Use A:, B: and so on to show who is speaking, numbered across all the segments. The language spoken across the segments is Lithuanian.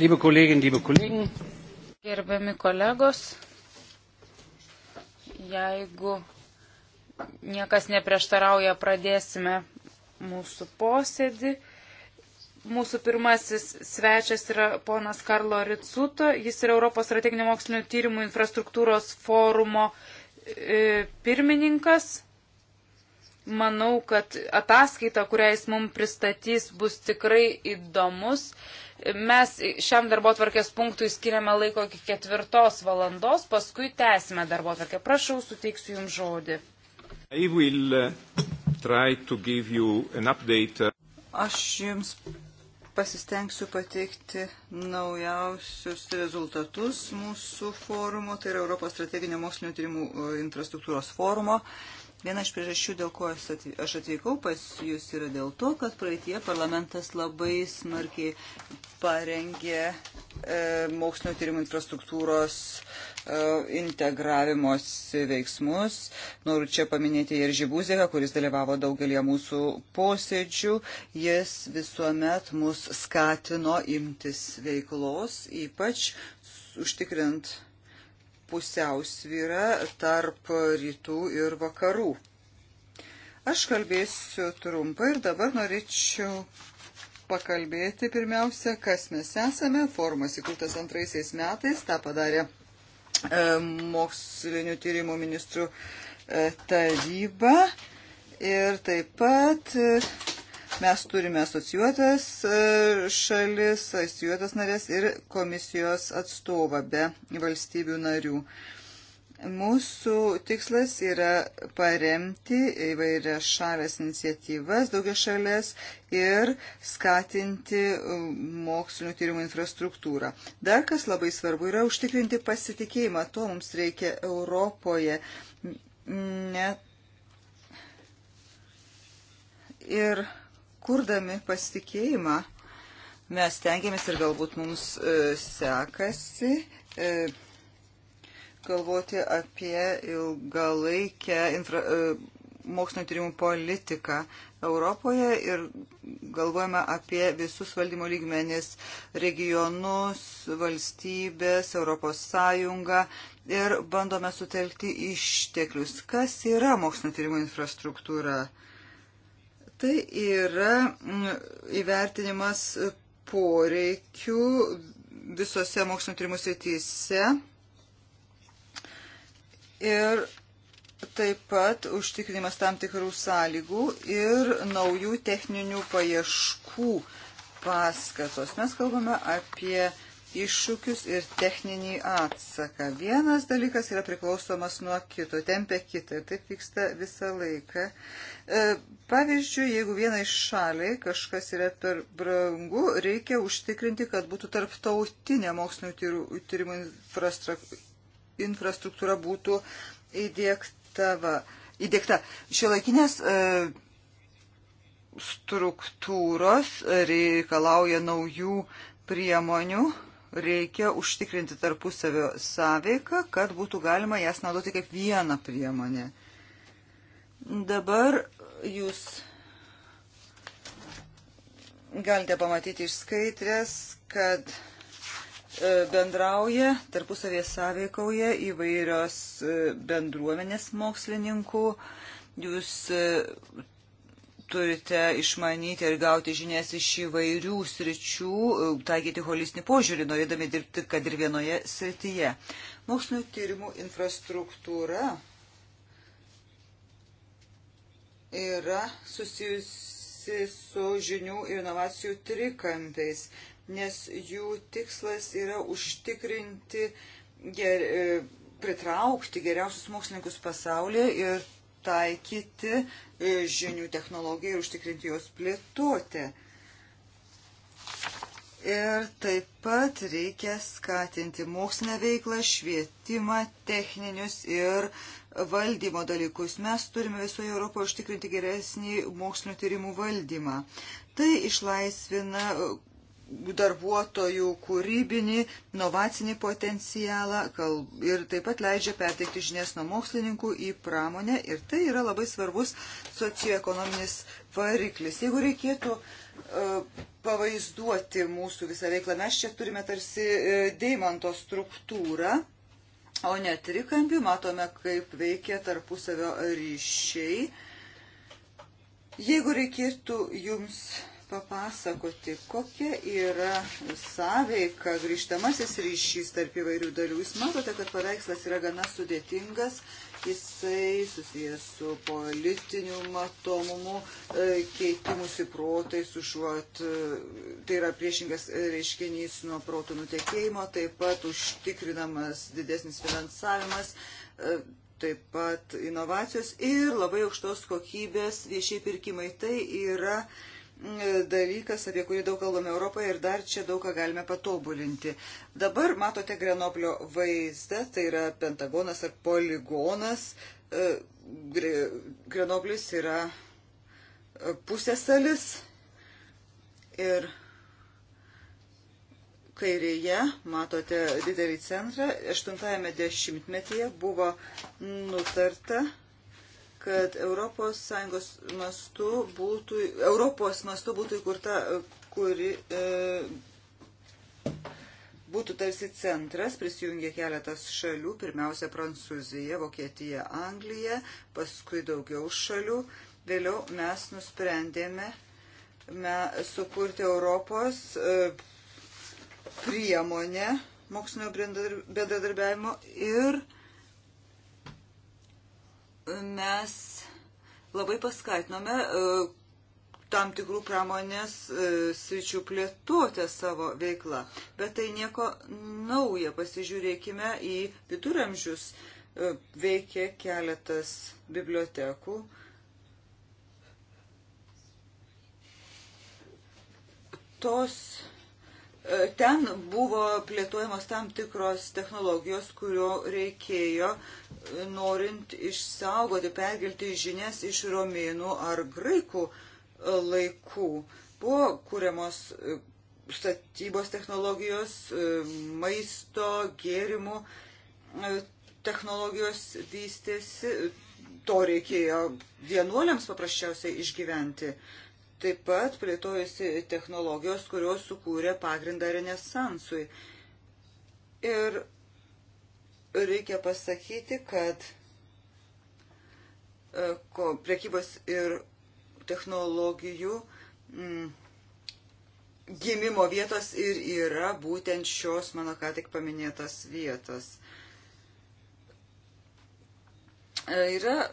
A: Liebe
B: Kolleginnen, liebe Kollegen. Gerbiami kolegos, jeigu niekas neprieštarauja, pradėsime mūsų posėdį. Mūsų pirmasis svečias yra ponas Karlo Ricuto, jis yra Europos strateginio mokslinio tyrimų infrastruktūros forumo e, pirmininkas. Manau, kad ataskaita, kurią jis mums pristatys, bus tikrai įdomus Mes šiam darbo tvarkės punktui skiriame laiko iki ketvirtos valandos, paskui tęsime darbo tvarkę. Prašau,
A: suteiksiu Jums žodį. Uh, Aš Jums pasistengsiu pateikti naujausius rezultatus mūsų forumo, tai yra Europos strateginio mokslinio tyrimų uh, infrastruktūros forumo. Uh, Viena iš priežasčių, dėl ko aš atvykau pas jūs, yra dėl to, kad praeitie parlamentas labai smarkiai parengė e, mokslinio tyrimų infrastruktūros e, integravimos veiksmus. Noriu čia paminėti ir Žibūzėką, kuris dalyvavo daugelį mūsų posėdžių. Jis visuomet mus skatino imtis veiklos, ypač užtikrint pusiausvyrą tarp rytų ir vakarų. Aš kalbėsiu trumpai ir dabar norėčiau pakalbėti pirmiausia, kas mes esame. Formas įkurtas antraisiais metais, tą padarė e, mokslinių tyrimų ministrų e, taryba. Ir taip pat Mes turime asocijuotas e, šalis, asocijuotas narės ir komisijos atstovą be valstybių narių. Mūsų tikslas yra paremti įvairias šalės iniciatyvas, daugia šalės ir skatinti e, mokslinio tyrimo infrastruktūrą. Dar kas labai svarbu yra užtikrinti pasitikėjimą. To mums reikia Europoje. Net ir kurdami pasitikėjimą, mes tengiamės ir galbūt mums e, sekasi e, galvoti apie ilgalaikę infra, e, mokslinio tyrimų politiką Europoje ir galvojame apie visus valdymo lygmenis regionus, valstybės, Europos Sąjungą ir bandome sutelkti išteklius. Kas yra mokslinio tyrimų infrastruktūra? Tai yra mm, įvertinimas poreikių visose mokslinio tyrimų srityse ir taip pat užtikrinimas tam tikrų sąlygų ir naujų techninių paieškų paskatos. Mes kalbame apie iššūkius ir techninį atsaką. Vienas dalykas yra priklausomas nuo kito, tempia kitą ir taip vyksta visą laiką. E, pavyzdžiui, jeigu vienai šaliai kažkas yra per brangu, reikia užtikrinti, kad būtų tarptautinė mokslinio tyrimų infrastruktūra būtų įdėktava. įdėkta. Šiolaikinės e, struktūros reikalauja naujų priemonių reikia užtikrinti tarpusavio sąveiką, kad būtų galima jas naudoti kaip vieną priemonę. Dabar jūs galite pamatyti iš skaitrės, kad e, bendrauja, tarpusavėje sąveikauja įvairios e, bendruomenės mokslininkų. Jūs e, turite išmanyti ir gauti žinias iš įvairių sričių, e, taikyti holistinį požiūrį, norėdami dirbti, kad ir vienoje srityje. Mokslinio tyrimų infrastruktūra yra susijusi su žinių ir inovacijų trikampiais, nes jų tikslas yra užtikrinti ger, e, pritraukti geriausius mokslininkus pasaulyje ir taikyti e, žinių technologiją ir užtikrinti jos plėtoti. Ir taip pat reikia skatinti mokslinę veiklą, švietimą, techninius ir valdymo dalykus. Mes turime visoje Europoje užtikrinti geresnį mokslinio tyrimų valdymą. Tai išlaisvina darbuotojų kūrybinį, inovacinį potencialą kal, ir taip pat leidžia perteikti žinias nuo mokslininkų į pramonę ir tai yra labai svarbus socioekonominis variklis. Jeigu reikėtų uh, pavaizduoti mūsų visą veiklą, mes čia turime tarsi uh, deimanto struktūrą, o ne trikampį, matome, kaip veikia tarpusavio ryšiai. Jeigu reikėtų jums papasakoti, kokia yra sąveika, grįžtamasis ryšys tarp įvairių dalių. Jūs matote, kad paveikslas yra gana sudėtingas, jisai susijęs su politiniu matomumu, e, keitimusi protais, užuot, e, tai yra priešingas reiškinys nuo protų nutekėjimo, taip pat užtikrinamas didesnis finansavimas e, taip pat inovacijos ir labai aukštos kokybės viešiai pirkimai. Tai yra dalykas, apie kurį daug kalbame Europoje ir dar čia daug ką galime patobulinti. Dabar matote Grenoblio vaizdą, tai yra pentagonas ar poligonas. E, Grenoblis yra e, pusėsalis ir kairėje matote didelį centrą. 80-metyje buvo nutarta kad Europos Sąjungos mastu būtų, Europos mastu būtų įkurta, kuri e, būtų tarsi centras, prisijungė keletas šalių, pirmiausia Prancūzija, Vokietija, Anglija, paskui daugiau šalių. Vėliau mes nusprendėme me, sukurti Europos e, priemonę mokslinio bendradarbiavimo ir e, mes labai paskatinome e, tam tikrų pramonės e, sričių plėtotę savo veiklą. Bet tai nieko nauja. Pasižiūrėkime į viduramžius. E, Veikia keletas bibliotekų. Tos E, ten buvo plėtojamos tam tikros technologijos, kurio reikėjo e, norint išsaugoti, perkelti žinias iš romėnų ar graikų e, laikų. Buvo kūriamos statybos technologijos, maisto, gėrimų technologijos vystėsi. To reikėjo vienuoliams paprasčiausiai išgyventi. Taip pat plėtojasi technologijos, kurios sukūrė pagrindą renesansui. Ir reikia pasakyti, kad e, ko, priekybos ir technologijų mm, gimimo vietos ir yra būtent šios mano ką tik paminėtos vietos. E, yra e,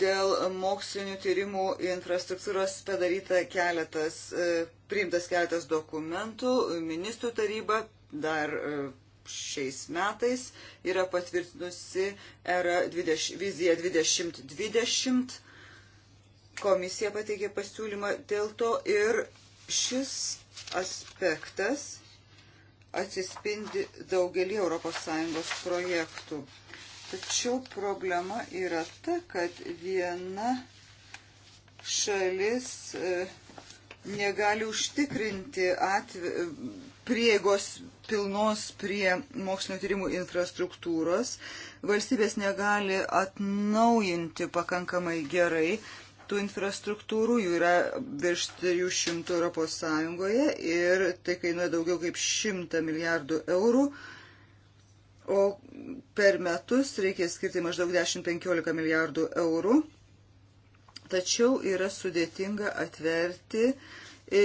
A: Dėl mokslinių tyrimų infrastruktūros padaryta keletas, e, priimtas keletas dokumentų, ministrų taryba dar e, šiais metais yra patvirtinusi era 20, vizija 2020. Komisija pateikė pasiūlymą dėl to ir šis aspektas atsispindi daugelį ES projektų. Tačiau problema yra ta, kad viena šalis e, negali užtikrinti atve, prieigos pilnos prie mokslinio tyrimų infrastruktūros, valstybės negali atnaujinti pakankamai gerai tų infrastruktūrų, jų yra virš 300 Europos Sąjungoje ir tai kainuoja daugiau kaip 100 milijardų eurų o per metus reikia skirti maždaug 10-15 milijardų eurų. Tačiau yra sudėtinga atverti e,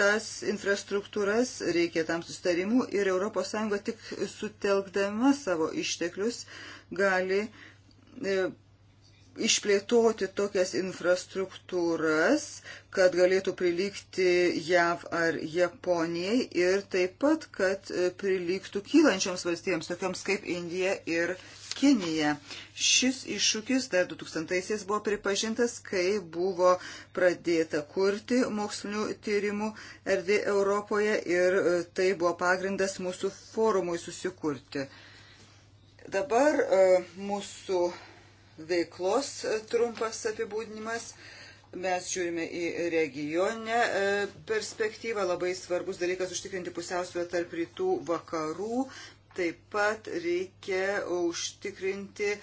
A: tas infrastruktūras, reikia tam sustarimų ir ES tik sutelkdama savo išteklius gali e, išplėtoti tokias infrastruktūras, kad galėtų prilygti JAV ar Japonijai ir taip pat, kad e, prilygtų kylančioms valstybėms, tokiams kaip Indija ir Kinija. Šis iššūkis dar 2000-aisiais buvo pripažintas, kai buvo pradėta kurti mokslinių tyrimų erdvė Europoje ir e, tai buvo pagrindas mūsų forumui susikurti. Dabar e, mūsų veiklos e, trumpas apibūdinimas. Mes žiūrime į regionę e, perspektyvą. Labai svarbus dalykas užtikrinti pusiausvę tarp rytų vakarų. Taip pat reikia užtikrinti e,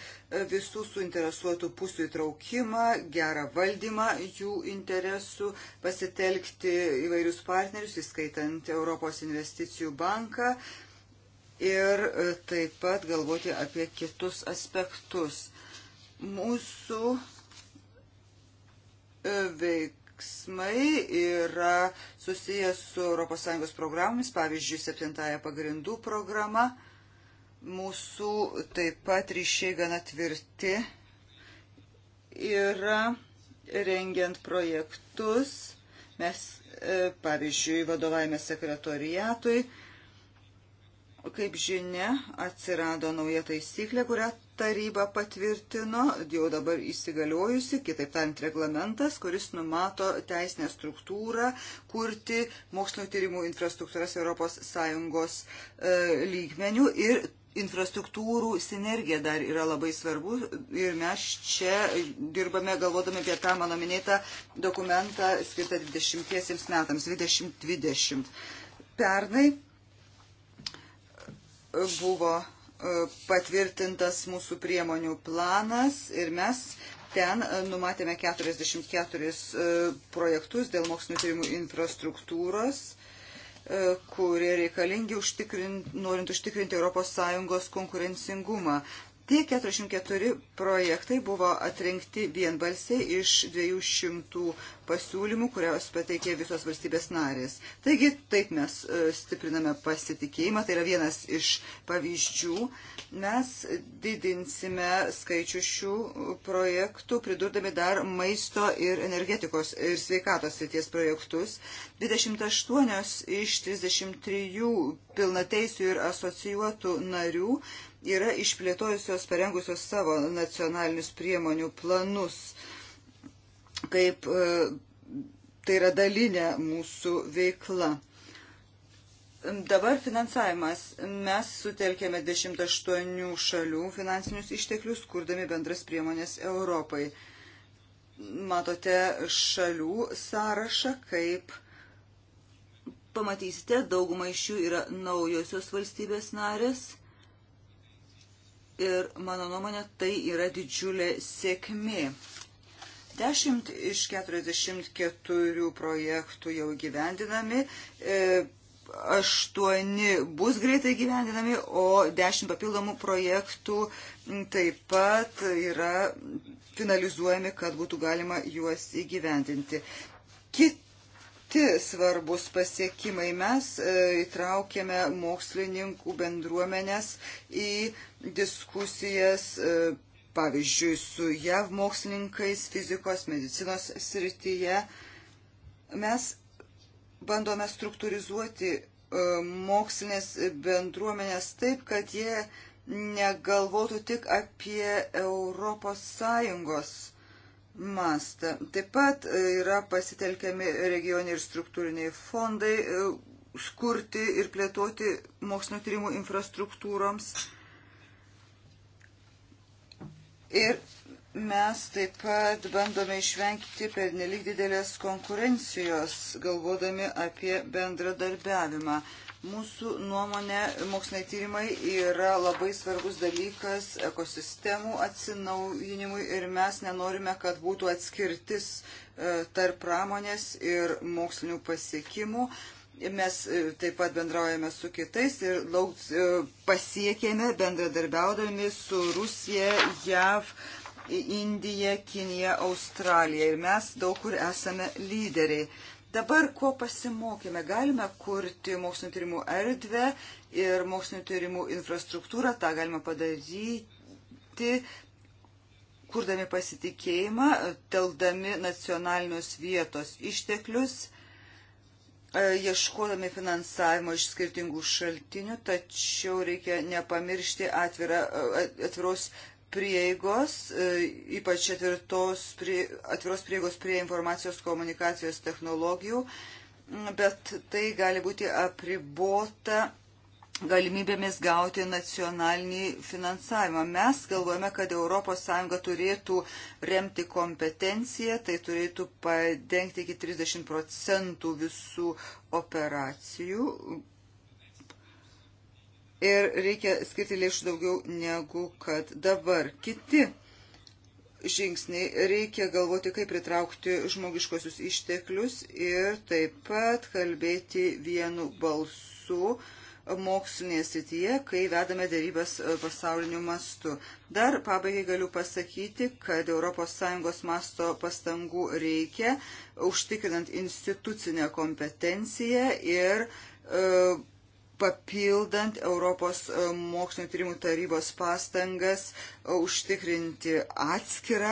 A: visų suinteresuotų pusių įtraukimą, gerą valdymą jų interesų, pasitelkti įvairius partnerius, įskaitant Europos investicijų banką ir taip pat galvoti apie kitus aspektus Mūsų e, veiksmai yra susijęs su ES programomis, pavyzdžiui, septintąją pagrindų programą. Mūsų taip pat ryšiai gana tvirti yra rengiant projektus. Mes, e, pavyzdžiui, vadovavime sekretoriatui. Kaip žinia, atsirado nauja taisyklė, kurią taryba patvirtino, jau dabar įsigaliojusi, kitaip tariant, reglamentas, kuris numato teisinę struktūrą kurti mokslinio tyrimų infrastruktūras ES e, lygmenių ir infrastruktūrų sinergija dar yra labai svarbu ir mes čia dirbame galvodami apie tą mano minėtą dokumentą skirtą 20 metams, 2020. Pernai buvo E, patvirtintas mūsų priemonių planas ir mes ten e, numatėme 44 e, projektus dėl mokslinio tyrimų infrastruktūros, kurie reikalingi užtikrint, norint užtikrinti ES konkurencingumą. Tie 44 projektai buvo atrinkti vienbalsiai iš 200 pasiūlymų, kurios pateikė visos valstybės narės. Taigi, taip mes e, stipriname pasitikėjimą, tai yra vienas iš pavyzdžių. Mes didinsime skaičių šių projektų, pridurdami dar maisto ir energetikos ir sveikatos srities projektus. 28 iš 33 pilnateisių ir asocijuotų narių yra išplėtojusios, parengusios savo nacionalinius priemonių planus, kaip e, tai yra dalinė mūsų veikla. Dabar finansavimas. Mes sutelkėme 28 šalių finansinius išteklius, kurdami bendras priemonės Europai. Matote šalių sąrašą, kaip pamatysite, dauguma iš jų yra naujosios valstybės narės ir mano nuomonė tai yra didžiulė sėkmė. 10 iš 44 projektų jau gyvendinami, 8 e, bus greitai gyvendinami, o 10 papildomų projektų taip pat yra finalizuojami, kad būtų galima juos įgyvendinti. Kit kiti svarbus pasiekimai. Mes e, įtraukėme mokslininkų bendruomenės į diskusijas, e, pavyzdžiui, su JAV mokslininkais fizikos, medicinos srityje. Mes bandome struktūrizuoti e, mokslinės bendruomenės taip, kad jie negalvotų tik apie Europos Sąjungos mastą. Taip pat e, yra pasitelkiami regioniai ir struktūriniai fondai e, skurti ir plėtoti mokslinio tyrimų infrastruktūroms. Ir mes taip pat bandome išvengti per nelik didelės konkurencijos, galvodami apie bendradarbiavimą. Mūsų nuomonė, moksliniai tyrimai yra labai svarbus dalykas ekosistemų atsinaujinimui ir mes nenorime, kad būtų atskirtis e, tarp pramonės ir mokslinių pasiekimų. Mes e, taip pat bendraujame su kitais ir daug e, pasiekėme bendradarbiaudami su Rusija, JAV, Indija, Kinija, Australija ir mes daug kur esame lyderiai Dabar ko pasimokėme? Galime kurti mokslinio tyrimų erdvę ir mokslinio tyrimų infrastruktūrą, tą galima padaryti, kurdami pasitikėjimą, teldami nacionalinius vietos išteklius, e, ieškodami finansavimo iš skirtingų šaltinių, tačiau reikia nepamiršti atvira, e, atviros prieigos, e, ypač atvirtos, prie, atviros prieigos prie informacijos komunikacijos technologijų, bet tai gali būti apribota galimybėmis gauti nacionalinį finansavimą. Mes galvojame, kad ES turėtų remti kompetenciją, tai turėtų padengti iki 30 procentų visų operacijų, ir reikia skirti lėšų daugiau negu kad dabar. Kiti žingsniai reikia galvoti, kaip pritraukti žmogiškosius išteklius ir taip pat kalbėti vienu balsu mokslinėje srityje, kai vedame dėrybas pasauliniu mastu. Dar pabaigai galiu pasakyti, kad ES masto pastangų reikia, užtikrinant institucinę kompetenciją ir uh, papildant Europos e, mokslinio tyrimų tarybos pastangas e, užtikrinti atskirą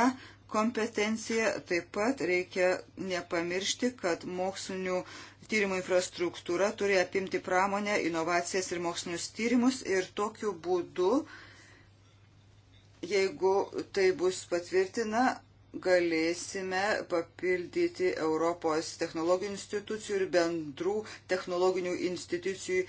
A: kompetenciją, taip pat reikia nepamiršti, kad mokslinių tyrimų infrastruktūra turi apimti pramonę, inovacijas ir mokslinius tyrimus ir tokiu būdu, jeigu tai bus patvirtina, galėsime papildyti Europos technologijų institucijų ir bendrų technologinių institucijų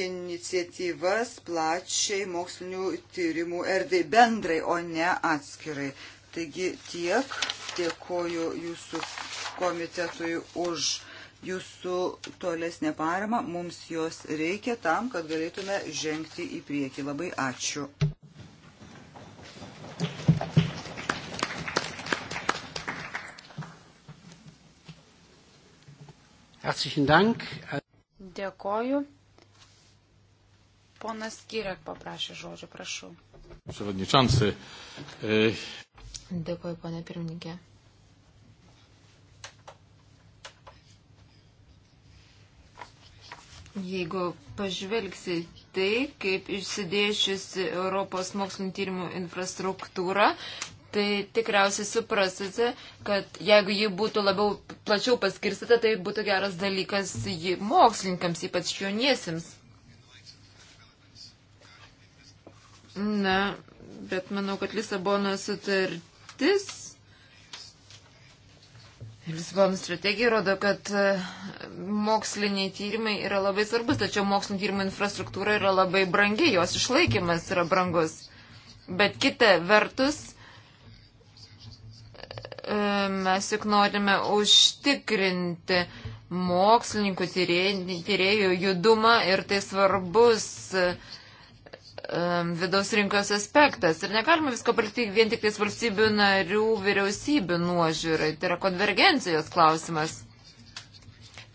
A: iniciatyvas plačiai mokslinių tyrimų erdvai bendrai, o ne atskirai. Taigi tiek, dėkoju jūsų komitetui už jūsų tolesnę paramą. Mums jos reikia tam, kad galėtume žengti į priekį. Labai ačiū.
B: Dėkoju. Ponas Kirek paprašė žodžio, prašau.
A: Przewodniczący. E,
C: Dėkuoju, ponė pirmininkė. Jeigu pažvelgsi tai, kaip išsidėšiusi Europos mokslinio tyrimų infrastruktūra, tai tikriausiai suprasite, kad jeigu ji būtų labiau plačiau paskirstita, tai būtų geras dalykas mokslininkams, ypač jauniesiems. Na, bet manau, kad Lisabono sutartis ir Lisabono strategija rodo, kad e, moksliniai tyrimai yra labai svarbus, tačiau mokslinio tyrimo infrastruktūra yra labai brangi, jos išlaikymas yra brangus. Bet kita vertus, mes juk norime užtikrinti mokslininkų tyriejų judumą ir tai svarbus vidaus rinkos aspektas. Ir negalime visko palikti vien tik tais valstybių narių vyriausybių nuožiūrai. Tai yra konvergencijos klausimas.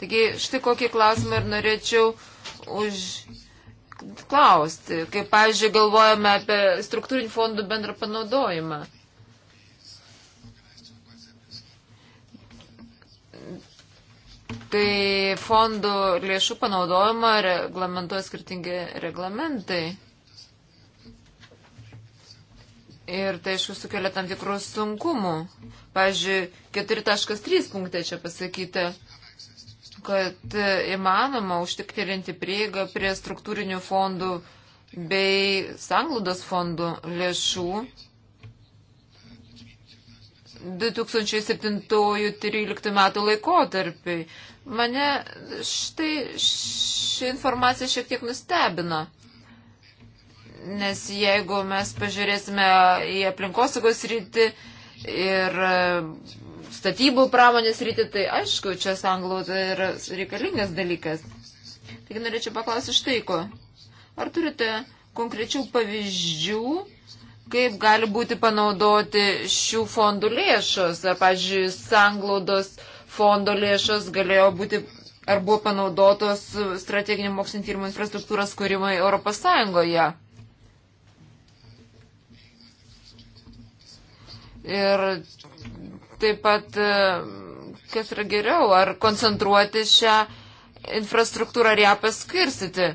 C: Taigi štai kokį klausimą ir norėčiau užklausti. Kaip, pavyzdžiui, galvojame apie struktūrinį fondų bendrą panaudojimą. kai fondų lėšų panaudojimą reglamentuoja skirtingi reglamentai. Ir tai, aišku, sukelia tam tikrus sunkumų. Pavyzdžiui, 4.3 punktai čia pasakyti, kad įmanoma užtikrinti prieigą prie struktūrinių fondų bei sanglaudos fondų lėšų 2007-2013 metų laikotarpiai. Mane štai ši informacija šiek tiek nustebino. Nes jeigu mes pažiūrėsime į aplinkosaugos rytį ir statybų pramonės rytį, tai aišku, čia sanglauta yra reikalingas dalykas. Taigi norėčiau paklausyti štai ko. Ar turite konkrečių pavyzdžių kaip gali būti panaudoti šių fondų lėšos. Ar, pažiūrėjau, sanglaudos fondo lėšos galėjo būti ar buvo panaudotos strateginių mokslinio tyrimų infrastruktūros kūrimai Europos Sąjungoje. Ir taip pat, kas yra geriau, ar koncentruoti šią infrastruktūrą ir ją paskirstyti.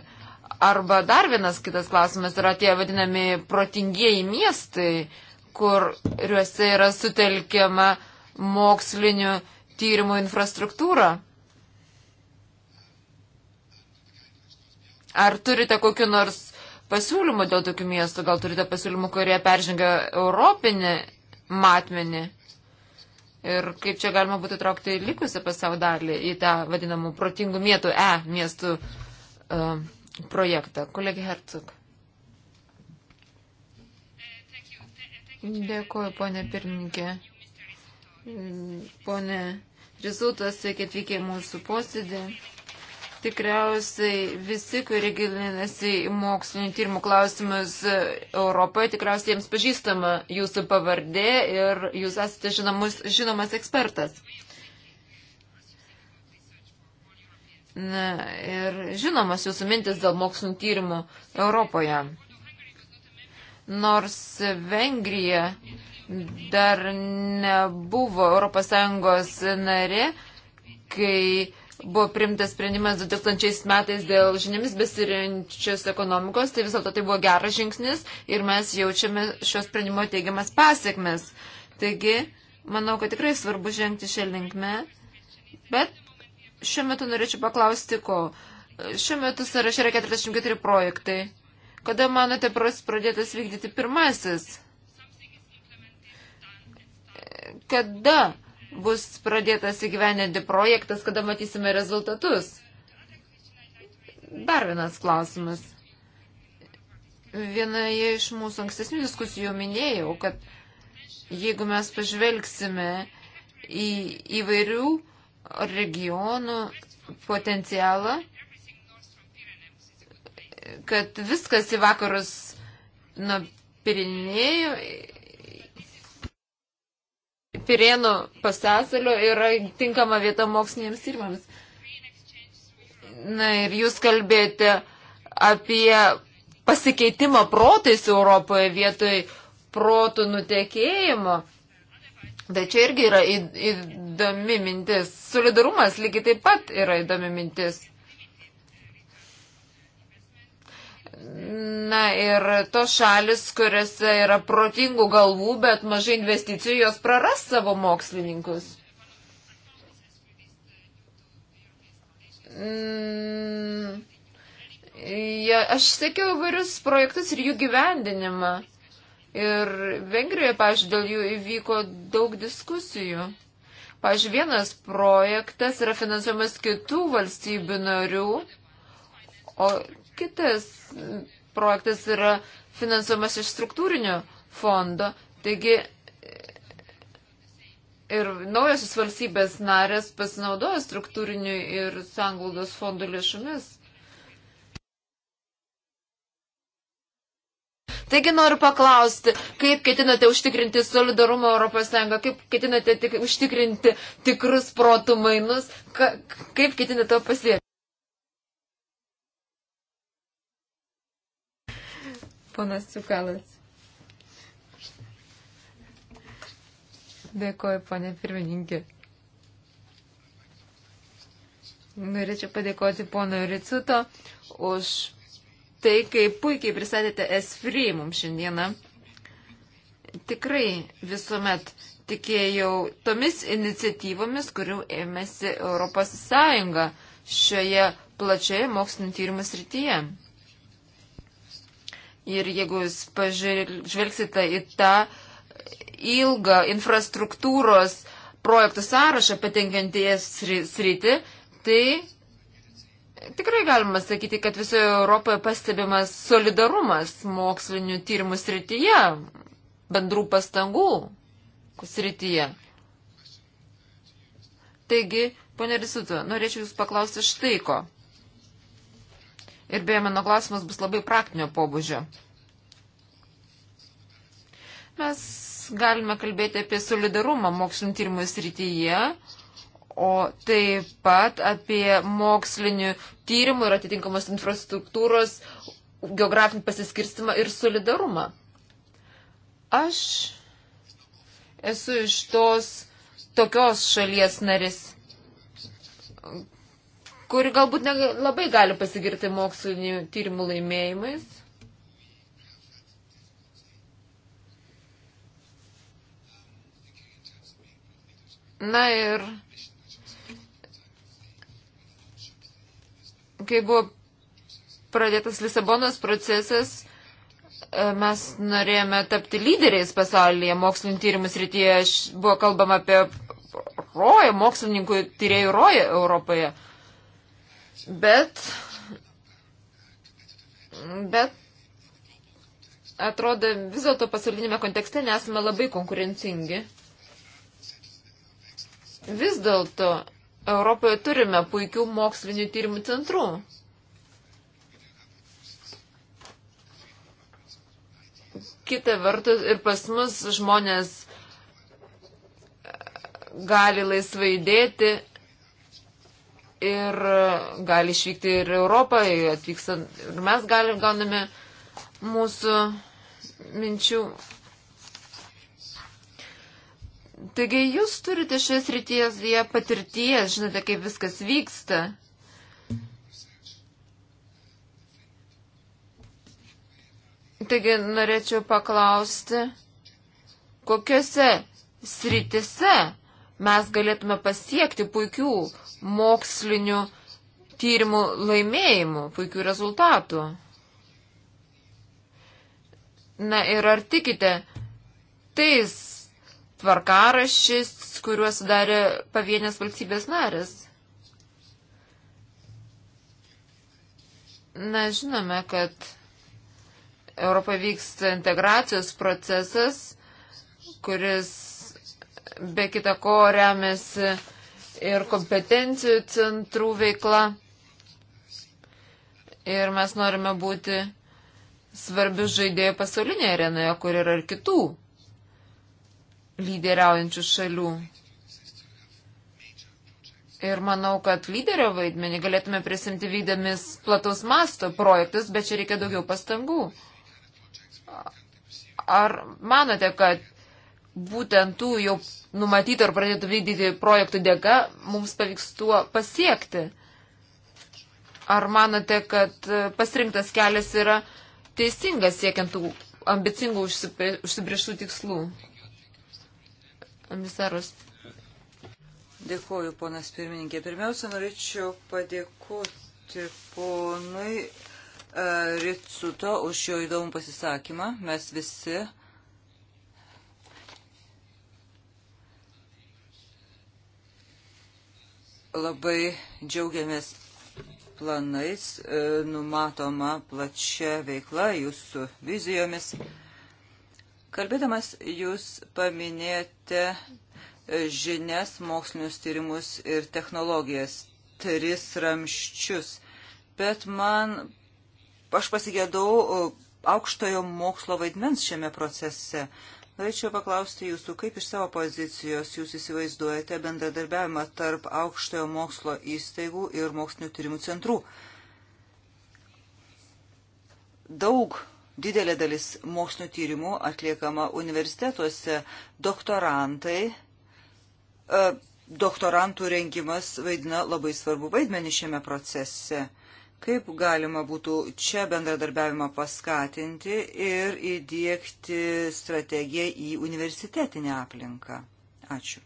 C: Arba dar vienas kitas klausimas yra tie vadinami protingieji miestai, kuriuose yra sutelkiama mokslinių tyrimų infrastruktūra. Ar turite kokiu nors pasiūlymų dėl tokių miestų? Gal turite pasiūlymų, kurie peržengia europinį matmenį? Ir kaip čia galima būtų traukti likusią pasaulio dalį į tą vadinamų protingų mietų, E miestų uh, projektą. Kolegė Hercog. Dėkuoju, ponė pirmininkė. Pone Rizutas, sveiki atvykę į mūsų posėdį. Tikriausiai visi, kurie gilinasi į mokslinio tyrimų klausimus Europoje, tikriausiai jiems pažįstama jūsų pavardė ir jūs esate žinomus, žinomas ekspertas. Na, ir žinomas jūsų mintis dėl mokslinų tyrimų Europoje. Nors Vengrija dar nebuvo ES nari, kai buvo primtas sprendimas 2000 metais dėl žiniomis besirinčios ekonomikos, tai vis dėlto tai buvo geras žingsnis ir mes jaučiame šios sprendimo teigiamas pasiekmes. Taigi, manau, kad tikrai svarbu žengti šią linkmę, bet šiuo metu norėčiau paklausti, ko. Šiuo metu sąraše yra 44 projektai. Kada manote pradėtas vykdyti pirmasis? Kada bus pradėtas įgyveninti projektas, kada matysime rezultatus? Dar vienas klausimas. Vienoje iš mūsų ankstesnių diskusijų minėjau, kad jeigu mes pažvelgsime į įvairių regionų potencialą, kad viskas į vakarus nuo Pirinėjų, Pirėnų pasasalio yra tinkama vieta moksliniams tyrimams. Na ir jūs kalbėjote apie pasikeitimą protais Europoje vietoj protų nutekėjimo. Bet čia irgi yra į, į įdomi mintis. Solidarumas lygiai taip pat yra įdomi mintis. Na ir tos šalis, kuriuose yra protingų galvų, bet mažai investicijų, jos praras savo mokslininkus. Mm, ja, aš sekiau įvairius projektus ir jų gyvendinimą. Ir Vengrijoje, pažiūrėjau, dėl jų įvyko daug diskusijų. Pavyzdžiui, vienas projektas yra finansuojamas kitų valstybių narių, o kitas projektas yra finansuojamas iš struktūrinio fondo. Taigi ir naujosios valstybės narės pasinaudoja struktūrinių ir sanglaudos fondų lėšomis. Taigi noriu paklausti, kaip ketinate užtikrinti solidarumą ES, kaip ketinate tik, užtikrinti tikrus protų mainus, ka, kaip ketinate to pasiekti. Ponas Ciukalas. Dėkoju, ponė pirmininkė. Norėčiau padėkoti pono Ricuto už tai, kaip puikiai pristatėte S3 mums šiandieną. Tikrai visuomet tikėjau tomis iniciatyvomis, kurių ėmėsi Europos Sąjunga šioje plačioje mokslinio tyrimų srityje. Ir jeigu jūs pažvelgsite į tą ilgą infrastruktūros projektų sąrašą patenkiantį sritį, tai Tikrai galima sakyti, kad visoje Europoje pastebimas solidarumas mokslinių tyrimų srityje, bendrų pastangų srityje. Taigi, ponė Risuto, norėčiau Jūs paklausti štai ko. Ir beje, mano klausimas bus labai praktinio pobūdžio. Mes galime kalbėti apie solidarumą mokslinio tyrimų srityje o taip pat apie mokslinių tyrimų ir atitinkamos infrastruktūros geografinį pasiskirstimą ir solidarumą. Aš esu iš tos tokios šalies narys, kuri galbūt labai gali pasigirti mokslinių tyrimų laimėjimais. Na ir kai buvo pradėtas Lisabonos procesas, e, mes norėjome tapti lyderiais pasaulyje mokslinio tyrimų srityje. Buvo kalbama apie roją, mokslininkų tyriejų roją Europoje. Bet, bet atrodo, vis dėlto pasaulinėme kontekste nesame labai konkurencingi. Vis dėlto Europoje turime puikių mokslinių tyrimų centrų. Kita vertus, ir pas mus žmonės e, gali laisvai dėti ir e, gali išvykti ir Europą, atvykstant, ir mes galim gauname mūsų minčių Taigi jūs turite šias ryties patirties, žinote, kaip viskas vyksta. Taigi norėčiau paklausti, kokiuose sritise mes galėtume pasiekti puikių mokslinių tyrimų laimėjimų, puikių rezultatų. Na ir ar tikite tais tvarkarašys, kuriuos sudarė pavienės valstybės narės. Na, žinome, kad Europoje vyksta integracijos procesas, kuris be kita ko remiasi ir kompetencijų centrų veikla. Ir mes norime būti svarbių žaidėjų pasaulinėje arenoje, kur yra ir kitų lyderiaujančių šalių. Ir manau, kad lyderio vaidmenį galėtume prisimti vykdamis plataus masto projektus, bet čia reikia daugiau pastangų. Ar manote, kad būtent tų jau numatytų ar pradėtų vykdyti projektų dėka mums pavyks tuo pasiekti? Ar manote, kad pasirinktas kelias yra teisingas siekiant tų ambicingų užsibrieštų tikslų? Misarus.
A: Dėkuoju, ponas pirmininkė. Pirmiausia, norėčiau padėkoti ponui e, Ritsuto už jo įdomų pasisakymą. Mes visi labai džiaugiamės planais, e, numatoma plačia veikla jūsų vizijomis. Kalbėdamas, jūs paminėjote e, žinias, mokslinius tyrimus ir technologijas, tris ramščius. Bet man, aš pasigėdau e, aukštojo mokslo vaidmens šiame procese. Norėčiau paklausti jūsų, kaip iš savo pozicijos jūs įsivaizduojate bendradarbiavimą tarp aukštojo mokslo įstaigų ir mokslinių tyrimų centrų. Daug didelė dalis mokslinio tyrimų atliekama universitetuose. Doktorantai, e, doktorantų rengimas vaidina labai svarbu vaidmenį šiame procese. Kaip galima būtų čia bendradarbiavimą paskatinti ir įdėkti strategiją į universitetinę aplinką? Ačiū.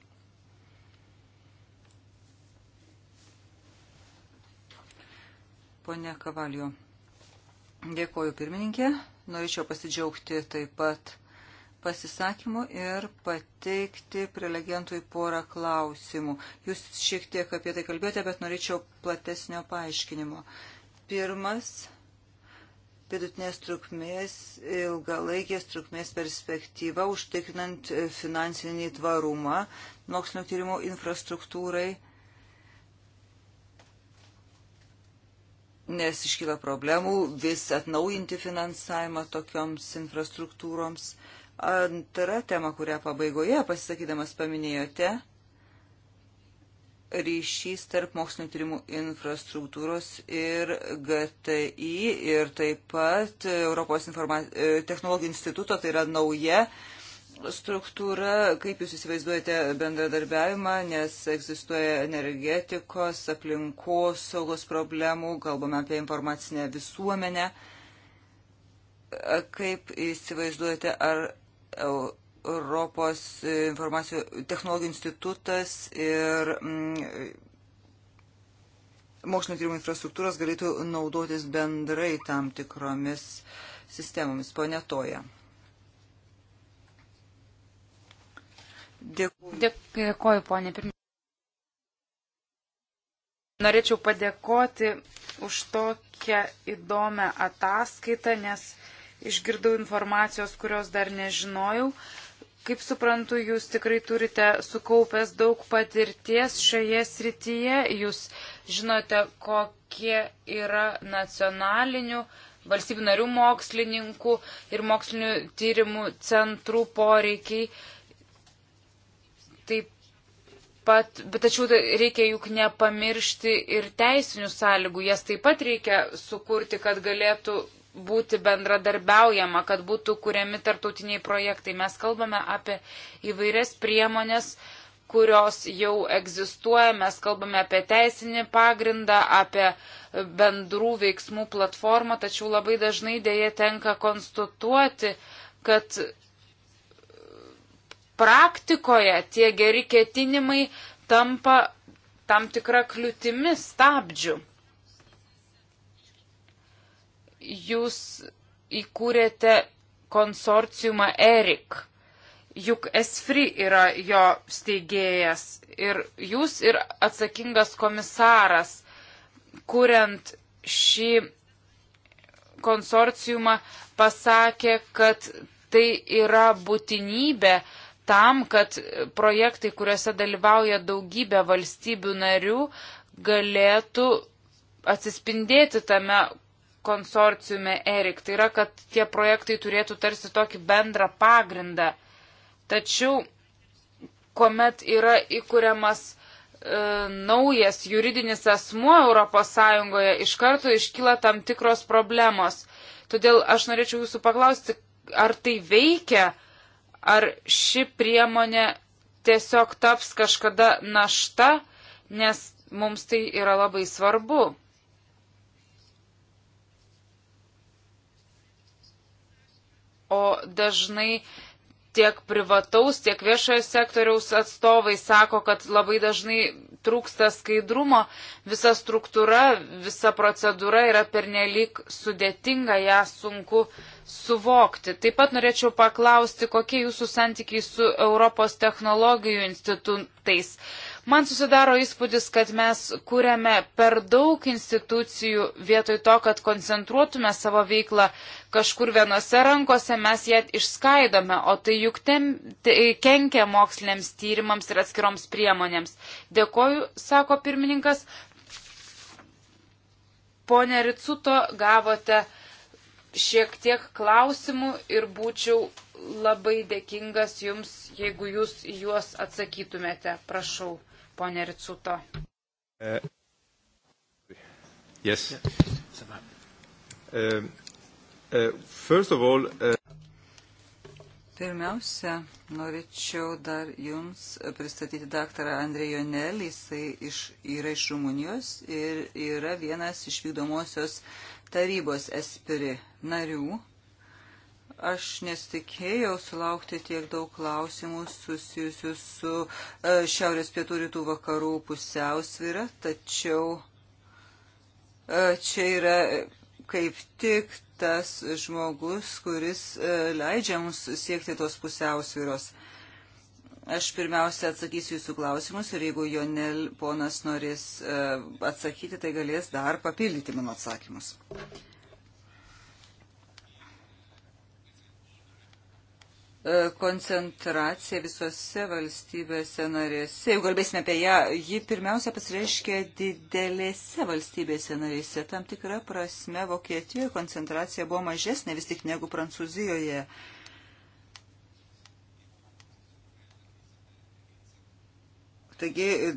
A: Pone Kavalio. Dėkoju pirmininkė. Norėčiau pasidžiaugti taip pat pasisakymų ir pateikti prelegentui porą klausimų. Jūs šiek tiek apie tai kalbėjote, bet norėčiau platesnio paaiškinimo. Pirmas - vidutinės trukmės, ilgalaikės trukmės perspektyva, užtikrinant finansinį tvarumą mokslinio tyrimų infrastruktūrai nes iškyla problemų vis atnaujinti finansavimą tokioms infrastruktūroms. Antra tema, kurią pabaigoje pasisakydamas paminėjote, ryšys tarp mokslinio tyrimų infrastruktūros ir GTI ir taip pat Europos informa... E, technologijų instituto, tai yra nauja struktūra, kaip jūs įsivaizduojate bendradarbiavimą, nes egzistuoja energetikos, aplinkos saugos problemų, kalbame apie informacinę visuomenę. Kaip įsivaizduojate, ar Europos informacijų technologijų institutas ir mm, mokslinio tyrimų infrastruktūros galėtų naudotis bendrai tam tikromis sistemomis, ponė Toja. Dėkuoju.
B: Dėkuoju, ponė pirmininkė. Norėčiau padėkoti už tokią įdomią ataskaitą, nes išgirdau informacijos, kurios dar nežinojau. Kaip suprantu, jūs tikrai turite sukaupęs daug patirties šioje srityje. Jūs žinote, kokie yra nacionalinių valstybių narių mokslininkų ir mokslinių tyrimų centrų poreikiai. Taip pat, bet tačiau tai reikia juk nepamiršti ir teisinių sąlygų, jas taip pat reikia sukurti, kad galėtų būti bendradarbiaujama, kad būtų kuriami tartutiniai projektai. Mes kalbame apie įvairias priemonės, kurios jau egzistuoja, mes kalbame apie teisinį pagrindą, apie bendrų veiksmų platformą, tačiau labai dažnai dėje tenka konstatuoti, kad praktikoje tie geri ketinimai tampa tam tikra kliūtimi stabdžių. Jūs įkūrėte konsorciumą ERIK. Juk Esfri yra jo steigėjas ir jūs ir atsakingas komisaras, kuriant šį konsorciumą, pasakė, kad tai yra būtinybė, tam, kad projektai, kuriuose dalyvauja daugybė valstybių narių, galėtų atsispindėti tame konsorciume ERIC. Tai yra, kad tie projektai turėtų tarsi tokį bendrą pagrindą. Tačiau, kuomet yra įkūriamas e, naujas juridinis asmuo ES, iš karto iškyla tam tikros problemos. Todėl aš norėčiau jūsų paklausti, ar tai veikia, ar ši priemonė tiesiog taps kažkada našta, nes mums tai yra labai svarbu. O dažnai tiek privataus, tiek viešojo sektoriaus atstovai sako, kad labai dažnai trūksta skaidrumo, visa struktūra, visa procedūra yra pernelik sudėtinga, ją sunku suvokti. Taip pat norėčiau paklausti, kokie jūsų santykiai su Europos technologijų institutais. Man susidaro įspūdis, kad mes kūrėme per daug institucijų vietoj to, kad koncentruotume savo veiklą kažkur vienose rankose, mes ją išskaidome, o tai juk tem, te, kenkia moksliniams tyrimams ir atskiroms priemonėms. Dėkoju, sako pirmininkas. Pone Ricuto, gavote šiek tiek klausimų ir būčiau labai dėkingas jums, jeigu jūs juos atsakytumėte. Prašau, ponė Ricuto. Uh, yes. Uh, uh,
A: all, uh... Pirmiausia, norėčiau dar Jums pristatyti daktarą Andrėjo Nelį. Jis yra iš Rumunijos ir yra vienas iš vykdomosios tarybos espiri narių. Aš nesitikėjau sulaukti tiek daug klausimų susijusių su e, šiaurės pietų rytų vakarų pusiausvyra, tačiau e, čia yra kaip tik tas žmogus, kuris e, leidžia mums siekti tos pusiausvyros. Aš pirmiausia atsakysiu jūsų klausimus ir jeigu Jonel ponas norės e, atsakyti, tai galės dar papildyti mano atsakymus. E, koncentracija visose valstybėse narėse, jeigu kalbėsime apie ją, ji pirmiausia pasireiškia didelėse valstybėse narėse. Tam tikra prasme Vokietijoje koncentracija buvo mažesnė vis tik negu Prancūzijoje. Uh, Taigi e,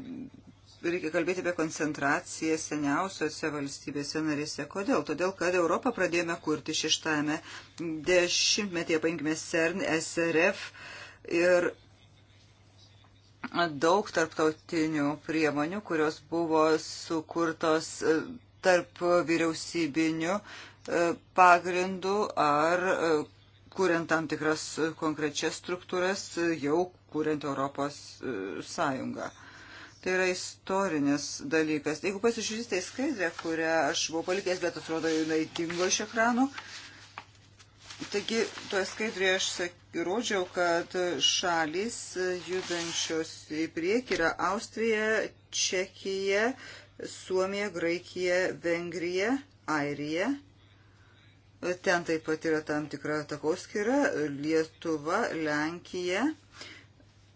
A: reikia kalbėti apie koncentraciją seniausiose valstybėse narėse. Kodėl? Todėl, kad Europą pradėjome kurti šeštame dešimtmetyje, paimkime CERN, SRF ir daug tarptautinių priemonių, kurios buvo sukurtos e, tarp vyriausybinių e, pagrindų ar kuriant tam tikras konkrečias struktūras jau kuriant Europos e, Sąjungą. Tai yra istorinis dalykas. Jeigu pasižiūrėsite į skaidrę, kurią aš buvau palikęs, bet atrodo, jinai dingo iš ekranų. Taigi, toje skaidrėje aš įrodžiau, kad šalis e, judančios į priekį yra Austrija, Čekija, Suomija, Graikija, Vengrija, Airija. Ten taip pat yra tam tikra takoskyra Lietuva, Lenkija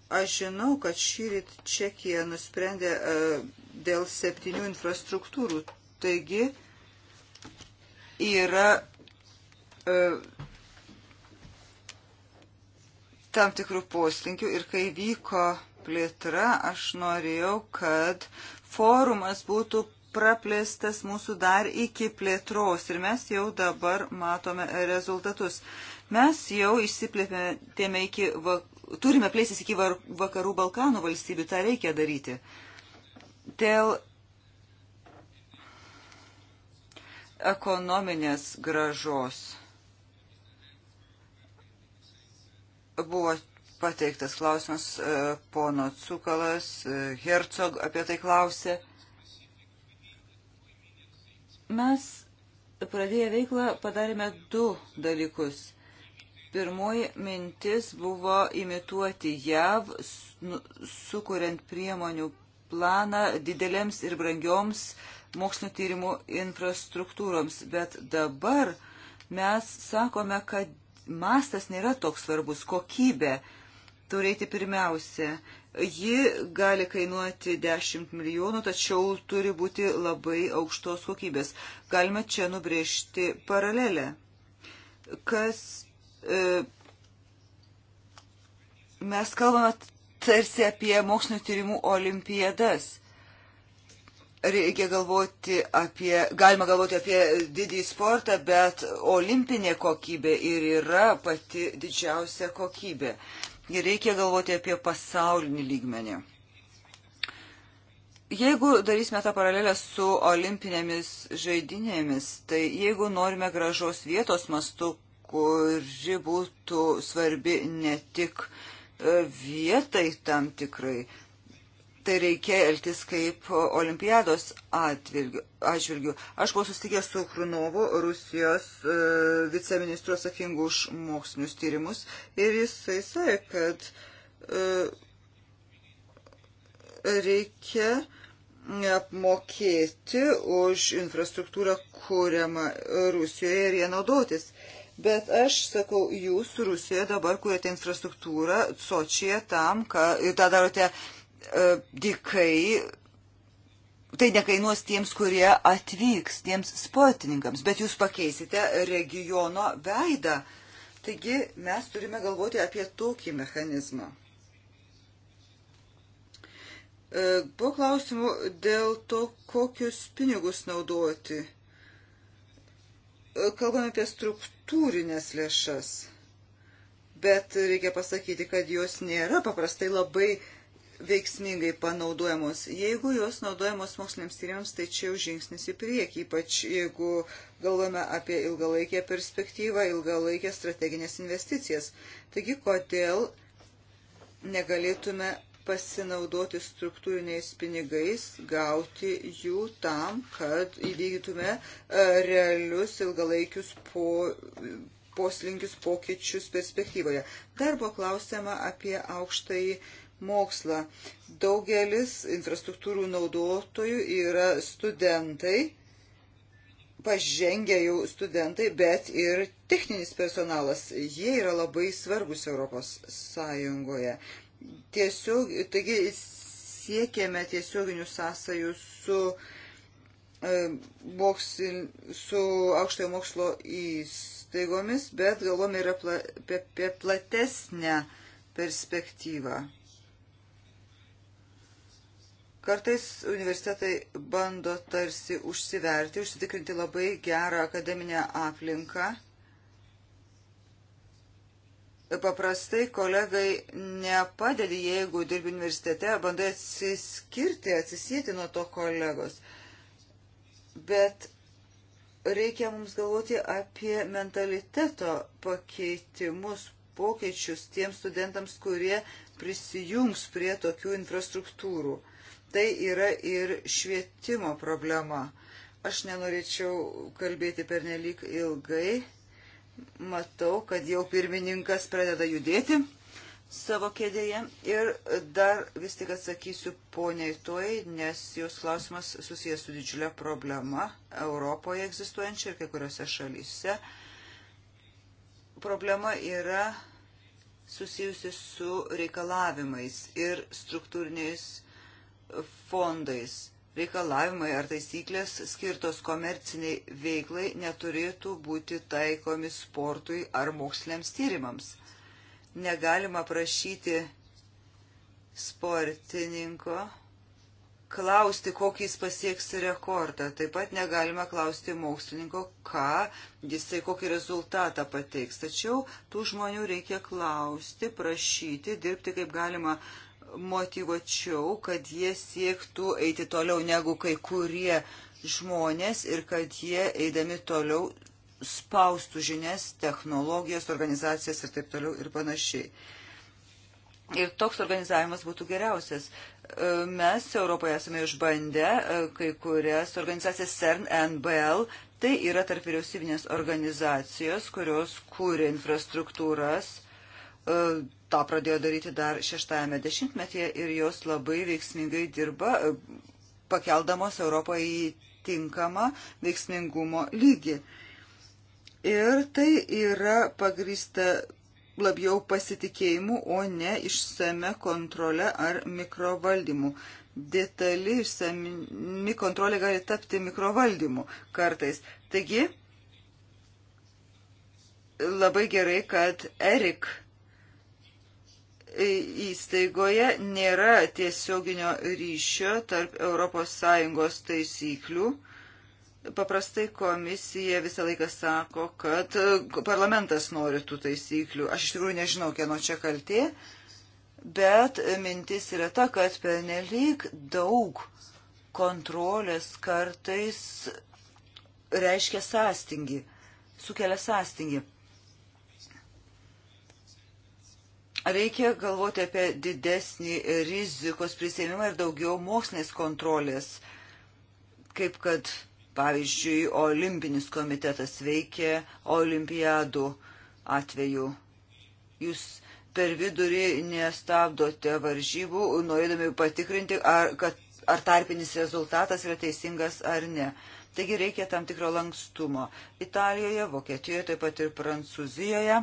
A: Aš žinau, kad šyrit Čekija nusprendė e, dėl septynių infrastruktūrų. Taigi yra e, tam tikrų poslinkių ir kai vyko plėtra, aš norėjau, kad forumas būtų praplėstas mūsų dar iki plėtros ir mes jau dabar matome rezultatus. Mes jau išsiplėtėme iki turime plėsis iki vakarų Balkanų valstybių, tą reikia daryti. Dėl ekonominės gražos buvo pateiktas klausimas e, pono Cukalas, e, Hercog apie tai klausė. Mes pradėję veiklą padarėme du dalykus – Pirmoji mintis buvo imituoti JAV, nu, sukuriant priemonių planą didelėms ir brangioms mokslinio tyrimų infrastruktūroms. Bet dabar mes sakome, kad mastas nėra toks svarbus, kokybė turėti pirmiausia. Ji gali kainuoti 10 milijonų, tačiau turi būti labai aukštos kokybės. Galime čia nubrėžti paralelę. Kas E, mes kalbame tarsi apie mokslinio tyrimų olimpiadas. Reikia galvoti apie, galima galvoti apie didį sportą, bet olimpinė kokybė ir yra pati didžiausia kokybė. Ir reikia galvoti apie pasaulinį lygmenį. Jeigu darysime tą paralelę su olimpinėmis žaidinėmis, tai jeigu norime gražos vietos mastu kuri būtų svarbi ne tik e, vietai tam tikrai. Tai reikia elgtis kaip olimpiados atžvilgių. Aš buvau susitikęs su Krunovu, Rusijos e, viceministru atsakingu už mokslinius tyrimus ir jisai sakė, kad e, reikia apmokėti už infrastruktūrą kuriamą Rusijoje ir ją naudotis. E, Bet aš sakau, jūs Rusijoje dabar kuriate infrastruktūrą Sočyje tam, kad tą darote e, dikai. Tai nekainuos tiems, kurie atvyks, tiems sportininkams, bet jūs pakeisite regiono veidą. Taigi mes turime galvoti apie tokį mechanizmą. Buvo e, klausimų dėl to, kokius pinigus naudoti Kalbame apie struktūrinės lėšas, bet reikia pasakyti, kad jos nėra paprastai labai veiksmingai panaudojamos. Jeigu jos naudojamos moksliniams tyrimams, tai čia jau žingsnis į priekį, ypač jeigu galvojame apie ilgalaikę perspektyvą, ilgalaikę strateginės investicijas. Taigi, kodėl negalėtume pasinaudoti struktūriniais pinigais, gauti jų tam, kad įvykdytume e, realius ilgalaikius po, poslinkius pokyčius perspektyvoje. Dar buvo klausima apie aukštąjį mokslą. Daugelis infrastruktūrų naudotojų yra studentai, pažengę jau studentai, bet ir techninis personalas. Jie yra labai svarbus Europos Sąjungoje tiesiog, taigi siekėme tiesioginių sąsajų su e, mokslin, su aukštojo mokslo įstaigomis, bet galvome ir apie, apie platesnę perspektyvą. Kartais universitetai bando tarsi užsiverti, užsitikrinti labai gerą akademinę aplinką, paprastai kolegai nepadedi, jeigu dirbi universitete, bandai atsiskirti, atsisėti nuo to kolegos. Bet reikia mums galvoti apie mentaliteto pakeitimus, pokyčius tiems studentams, kurie prisijungs prie tokių infrastruktūrų. Tai yra ir švietimo problema. Aš nenorėčiau kalbėti per nelik ilgai Matau, kad jau pirmininkas pradeda judėti savo kėdėje. Ir dar vis tik atsakysiu poniai toj, nes jos klausimas susijęs su didžiulė problema Europoje egzistuojančia ir kai kuriuose šalyse. Problema yra susijusi su reikalavimais ir struktūriniais fondais reikalavimai ar taisyklės skirtos komerciniai veiklai neturėtų būti taikomi sportui ar moksliniams tyrimams. Negalima prašyti sportininko klausti, kokį jis pasieks rekordą. Taip pat negalima klausti mokslininko, ką jisai kokį rezultatą pateiks. Tačiau tų žmonių reikia klausti, prašyti, dirbti kaip galima uh, motivuočiau, kad jie siektų eiti toliau negu kai kurie žmonės ir kad jie eidami toliau spaustų žinias, technologijas, organizacijas ir taip toliau ir panašiai. Ir toks organizavimas būtų geriausias. E, mes Europoje esame išbandę e, kai kurias organizacijas CERN, NBL. Tai yra tarp vyriausybinės organizacijos, kurios kūrė infrastruktūras E, tą pradėjo daryti dar šeštajame dešimtmetyje ir jos labai veiksmingai dirba, e, pakeldamos Europą į tinkamą veiksmingumo lygį. Ir tai yra pagrįsta labiau pasitikėjimu, o ne išsame kontrole ar mikrovaldymu. Detali išsami kontrolė gali tapti mikrovaldymu kartais. Taigi, labai gerai, kad Erik įstaigoje nėra tiesioginio ryšio tarp ES taisyklių. Paprastai komisija visą laiką sako, kad parlamentas nori tų taisyklių. Aš iš tikrųjų nežinau, kieno čia kaltė, bet mintis yra ta, kad pernelyg daug kontrolės kartais reiškia sąstingį, sukelia sąstingį. Reikia galvoti apie didesnį rizikos prisėmimą ir daugiau mokslinės kontrolės, kaip kad, pavyzdžiui, olimpinis komitetas veikia olimpiadų atveju. Jūs per vidurį nestabdote varžybų, norėdami patikrinti, ar, kad, ar tarpinis rezultatas yra teisingas ar ne. Taigi reikia tam tikro lankstumo. Italijoje, Vokietijoje, taip pat ir Prancūzijoje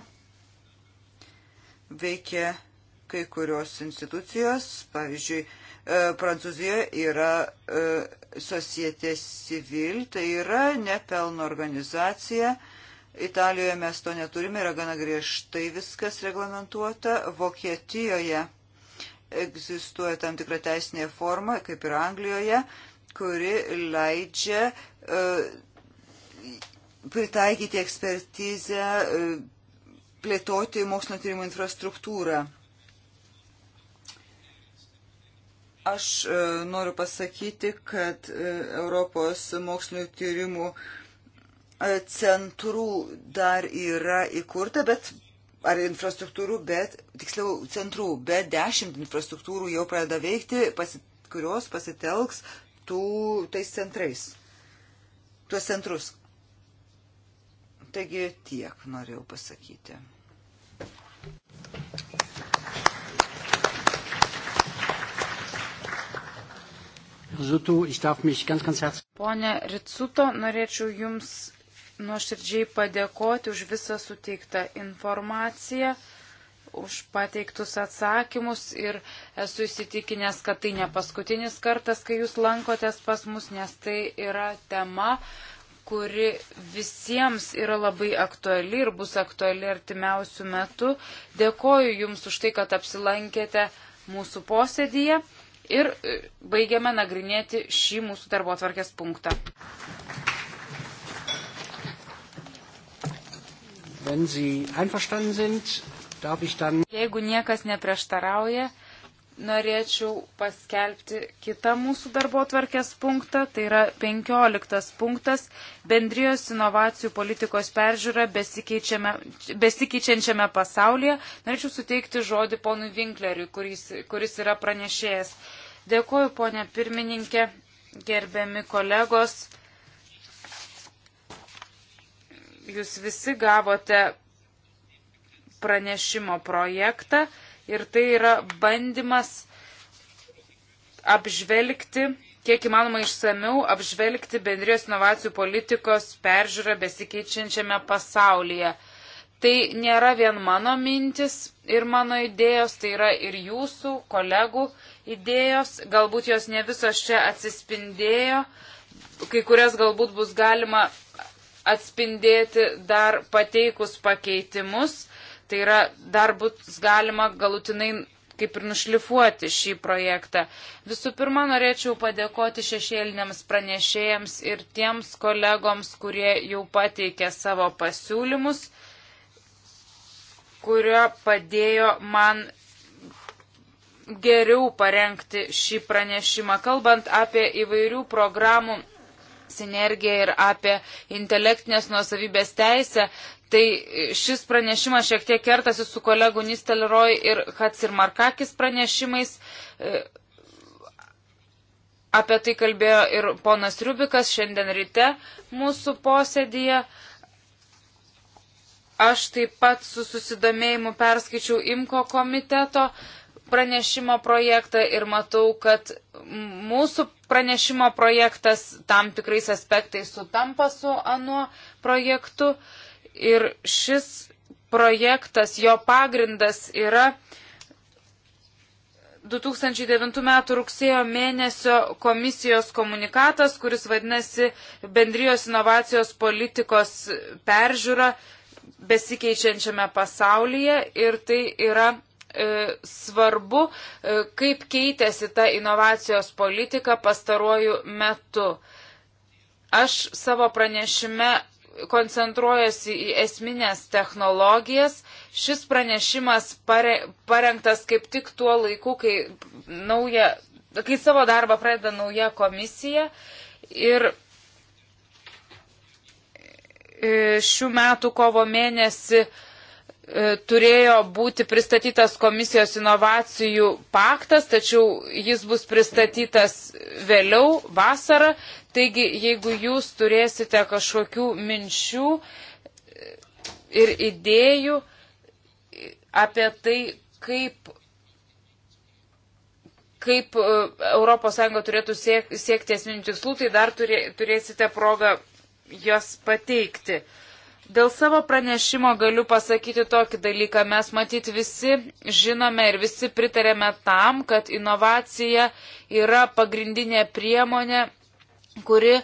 A: veikia kai kurios institucijos, pavyzdžiui, e, Prancūzijoje yra e, Societe Civil, tai yra nepelno organizacija, Italijoje mes to neturime, yra gana griežtai viskas reglamentuota, Vokietijoje egzistuoja tam tikra teisinė forma, kaip ir Anglijoje, kuri leidžia e, pritaikyti ekspertizę plėtoti mokslinio tyrimo infrastruktūrą. Aš e, noriu pasakyti, kad e, Europos mokslinio tyrimų e, centrų dar yra įkurta, bet ar infrastruktūrų, bet, tiksliau, centrų, bet dešimt infrastruktūrų jau pradeda veikti, pasi, kurios pasitelks tų, tais centrais, tuos centrus. Taigi tiek norėjau pasakyti.
B: Pone Ritsuto, norėčiau Jums nuoširdžiai padėkoti už visą suteiktą informaciją, už pateiktus atsakymus ir esu įsitikinęs, kad tai ne paskutinis kartas, kai Jūs lankotės pas mus, nes tai yra tema kuri visiems yra labai aktuali ir bus aktuali artimiausių metų. Dėkoju Jums už tai, kad apsilankėte mūsų posėdyje ir e, baigiame nagrinėti šį mūsų darbo atvarkės punktą. Sind, dann... Jeigu niekas neprieštarauja, norėčiau paskelbti kitą mūsų darbo tvarkės punktą, tai yra 15 punktas bendrijos inovacijų politikos peržiūra besikeičiančiame pasaulyje. Norėčiau suteikti žodį ponui Vinkleriui, kuris, kuris yra pranešėjas. Dėkuoju, ponė pirmininkė, gerbiami kolegos. Jūs visi gavote pranešimo projektą ir tai yra bandymas apžvelgti, kiek įmanoma išsamiau, apžvelgti bendrijos inovacijų politikos peržiūrą besikeičiančiame pasaulyje. Tai nėra vien mano mintis ir mano idėjos, tai yra ir jūsų kolegų idėjos, galbūt jos ne visos čia atsispindėjo, kai kurias galbūt bus galima atspindėti dar pateikus pakeitimus. Tai yra, dar bus galima galutinai kaip ir nušlifuoti šį projektą. Visų pirma, norėčiau padėkoti šešėliniams pranešėjams ir tiems kolegoms, kurie jau pateikė savo pasiūlymus, kurio padėjo man geriau parengti šį pranešimą. Kalbant apie įvairių programų sinergiją ir apie intelektinės nuosavybės teisę, tai šis pranešimas šiek tiek kertasi su kolegų Nistelroj ir Hatsir Markakis pranešimais. E, apie tai kalbėjo ir ponas Rubikas šiandien ryte mūsų posėdėje. Aš taip pat su susidomėjimu perskaičiau IMKO komiteto pranešimo projektą ir matau, kad mūsų pranešimo projektas tam tikrais aspektais sutampa su anuo projektu. Ir šis projektas, jo pagrindas yra 2009 m. rugsėjo mėnesio komisijos komunikatas, kuris vadinasi bendrijos inovacijos politikos peržiūra besikeičiančiame pasaulyje ir tai yra E, svarbu, e, kaip keitėsi ta inovacijos politika pastaruoju metu. Aš savo pranešime koncentruojasi į esminės technologijas. Šis pranešimas pare, parengtas kaip tik tuo laiku, kai, nauja, kai savo darbą pradeda nauja komisija. Ir e, šių metų kovo mėnesį uh, E, turėjo būti pristatytas komisijos inovacijų paktas, tačiau jis bus pristatytas vėliau vasarą. Taigi, jeigu jūs turėsite kažkokių minčių e, ir idėjų e, apie tai, kaip, kaip ES turėtų siek, siekti esminių tikslų, tai dar turė, turėsite progą jas pateikti. Uh, Dėl savo pranešimo galiu pasakyti tokį dalyką. Mes matyt visi žinome ir visi pritarėme tam, kad inovacija yra pagrindinė priemonė kuri e,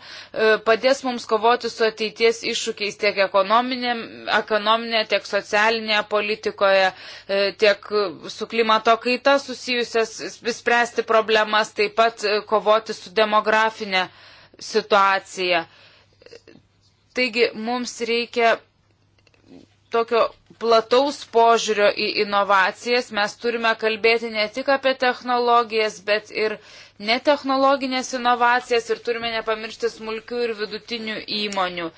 B: padės mums kovoti su ateities iššūkiais tiek ekonominė, ekonominė tiek socialinėje politikoje, e, tiek su klimato kaita susijusias, spręsti problemas, taip pat e, kovoti su demografinė situacija. Taigi mums reikia tokio plataus požiūrio į inovacijas. Mes turime kalbėti ne tik apie technologijas, bet ir netechnologinės inovacijas ir turime nepamiršti smulkių ir vidutinių įmonių.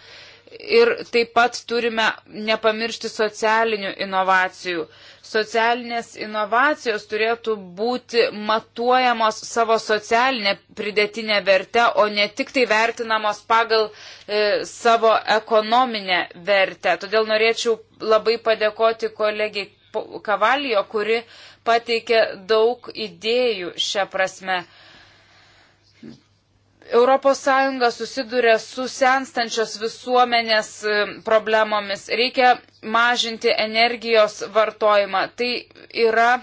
B: Ir taip pat turime nepamiršti socialinių inovacijų. Uh, socialinės inovacijos turėtų būti matuojamos savo socialinę pridėtinę vertę, o ne tik tai vertinamos pagal e, savo ekonominę vertę. Todėl norėčiau labai padėkoti kolegiai Kavalijo, kuri pateikė daug idėjų šią prasme. ES susiduria su senstančios visuomenės e, problemomis. Reikia mažinti energijos vartojimą. Tai yra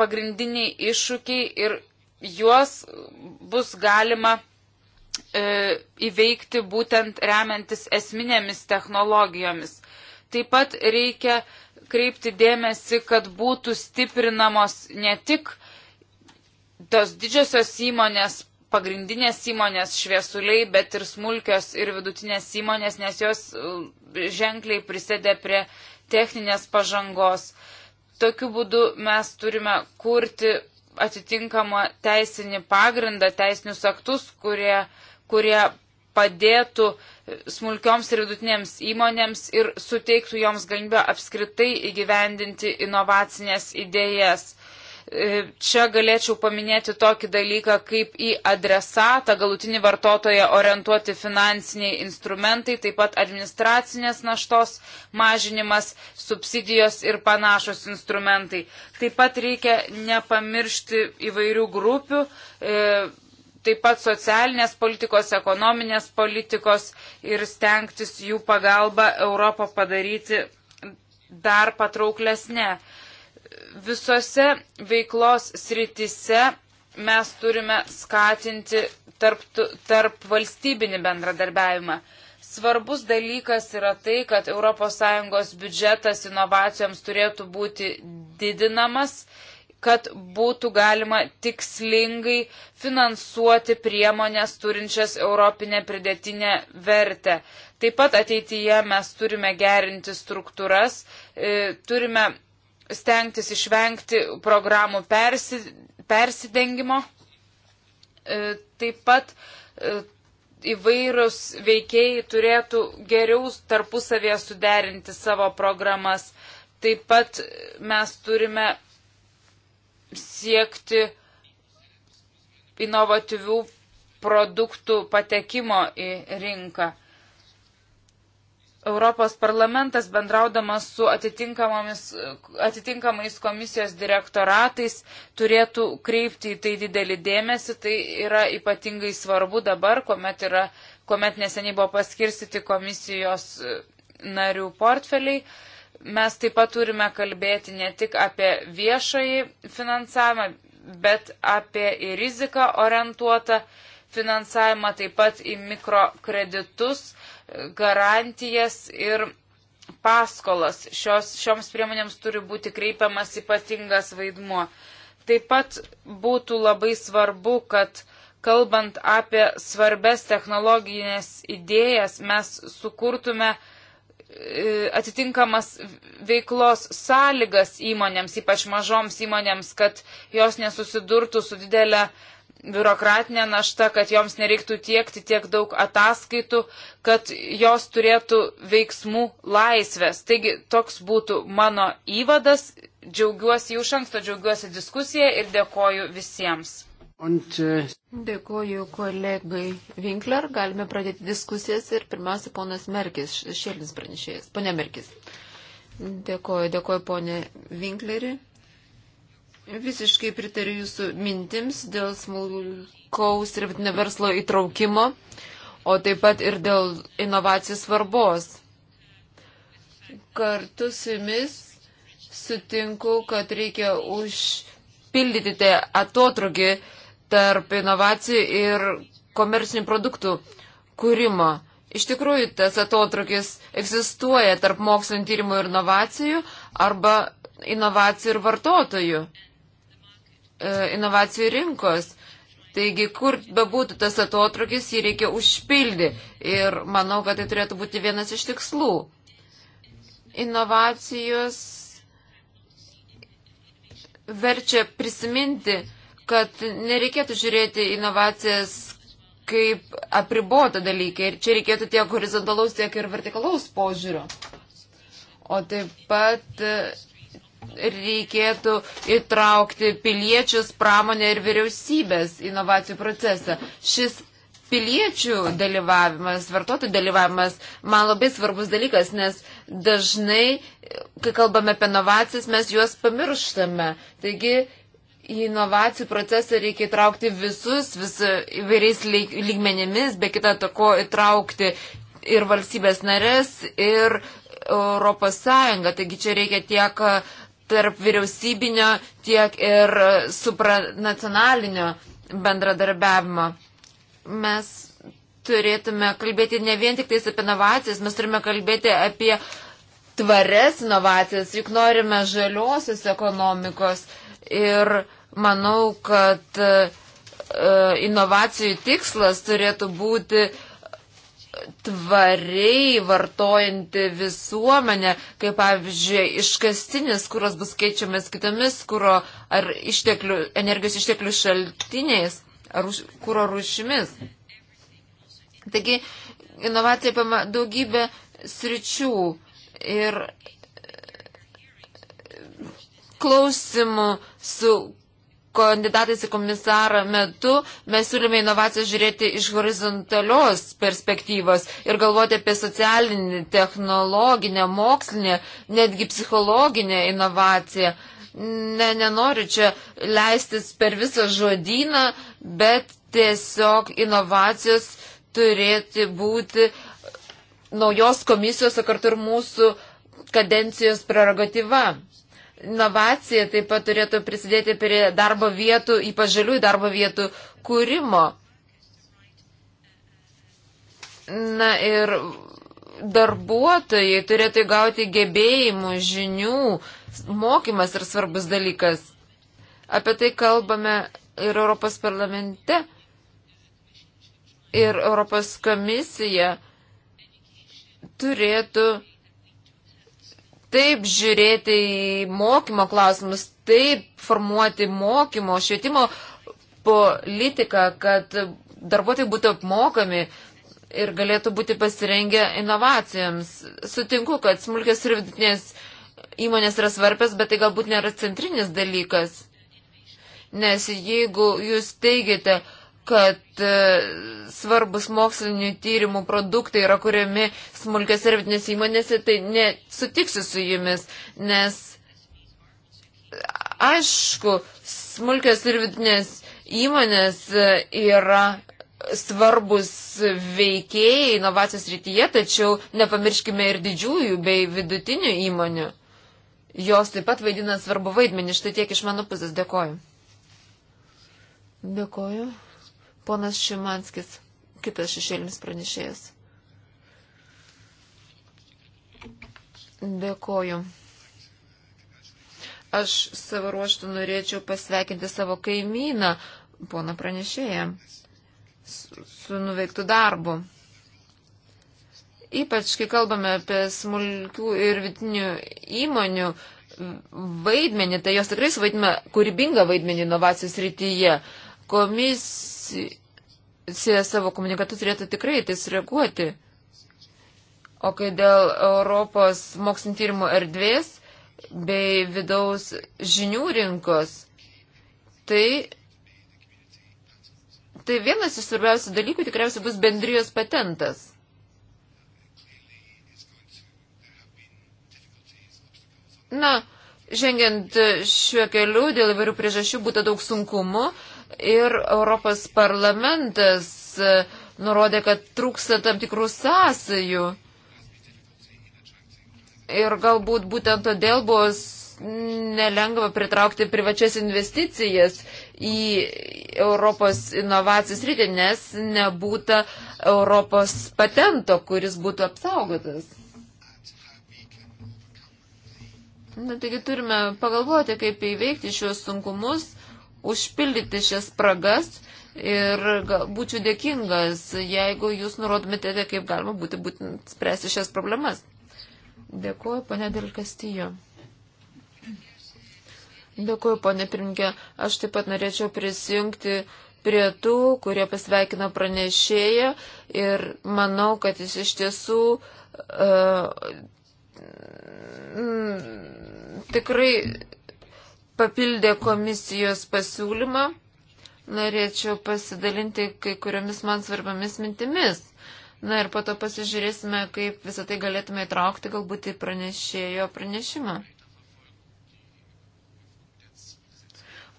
B: pagrindiniai iššūkiai ir juos bus galima e, įveikti būtent remiantis esminėmis technologijomis. Taip pat reikia kreipti dėmesį, kad būtų stiprinamos ne tik tos didžiosios įmonės pagrindinės įmonės šviesuliai, bet ir smulkios ir vidutinės įmonės, nes jos uh, ženkliai prisidė prie techninės pažangos. Tokiu būdu mes turime kurti atitinkamą teisinį pagrindą, teisinius aktus, kurie, kurie padėtų smulkioms ir vidutinėms įmonėms ir suteiktų joms galimybę apskritai įgyvendinti inovacinės idėjas. E, čia galėčiau paminėti tokį dalyką, kaip į adresatą galutinį vartotoją orientuoti finansiniai instrumentai, taip pat administracinės naštos mažinimas, subsidijos ir panašus instrumentai. Taip pat reikia nepamiršti įvairių grupių, e, taip pat socialinės politikos, ekonominės politikos ir stengtis jų pagalba Europą padaryti dar patrauklesnė. Ne visose veiklos sritise mes turime skatinti tarp, tarp valstybinį bendradarbiavimą. Svarbus dalykas yra tai, kad ES biudžetas inovacijoms turėtų būti didinamas, kad būtų galima tikslingai finansuoti priemonės turinčias europinę pridėtinę vertę. Taip pat ateityje mes turime gerinti struktūras, e, turime stengtis išvengti programų persi, persidengimo. E, taip pat e, įvairūs veikėjai turėtų geriau tarpusavėje suderinti savo programas. Taip pat mes turime siekti inovatyvių produktų patekimo į rinką. Europos parlamentas bendraudamas su atitinkamais komisijos direktoratais turėtų kreipti į tai didelį dėmesį. Tai yra ypatingai svarbu dabar, kuomet, yra, kuomet neseniai buvo paskirstyti komisijos e, narių portfeliai. Mes taip pat turime kalbėti ne tik apie viešąjį finansavimą, bet apie į riziką orientuotą finansavimą, taip pat į mikrokreditus garantijas ir paskolas. Šios, šioms priemonėms turi būti kreipiamas ypatingas vaidmuo. Taip pat būtų labai svarbu, kad kalbant apie svarbes technologinės idėjas, mes sukurtume e, atitinkamas veiklos sąlygas įmonėms, ypač mažoms įmonėms, kad jos nesusidurtų su didelė biurokratinė našta, kad joms nereiktų tiekti tiek daug ataskaitų, kad jos turėtų veiksmų laisvės. Taigi toks būtų mano įvadas. Džiaugiuosi jau šanksto, džiaugiuosi diskusiją ir dėkoju visiems.
C: Und, uh... Dėkoju kolegai Winkler. Galime pradėti diskusijas ir pirmiausia, ponas Merkis, šėlinis pranešėjas. Pone Merkis. Dėkoju, dėkoju, ponė Winkleri. Visiškai pritariu jūsų mintims dėl smulkaus ir vidutinio verslo įtraukimo, o taip pat ir dėl inovacijų svarbos. Kartu su jumis sutinku, kad reikia užpildyti tą atotrukį tarp inovacijų ir komercinių produktų kūrimo. Iš tikrųjų, tas atotrukis egzistuoja tarp mokslinio tyrimų ir inovacijų arba inovacijų ir vartotojų. E, inovacijų rinkos. Taigi, kur bebūtų tas atotrukis, jį reikia užpildyti. Ir manau, kad tai turėtų būti vienas iš tikslų. Inovacijos verčia prisiminti, kad nereikėtų žiūrėti inovacijas kaip apribota dalykai. Ir čia reikėtų tiek horizontalaus, tiek ir vertikalaus požiūrio. O taip pat reikėtų įtraukti piliečius, pramonę ir vyriausybės inovacijų procesą. Šis piliečių dalyvavimas, vartotojų dalyvavimas man labai svarbus dalykas, nes dažnai, kai kalbame apie inovacijas, mes juos pamirštame. Taigi į inovacijų procesą reikia įtraukti visus, visą įvairiais lygmenėmis, be kita to ko įtraukti ir valstybės narės, ir Europos Sąjungą. Taigi čia reikia tiek tarp vyriausybinio, tiek ir supranacionalinio bendradarbiavimo. Mes turėtume kalbėti ne vien tik tais apie inovacijas, mes turime kalbėti apie tvarias inovacijas, juk norime žaliosios ekonomikos ir manau, kad e, inovacijų tikslas turėtų būti uh, tvariai vartojanti visuomenė, kaip pavyzdžiui, iškastinis kuras bus keičiamas kitomis kuro ar išteklių, energijos išteklių šaltiniais ar už, kuro rušimis. Taigi, inovacija apima daugybę sričių ir klausimų su kandidatais į komisarą metu mes siūlėme inovacijas žiūrėti iš horizontalios perspektyvos ir galvoti apie socialinį, technologinę, mokslinę, netgi psichologinę inovaciją. Ne, nenoriu čia leistis per visą žodyną, bet tiesiog inovacijos turėti būti naujos komisijos, o kartu ir mūsų kadencijos prerogatyva inovacija taip pat turėtų prisidėti prie darbo vietų, ypač žaliųjų darbo vietų kūrimo. Na ir darbuotojai turėtų gauti gebėjimų, žinių, mokymas ir svarbus dalykas. Apie tai kalbame ir Europos parlamente, ir Europos komisija turėtų taip žiūrėti į mokymo klausimus, taip formuoti mokymo, švietimo politiką, kad darbuotojai būtų apmokami ir galėtų būti pasirengę inovacijoms. Sutinku, kad smulkės ir vidutinės įmonės yra svarbios, bet tai galbūt nėra centrinis dalykas. Nes jeigu jūs teigiate, kad e, svarbus mokslinių tyrimų produktai yra kuriami smulkės ir vidinės įmonėse, tai nesutiksiu su jumis, nes aišku, smulkės ir vidinės įmonės e, yra svarbus veikėjai inovacijos rytyje, tačiau nepamirškime ir didžiųjų bei vidutinių įmonių. Jos taip pat vaidina svarbu vaidmenį. Štai tiek iš mano pusės. Dėkoju. Dėkoju. Ponas Šimanskis, kitas šešėlinis pranešėjas. Dėkoju. Aš savo ruoštų norėčiau pasveikinti savo kaimyną, poną pranešėją, su, su nuveiktų darbu. Ypač, kai kalbame apie smulkių ir vidinių įmonių vaidmenį, tai jos tikrai suvaidina kūrybingą vaidmenį inovacijos rytyje. Uh, Komisija savo komunikatu turėtų tikrai tai sureaguoti. O kai dėl Europos mokslinio tyrimo erdvės bei vidaus žinių rinkos, tai, tai vienas iš svarbiausių dalykų tikriausiai bus bendrijos patentas. Na, žengiant šiuo keliu dėl įvairių priežasčių būtų daug sunkumų, ir Europos parlamentas e, nurodė, kad trūksta tam tikrų sąsajų. Ir galbūt būtent todėl buvo nelengva pritraukti privačias investicijas į Europos inovacijas rytį, nes nebūtų Europos patento, kuris būtų apsaugotas. Na, taigi turime pagalvoti, kaip įveikti šios sunkumus užpildyti šias spragas ir būčiau dėkingas, jeigu jūs nurodomėte, kaip galima būti būtent spręsti šias problemas. Dėkuoju, ponė Del Castillo. Dėkuoju, ponė Pirinkė. Aš taip pat norėčiau prisijungti prie tų, kurie pasveikino pranešėją ir manau, kad jis iš tiesų uh, m, tikrai papildė komisijos pasiūlymą, norėčiau pasidalinti kai kuriomis man svarbiamis mintimis. Na ir po to pasižiūrėsime, kaip visą tai galėtume įtraukti galbūt į pranešėjo pranešimą.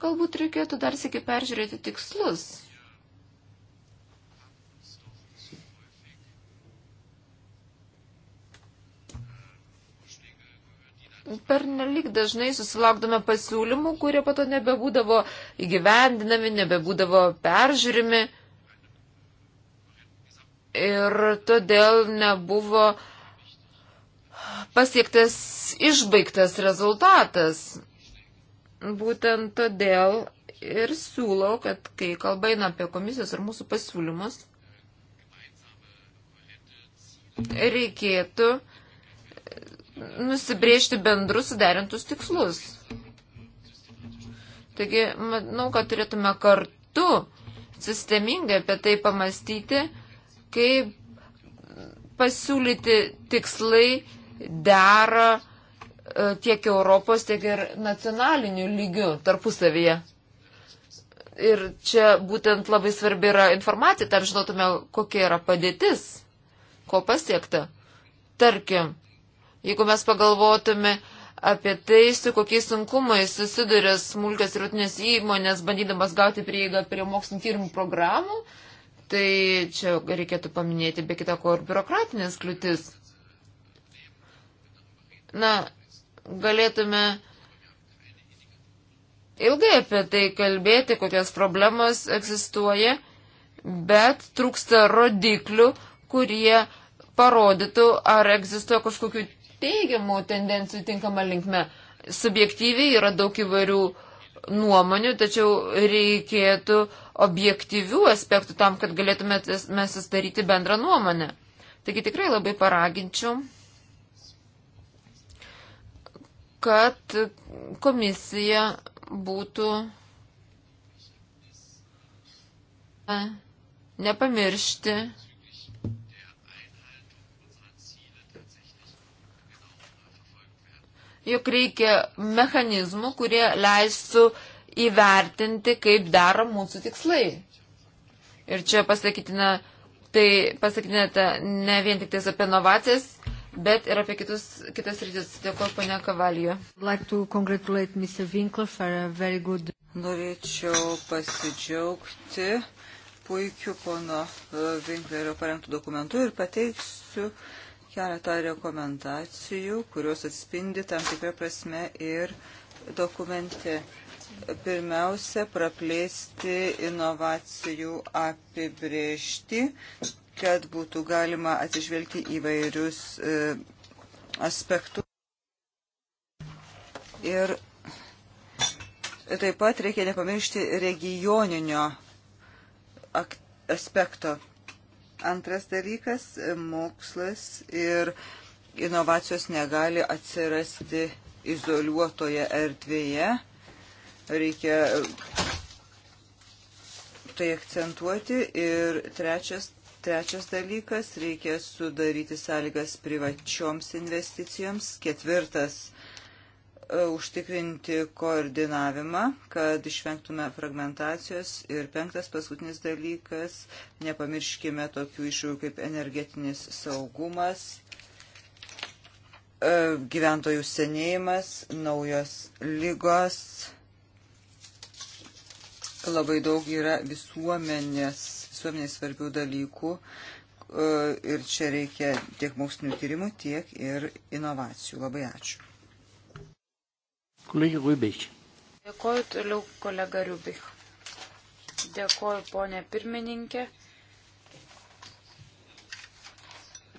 C: Galbūt reikėtų dar sėki peržiūrėti tikslus. per nelik dažnai susilaukdame pasiūlymų, kurie pato nebebūdavo įgyvendinami, nebebūdavo peržiūrimi. Ir todėl nebuvo pasiektas išbaigtas rezultatas. Būtent todėl ir siūlau, kad kai kalba eina apie komisijos ir mūsų pasiūlymus, reikėtų nusibriežti bendrus suderintus tikslus. Taigi, manau, kad turėtume kartu sistemingai apie tai pamastyti, kaip pasiūlyti tikslai dera e, tiek Europos, tiek ir nacionalinių lygių tarpusavyje. Ir čia būtent labai svarbi yra informacija, tam žinotume, kokia yra padėtis, ko pasiekta. Tarkim, Jeigu mes pagalvotume apie tai, su kokiais sunkumais susiduria smulkės ir rutinės įmonės, bandydamas gauti prieigą prie mokslinio tyrimų programų, tai čia reikėtų paminėti be kita ko ir biurokratinės kliūtis. Na, galėtume ilgai apie tai kalbėti, kokios problemos egzistuoja, bet trūksta rodiklių, kurie parodytų, ar egzistuoja kažkokių teigiamų tendencijų tinkama linkme. Subjektyviai yra daug įvairių nuomonių, tačiau reikėtų objektyvių aspektų tam, kad galėtume mes sustaryti bendrą nuomonę. Taigi tikrai labai paraginčiau, kad komisija būtų e, nepamiršti jog reikia mechanizmų, kurie leistų įvertinti, kaip daro mūsų tikslai. Ir čia pasakytina, tai pasakytinėte ne vien tik tais apie inovacijas, bet ir apie kitus, kitas rytis. Dėkuoju, ponia Kavalijo.
A: Like good... Norėčiau pasidžiaugti puikiu pono Vinklerio e, parengtų dokumentų ir pateiksiu uh, keletą rekomendacijų, kurios atspindi tam tikrą prasme ir dokumente. Pirmiausia, praplėsti inovacijų apibriežti, kad būtų galima atsižvelgti įvairius e, aspektus. Ir taip pat reikia nepamiršti regioninio aspekto Antras dalykas - mokslas ir inovacijos negali atsirasti izoliuotoje erdvėje. Reikia e, tai akcentuoti. Ir trečias, trečias dalykas - reikia sudaryti sąlygas privačioms investicijoms. Ketvirtas E, užtikrinti koordinavimą, kad išvengtume fragmentacijos. Ir penktas paskutinis dalykas, nepamirškime tokių iššūkių kaip energetinis saugumas, e, gyventojų senėjimas, naujos lygos. Labai daug yra visuomenės, visuomenės svarbių dalykų e, ir čia reikia tiek mokslinių tyrimų, tiek ir inovacijų. Labai ačiū.
B: Kolegė Rubik. Dėkoju toliau kolega Rubik. Dėkoju ponė pirmininkė.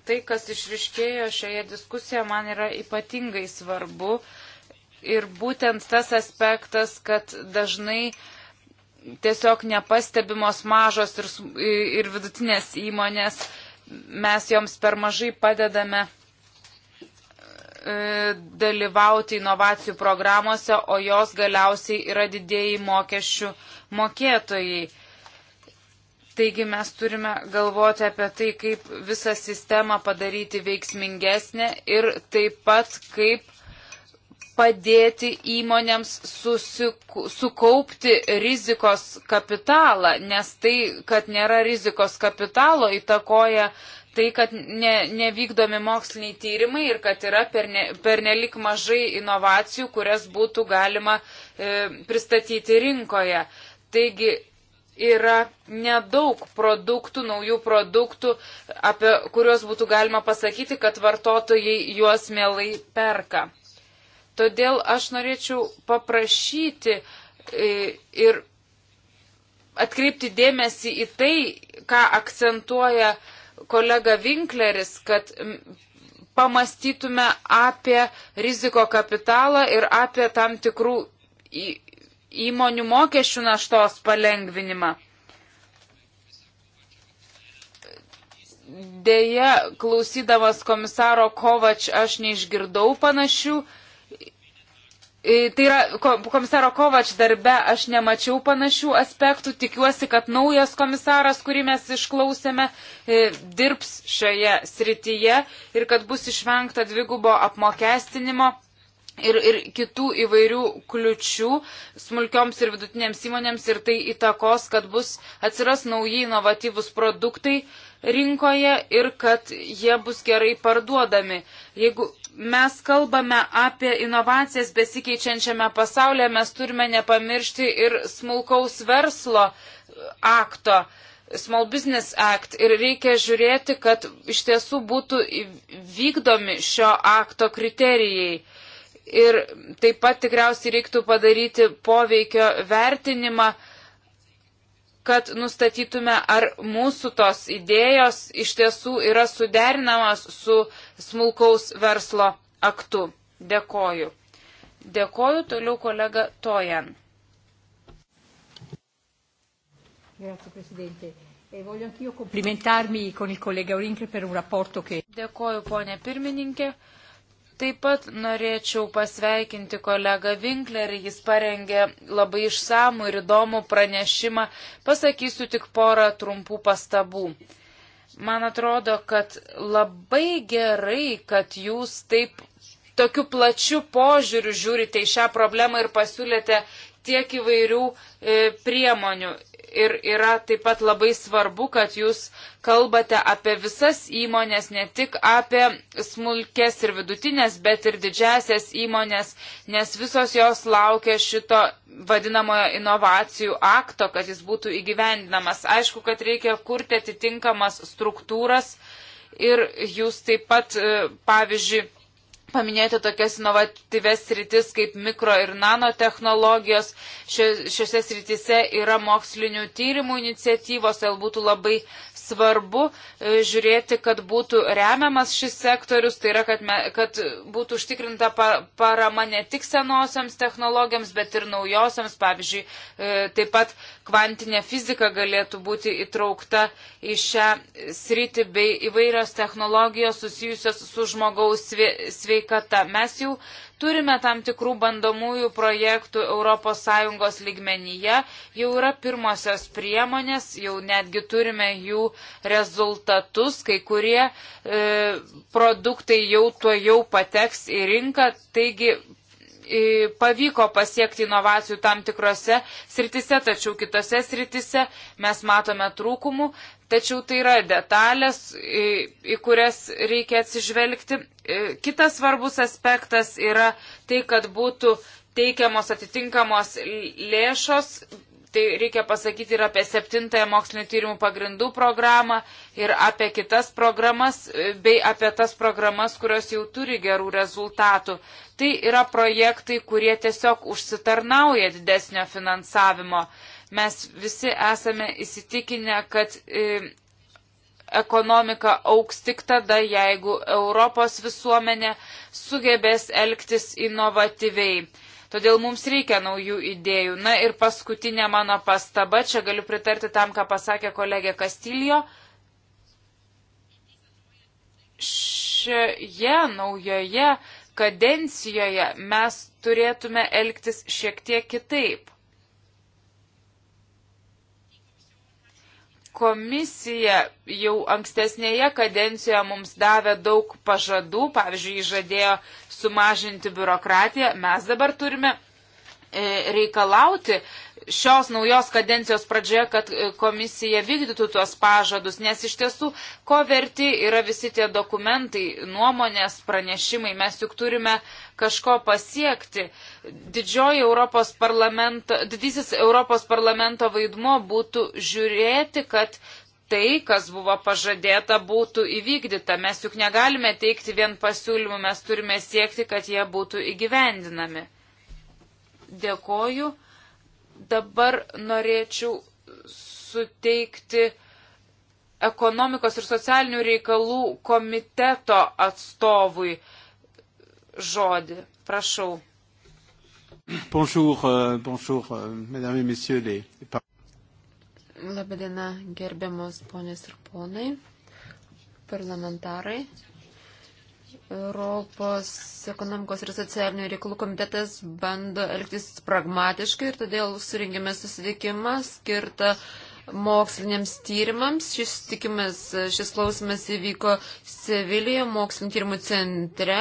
B: Tai, kas išriškėjo šioje diskusijoje, man yra ypatingai svarbu. Ir būtent tas aspektas, kad dažnai tiesiog nepastebimos mažos ir, ir vidutinės įmonės, mes joms per mažai padedame E, dalyvauti inovacijų programuose, o jos galiausiai yra didėjai mokesčių mokėtojai. Taigi mes turime galvoti apie tai, kaip visą sistemą padaryti veiksmingesnę ir taip pat kaip padėti įmonėms susiku, sukaupti rizikos kapitalą, nes tai, kad nėra rizikos kapitalo, įtakoja uh, tai, kad ne, nevykdomi moksliniai tyrimai ir kad yra pernelik per, ne, per mažai inovacijų, kurias būtų galima e, pristatyti rinkoje. Taigi yra nedaug produktų, naujų produktų, apie kuriuos būtų galima pasakyti, kad vartotojai juos mielai perka. Todėl aš norėčiau paprašyti e, ir atkreipti dėmesį į tai, ką akcentuoja e, kolega Winkleris, kad pamastytume apie riziko kapitalą ir apie tam tikrų įmonių mokesčių naštos palengvinimą. Deja, klausydamas komisaro Kovač, aš neišgirdau panašių E, tai yra, komisaro Kovač darbe aš nemačiau panašių aspektų, tikiuosi, kad naujas komisaras, kurį mes išklausėme, e, dirbs šioje srityje ir kad bus išvengta dvigubo apmokestinimo ir, ir kitų įvairių kliučių smulkioms ir vidutinėms įmonėms ir tai įtakos, kad bus atsiras nauji inovatyvus produktai rinkoje ir kad jie bus gerai parduodami. Jeigu mes kalbame apie inovacijas besikeičiančiame pasaulyje, mes turime nepamiršti ir smulkaus verslo akto. Small Business Act ir reikia žiūrėti, kad iš tiesų būtų vykdomi šio akto kriterijai. Ir taip pat tikriausiai reiktų padaryti poveikio vertinimą, kad nustatytume, ar mūsų tos idėjos iš tiesų yra suderinamas su smulkaus verslo aktu. Dėkoju. Dėkoju toliau kolega Tojan. Grazie Presidente. E voglio anch'io
C: complimentarmi con il collega Orinke per un rapporto che.
B: Dėkoju, ponė pirmininkė. Uh, Taip pat norėčiau pasveikinti kolegą Winklerį, jis parengė labai išsamų ir įdomų pranešimą, pasakysiu tik porą trumpų pastabų. Man atrodo, kad labai gerai, kad jūs taip tokiu plačiu požiūriu žiūrite į šią problemą ir pasiūlėte tiek įvairių e, priemonių ir yra taip pat labai svarbu, kad jūs kalbate apie visas įmonės, ne tik apie smulkės ir vidutinės, bet ir didžiasias įmonės, nes visos jos laukia šito vadinamojo inovacijų akto, kad jis būtų įgyvendinamas. Aišku, kad reikia kurti atitinkamas struktūras ir jūs taip pat, e, pavyzdžiui, Paminėjote tokias inovatyves sritis kaip mikro ir nanotehnologijos. Šiuose sritise yra mokslinių tyrimų iniciatyvos, tai būtų labai svarbu e, žiūrėti, kad būtų remiamas šis sektorius, tai yra, kad, me, kad būtų užtikrinta parama ne tik senosiams technologijoms, bet ir naujosiams. Pavyzdžiui, e, taip pat kvantinė fizika galėtų būti įtraukta į šią sritį bei įvairios technologijos susijusios su žmogaus sveikata. Mes jau Turime tam tikrų bandomųjų projektų ES lygmenyje, jau yra pirmosios priemonės, jau netgi turime jų rezultatus, kai kurie e, produktai jau tuo jau pateks į rinką, taigi e, pavyko pasiekti inovacijų tam tikrose sritise, tačiau kitose sritise mes matome trūkumų. Tačiau tai yra detalės, į kurias reikia atsižvelgti. E, kitas svarbus aspektas yra tai, kad būtų teikiamos atitinkamos lėšos. Tai reikia pasakyti ir apie septintąją mokslinio tyrimų pagrindų programą ir apie kitas programas, e, bei apie tas programas, kurios jau turi gerų rezultatų. Tai yra projektai, kurie tiesiog užsitarnauja didesnio finansavimo. Mes visi esame įsitikinę, kad e, ekonomika auks tik tada, jeigu Europos visuomenė sugebės elgtis inovatyviai. Todėl mums reikia naujų idėjų. Na ir paskutinė mano pastaba, čia galiu pritarti tam, ką pasakė kolegė Kastilijo. Šioje naujoje kadencijoje mes turėtume elgtis šiek tiek kitaip. Komisija jau ankstesnėje kadencijoje mums davė daug pažadų, pavyzdžiui, žadėjo sumažinti biurokratiją. Mes dabar turime e, reikalauti, šios naujos kadencijos pradžioje, kad e, komisija vykdytų tuos pažadus, nes iš tiesų, ko verti yra visi tie dokumentai, nuomonės, pranešimai, mes juk turime kažko pasiekti. Didžioji Europos parlamento, didysis Europos parlamento vaidmo būtų žiūrėti, kad tai, kas buvo pažadėta, būtų įvykdyta. Mes juk negalime teikti vien pasiūlymų, mes turime siekti, kad jie būtų įgyvendinami. Dėkoju. Dabar norėčiau suteikti ekonomikos ir socialinių reikalų komiteto atstovui žodį. Prašau.
C: Bonjour, euh, bonjour, euh, mesdames et messieurs les. Labadiena, gerbiamos ponės ir ponai, parlamentarai. Europos ekonomikos ir socialinių reikalų komitetas bando elgtis pragmatiškai ir todėl surinkime susitikimą skirtą moksliniams tyrimams. Šis sutikimas, šis klausimas įvyko Sevilijoje mokslinio tyrimų centre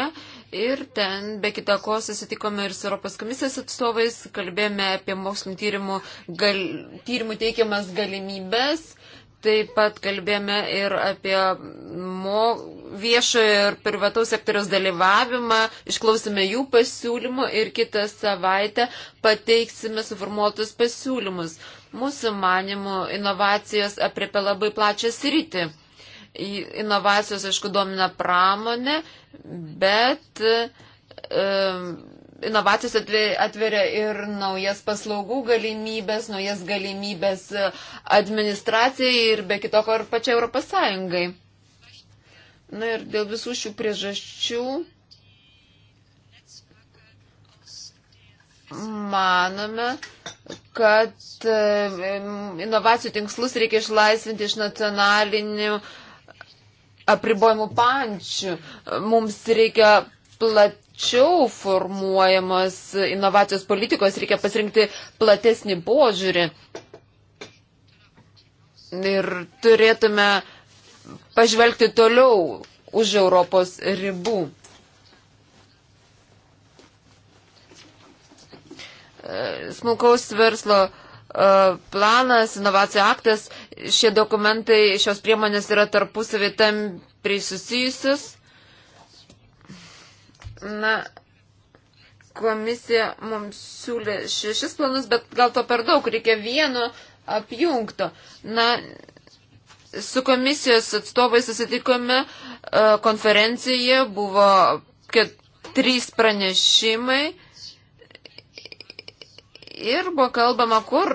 C: ir ten be kita ko susitikome ir su Europos komisijos atstovais, kalbėjome apie mokslinio tyrimų, gal, tyrimų teikiamas galimybės Taip pat kalbėjome ir apie mo, viešojo ir privataus sektoriaus dalyvavimą, išklausime jų pasiūlymų ir kitą savaitę pateiksime suformuotus pasiūlymus. Mūsų manimų inovacijos apriepia labai plačią sritį. Inovacijos, aišku, domina pramonę, bet. Um, inovacijos atveria ir naujas paslaugų galimybės, naujas galimybės administracijai ir be kitoko ir pačiai Europos Sąjungai. Na ir dėl visų šių priežasčių manome, kad inovacijų tinkslus reikia išlaisvinti iš nacionalinių apribojimų pančių. Mums reikia plat sparčiau formuojamos inovacijos politikos, reikia pasirinkti platesnį požiūrį. Ir turėtume pažvelgti toliau už Europos ribų. Smulkaus verslo e, planas, inovacijų aktas, šie dokumentai, šios priemonės yra tarpusavį tam prisusijusius. Na, komisija mums siūlė šešis planus, bet gal to per daug, reikia vieno apjungto. Na, su komisijos atstovai susitikome e, konferencijoje, buvo kad, trys pranešimai ir buvo kalbama, kur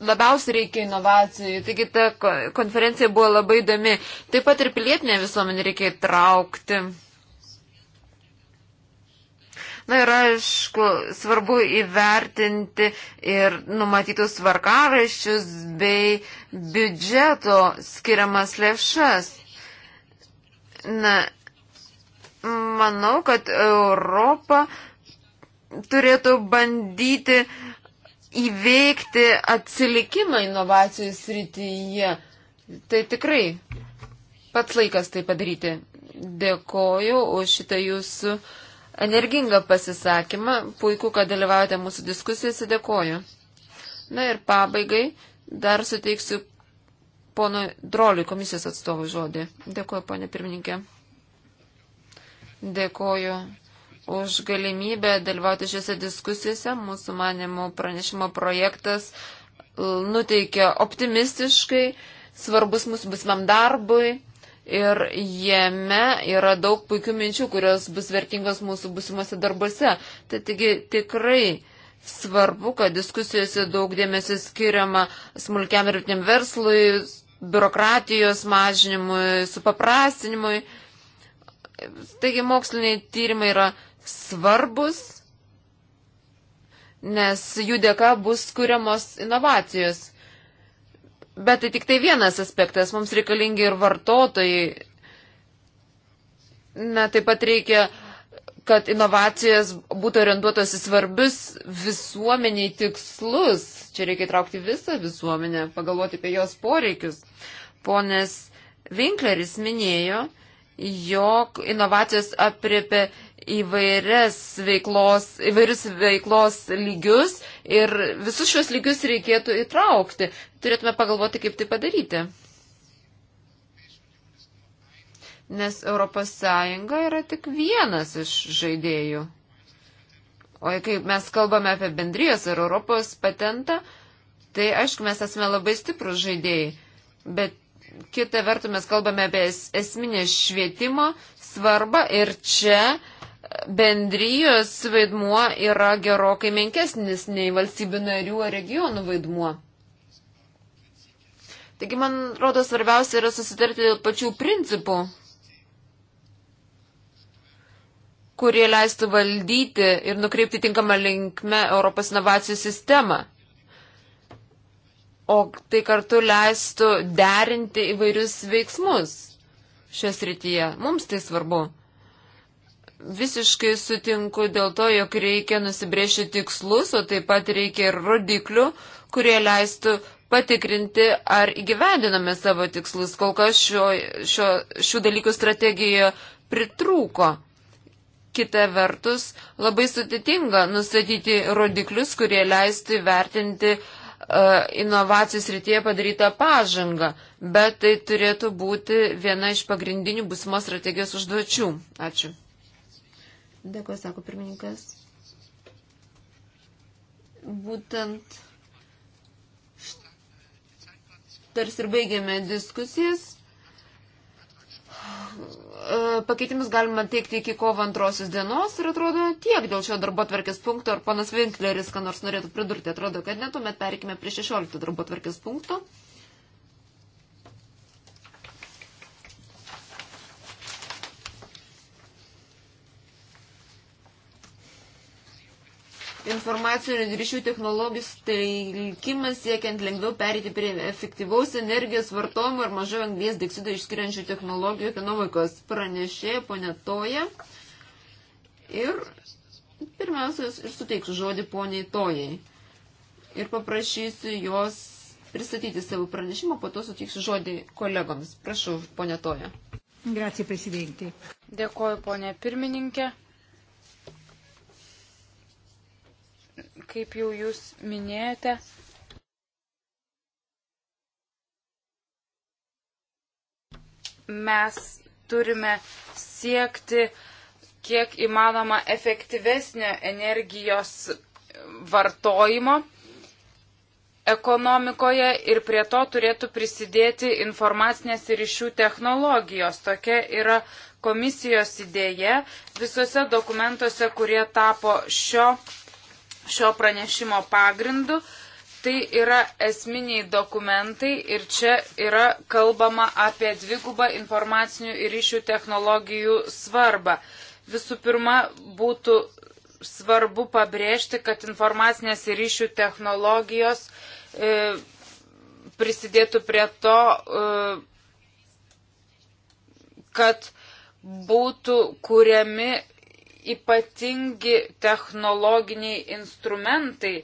C: labiausiai reikia inovacijų. Taigi ta konferencija buvo labai įdomi. Taip pat ir pilietinė visuomenė reikia įtraukti. Na ir aišku, svarbu įvertinti ir numatytus varkaraščius bei biudžeto skiriamas lėšas. Na, manau, kad Europa turėtų bandyti įveikti atsilikimą inovacijų srityje. Tai tikrai pats laikas tai padaryti. Dėkoju už šitą jūsų energingą pasisakymą. Puiku, kad dalyvaujate mūsų diskusijose. Dėkoju. Na ir pabaigai dar suteiksiu pono Droliui komisijos atstovų žodį. Dėkoju, ponė pirmininkė. Dėkoju už galimybę dalyvauti šiuose diskusijose. Mūsų manimo pranešimo projektas nuteikia optimistiškai, svarbus mūsų busimam darbui ir jame yra daug puikių minčių, kurios bus vertingos mūsų busimuose darbuose. Tai taigi tikrai svarbu, kad diskusijose daug dėmesio skiriama smulkiam ir vidiniam verslui, biurokratijos mažinimui, supaprastinimui. Taigi moksliniai tyrimai yra svarbus, nes jų dėka bus kuriamos inovacijos. Bet tai tik tai vienas aspektas, mums reikalingi ir vartotojai. Na, taip pat reikia, kad inovacijos būtų orientuotos į svarbius visuomeniai tikslus. Čia reikia traukti visą visuomenę, pagalvoti apie jos poreikius. Ponas Winkleris minėjo, jog inovacijos apriepia įvairias veiklos, įvairius veiklos lygius ir visus šios lygius reikėtų įtraukti. Turėtume pagalvoti, kaip tai padaryti. Nes ES yra tik vienas iš žaidėjų. O kai mes kalbame apie bendrijos ar Europos patentą, tai aišku, mes esame labai stiprus žaidėjai. Bet Kita vertus mes kalbame apie esminę švietimo svarbą ir čia bendrijos vaidmuo yra gerokai menkesnis nei valstybių narių ar regionų vaidmuo. Taigi, man rodo, svarbiausia yra susitarti dėl pačių principų, kurie leistų valdyti ir nukreipti tinkamą linkmę Europos inovacijų sistemą o tai kartu leistų derinti įvairius veiksmus šios rytyje. Mums tai svarbu. Visiškai sutinku dėl to, jog reikia nusibriežti tikslus, o taip pat reikia ir rodiklių, kurie leistų patikrinti, ar įgyvendiname savo tikslus. Kol kas šio, šio, šių dalykų strategijoje pritrūko. Kita vertus, labai sudėtinga nustatyti rodiklius, kurie leistų įvertinti uh, E, inovacijos rytyje padaryta pažanga, bet tai turėtų būti viena iš pagrindinių būsimos strategijos užduočių. Ačiū. Dėkuoju, sako pirmininkas. Būtent tarsi ir baigėme diskusijas. E, pakeitimus galima teikti iki kovo antrosios dienos ir atrodo tiek dėl šio darbo tvarkės punkto. Ar ponas Winkleris, ką nors norėtų pridurti, atrodo, kad netuomet perikime prie 16 darbo tvarkės punkto. informacinių ryšių technologijų telkimas siekiant lengviau perėti prie efektyvaus energijos vartojimo ir mažo anglies dioksido išskiriančių technologijų ekonomikos pranešė ponė Toja. Ir pirmiausia, ir suteiksiu žodį poniai Tojai. Ir paprašysiu jos pristatyti savo pranešimą, po to suteiksiu žodį kolegoms. Prašau, ponė Toja.
A: Grazie,
B: prezidentė. Dėkoju, ponė pirmininkė. kaip jau jūs minėjote, mes turime siekti kiek įmanoma efektyvesnio energijos vartojimo ekonomikoje ir prie to turėtų prisidėti informacinės ir ryšių technologijos. Tokia yra komisijos idėja visose dokumentuose, kurie tapo šio šio pranešimo pagrindu. Tai yra esminiai dokumentai ir čia yra kalbama apie dvigubą informacinių ir ryšių technologijų svarbą. Visų pirma, būtų svarbu pabrėžti, kad informacinės ir ryšių technologijos e, prisidėtų prie to, e, kad būtų kuriami ypatingi technologiniai instrumentai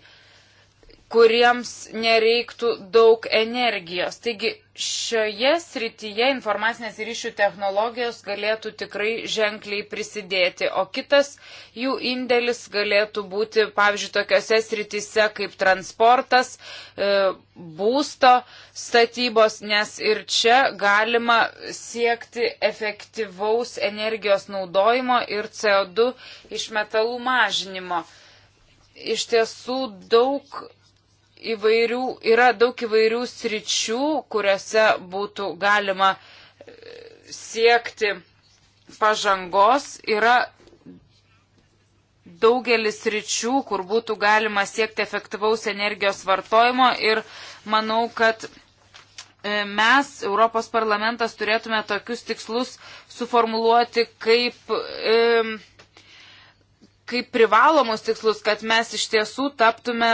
B: kuriems nereiktų daug energijos. Taigi šioje srityje informacinės ryšių technologijos galėtų tikrai ženkliai prisidėti, o kitas jų indėlis galėtų būti, pavyzdžiui, tokiose srityse kaip transportas, e, būsto statybos, nes ir čia galima siekti efektyvaus energijos naudojimo ir CO2 iš metalų mažinimo. Iš tiesų daug įvairių, yra daug įvairių sričių, kuriuose būtų galima e, siekti pažangos. Yra daugelis sričių, kur būtų galima siekti efektyvaus energijos vartojimo ir manau, kad e, mes, Europos parlamentas, turėtume tokius tikslus suformuluoti kaip. E, kaip privalomus tikslus, kad mes iš tiesų taptume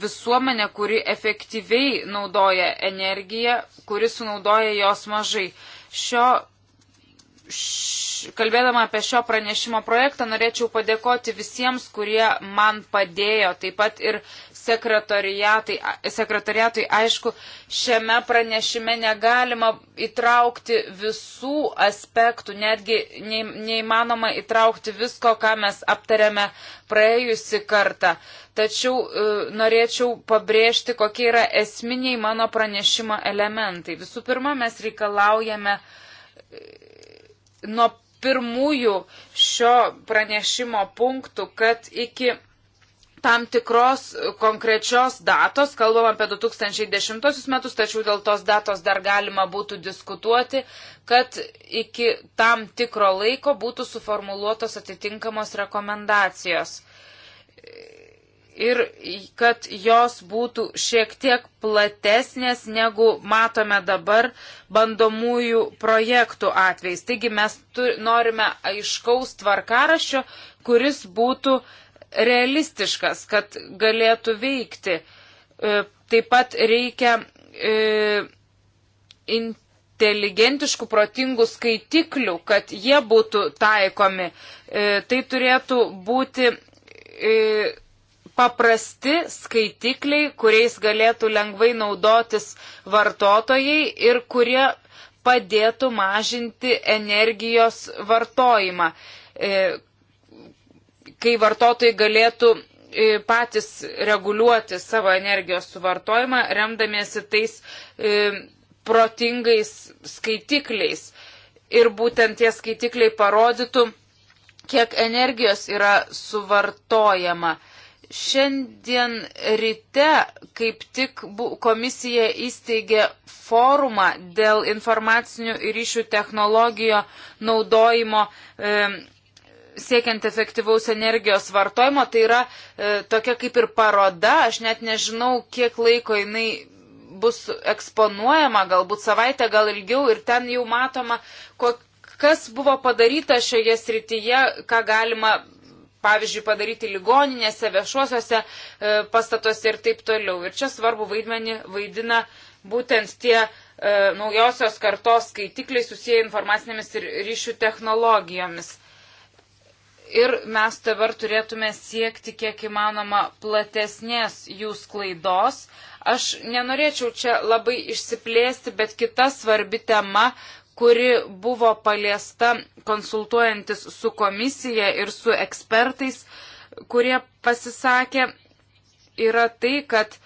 B: visuomenę, kuri efektyviai naudoja energiją, kuri sunaudoja jos mažai. Šio, š, kalbėdama apie šio pranešimo projektą, norėčiau padėkoti visiems, kurie man padėjo, taip pat ir sekretariatui, aišku, šiame pranešime negalima įtraukti visų aspektų, netgi neįmanoma įtraukti visko, ką mes aptarėme praėjusi kartą. Tačiau e, norėčiau pabrėžti, kokie yra esminiai mano pranešimo elementai. Visų pirma, mes reikalaujame e, nuo pirmųjų šio pranešimo punktų, kad iki tam tikros konkrečios datos, kalbam apie 2010 metus, tačiau dėl tos datos dar galima būtų diskutuoti, kad iki tam tikro laiko būtų suformuluotos atitinkamos rekomendacijos. Ir kad jos būtų šiek tiek platesnės, negu matome dabar bandomųjų projektų atvejais. Taigi mes tu, norime aiškaus tvarkaraščio, kuris būtų uh, realistiškas, kad galėtų veikti. E, taip pat reikia e, inteligentiškų, protingų skaitiklių, kad jie būtų taikomi. E, tai turėtų būti paprasti skaitikliai, kuriais galėtų lengvai naudotis vartotojai ir kurie padėtų mažinti energijos vartojimą kai vartotojai galėtų e, patys reguliuoti savo energijos suvartojimą, remdamiesi tais e, protingais skaitikliais. Ir būtent tie skaitikliai parodytų, kiek energijos yra suvartojama. Šiandien ryte kaip tik komisija įsteigė forumą dėl informacinių ryšių technologijų naudojimo e, siekiant efektyvaus energijos vartojimo, tai yra e, tokia kaip ir paroda, aš net nežinau, kiek laiko jinai bus eksponuojama, galbūt savaitę, gal ilgiau ir ten jau matoma, kok, kas buvo padaryta šioje srityje, ką galima, pavyzdžiui, padaryti ligoninėse, viešuosiuose e, pastatuose ir taip toliau. Ir čia svarbu vaidmenį vaidina būtent tie e, naujosios kartos skaitikliai susiję informacinėmis ir ryšių technologijomis ir mes dabar turėtume siekti kiek įmanoma platesnės jų sklaidos. Aš nenorėčiau čia labai išsiplėsti, bet kita svarbi tema, kuri buvo paliesta konsultuojantis su komisija ir su ekspertais, kurie pasisakė, yra tai, kad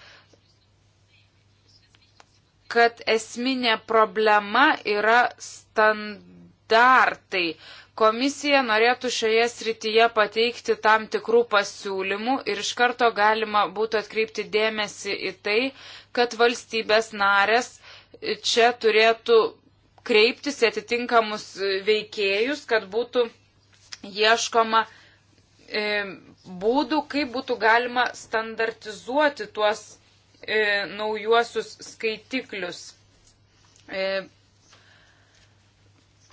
B: kad esminė problema yra standartai, Komisija norėtų šioje srityje pateikti tam tikrų pasiūlymų ir iš karto galima būtų atkreipti dėmesį į tai, kad valstybės narės čia turėtų kreiptis į atitinkamus veikėjus, kad būtų ieškoma e, būdų, kaip būtų galima standartizuoti tuos e, naujuosius skaitiklius. E,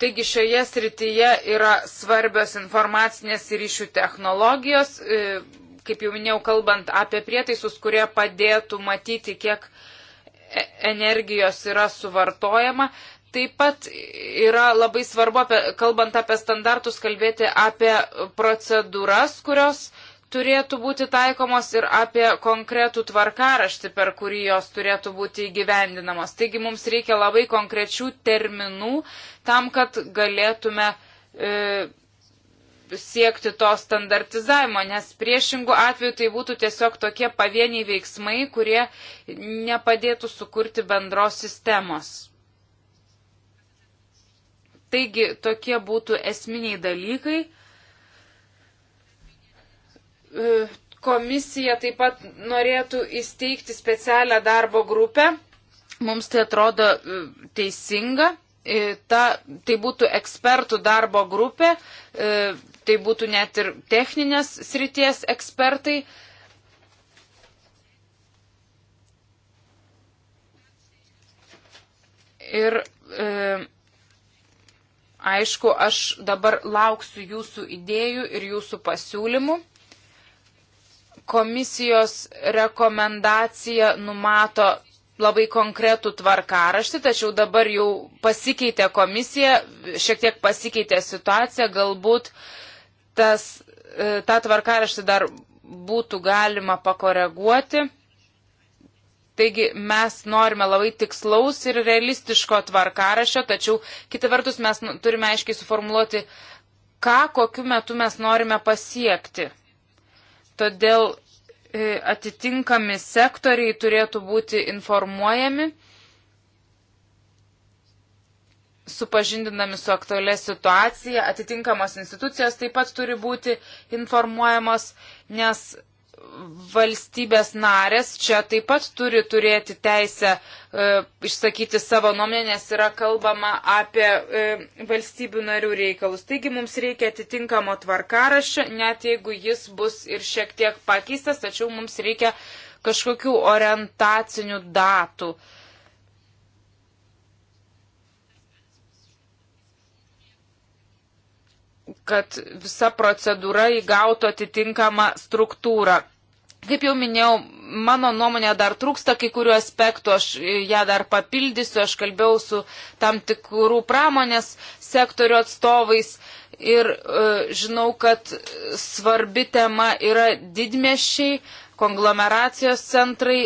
B: Taigi šioje srityje yra svarbios informacinės ryšių technologijos, e, kaip jau minėjau, kalbant apie prietaisus, kurie padėtų matyti, kiek e, energijos yra suvartojama. Taip pat yra labai svarbu, apie, kalbant apie standartus, kalbėti apie procedūras, kurios uh, turėtų būti taikomos ir apie konkretų tvarkaraštį, per kurį jos turėtų būti įgyvendinamos. Taigi mums reikia labai konkrečių terminų tam, kad galėtume e, siekti to standartizavimo, nes priešingų atveju tai būtų tiesiog tokie pavieniai veiksmai, kurie nepadėtų sukurti bendros sistemos. Taigi tokie būtų esminiai dalykai. E, komisija taip pat norėtų įsteigti specialią darbo grupę. Mums tai atrodo e, teisinga. E, ta, tai būtų ekspertų darbo grupė, tai būtų net ir techninės srities ekspertai. Ir e, aišku, aš dabar lauksiu jūsų idėjų ir jūsų pasiūlymų komisijos rekomendacija numato labai konkretų tvarkaraštį, tačiau dabar jau pasikeitė komisija, šiek tiek pasikeitė situacija, galbūt tas, e, tą tvarkaraštį dar būtų galima pakoreguoti. Taigi mes norime labai tikslaus ir realistiško tvarkarašio, tačiau kita vertus mes nu, turime aiškiai suformuoluoti, ką kokiu metu mes norime pasiekti. Todėl e, atitinkami sektoriai turėtų būti informuojami, supažindinami su aktualia situacija, atitinkamos institucijos taip pat turi būti informuojamos, nes valstybės narės čia taip pat turi turėti teisę e, išsakyti savo nuomonę, nes yra kalbama apie e, valstybių narių reikalus. Taigi mums reikia atitinkamo tvarkaraščio, net jeigu jis bus ir šiek tiek pakeistas, tačiau mums reikia kažkokių orientacinių datų. kad visa procedūra įgautų atitinkamą struktūrą. Kaip jau minėjau, mano nuomonė dar trūksta kai kurių aspektų, aš ją dar papildysiu, aš kalbėjau su tam tikrų pramonės sektorių atstovais ir e, žinau, kad svarbi tema yra didmešiai, konglomeracijos centrai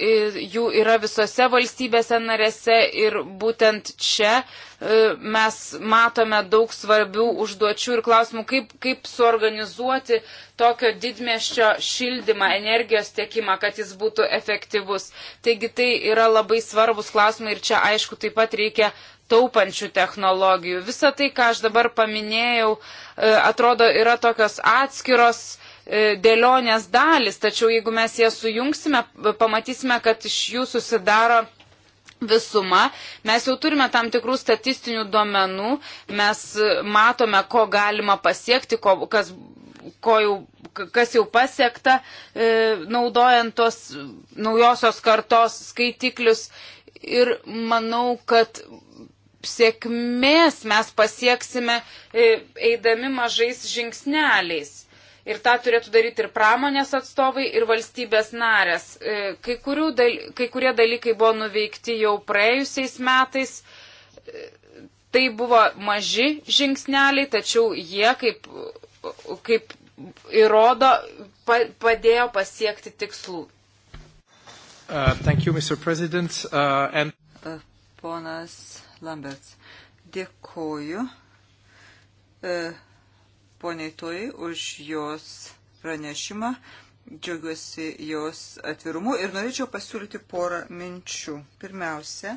B: jų yra visose valstybėse narėse ir būtent čia e, mes matome daug svarbių užduočių ir klausimų, kaip, kaip suorganizuoti tokio didmėščio šildymą, energijos tiekimą, kad jis būtų efektyvus. Taigi tai yra labai svarbus klausimai ir čia aišku taip pat reikia taupančių technologijų. Visa tai, ką aš dabar paminėjau, e, atrodo yra tokios atskiros E, dėlionės dalis, tačiau jeigu mes jas sujungsime, pamatysime, kad iš jų susidaro visuma. Mes jau turime tam tikrų statistinių duomenų, mes e, matome, ko galima pasiekti, ko, kas, ko jau, kas jau pasiekta, e, naudojant tos naujosios kartos skaitiklius. Ir manau, kad sėkmės mes pasieksime e, eidami mažais žingsneliais. Ir tą turėtų daryti ir pramonės atstovai, ir valstybės narės. E, kai, dal, kai kurie dalykai buvo nuveikti jau praėjusiais metais. E, tai buvo maži žingsneliai, tačiau jie, kaip, kaip įrodo, pa,
A: padėjo pasiekti tikslų.
C: Uh, thank you, Mr. President. Uh, and...
A: Uh, ponas Lamberts, dėkoju. Uh, poniai Toj už jos pranešimą. Džiaugiuosi jos atvirumu ir norėčiau pasiūlyti porą minčių. Pirmiausia,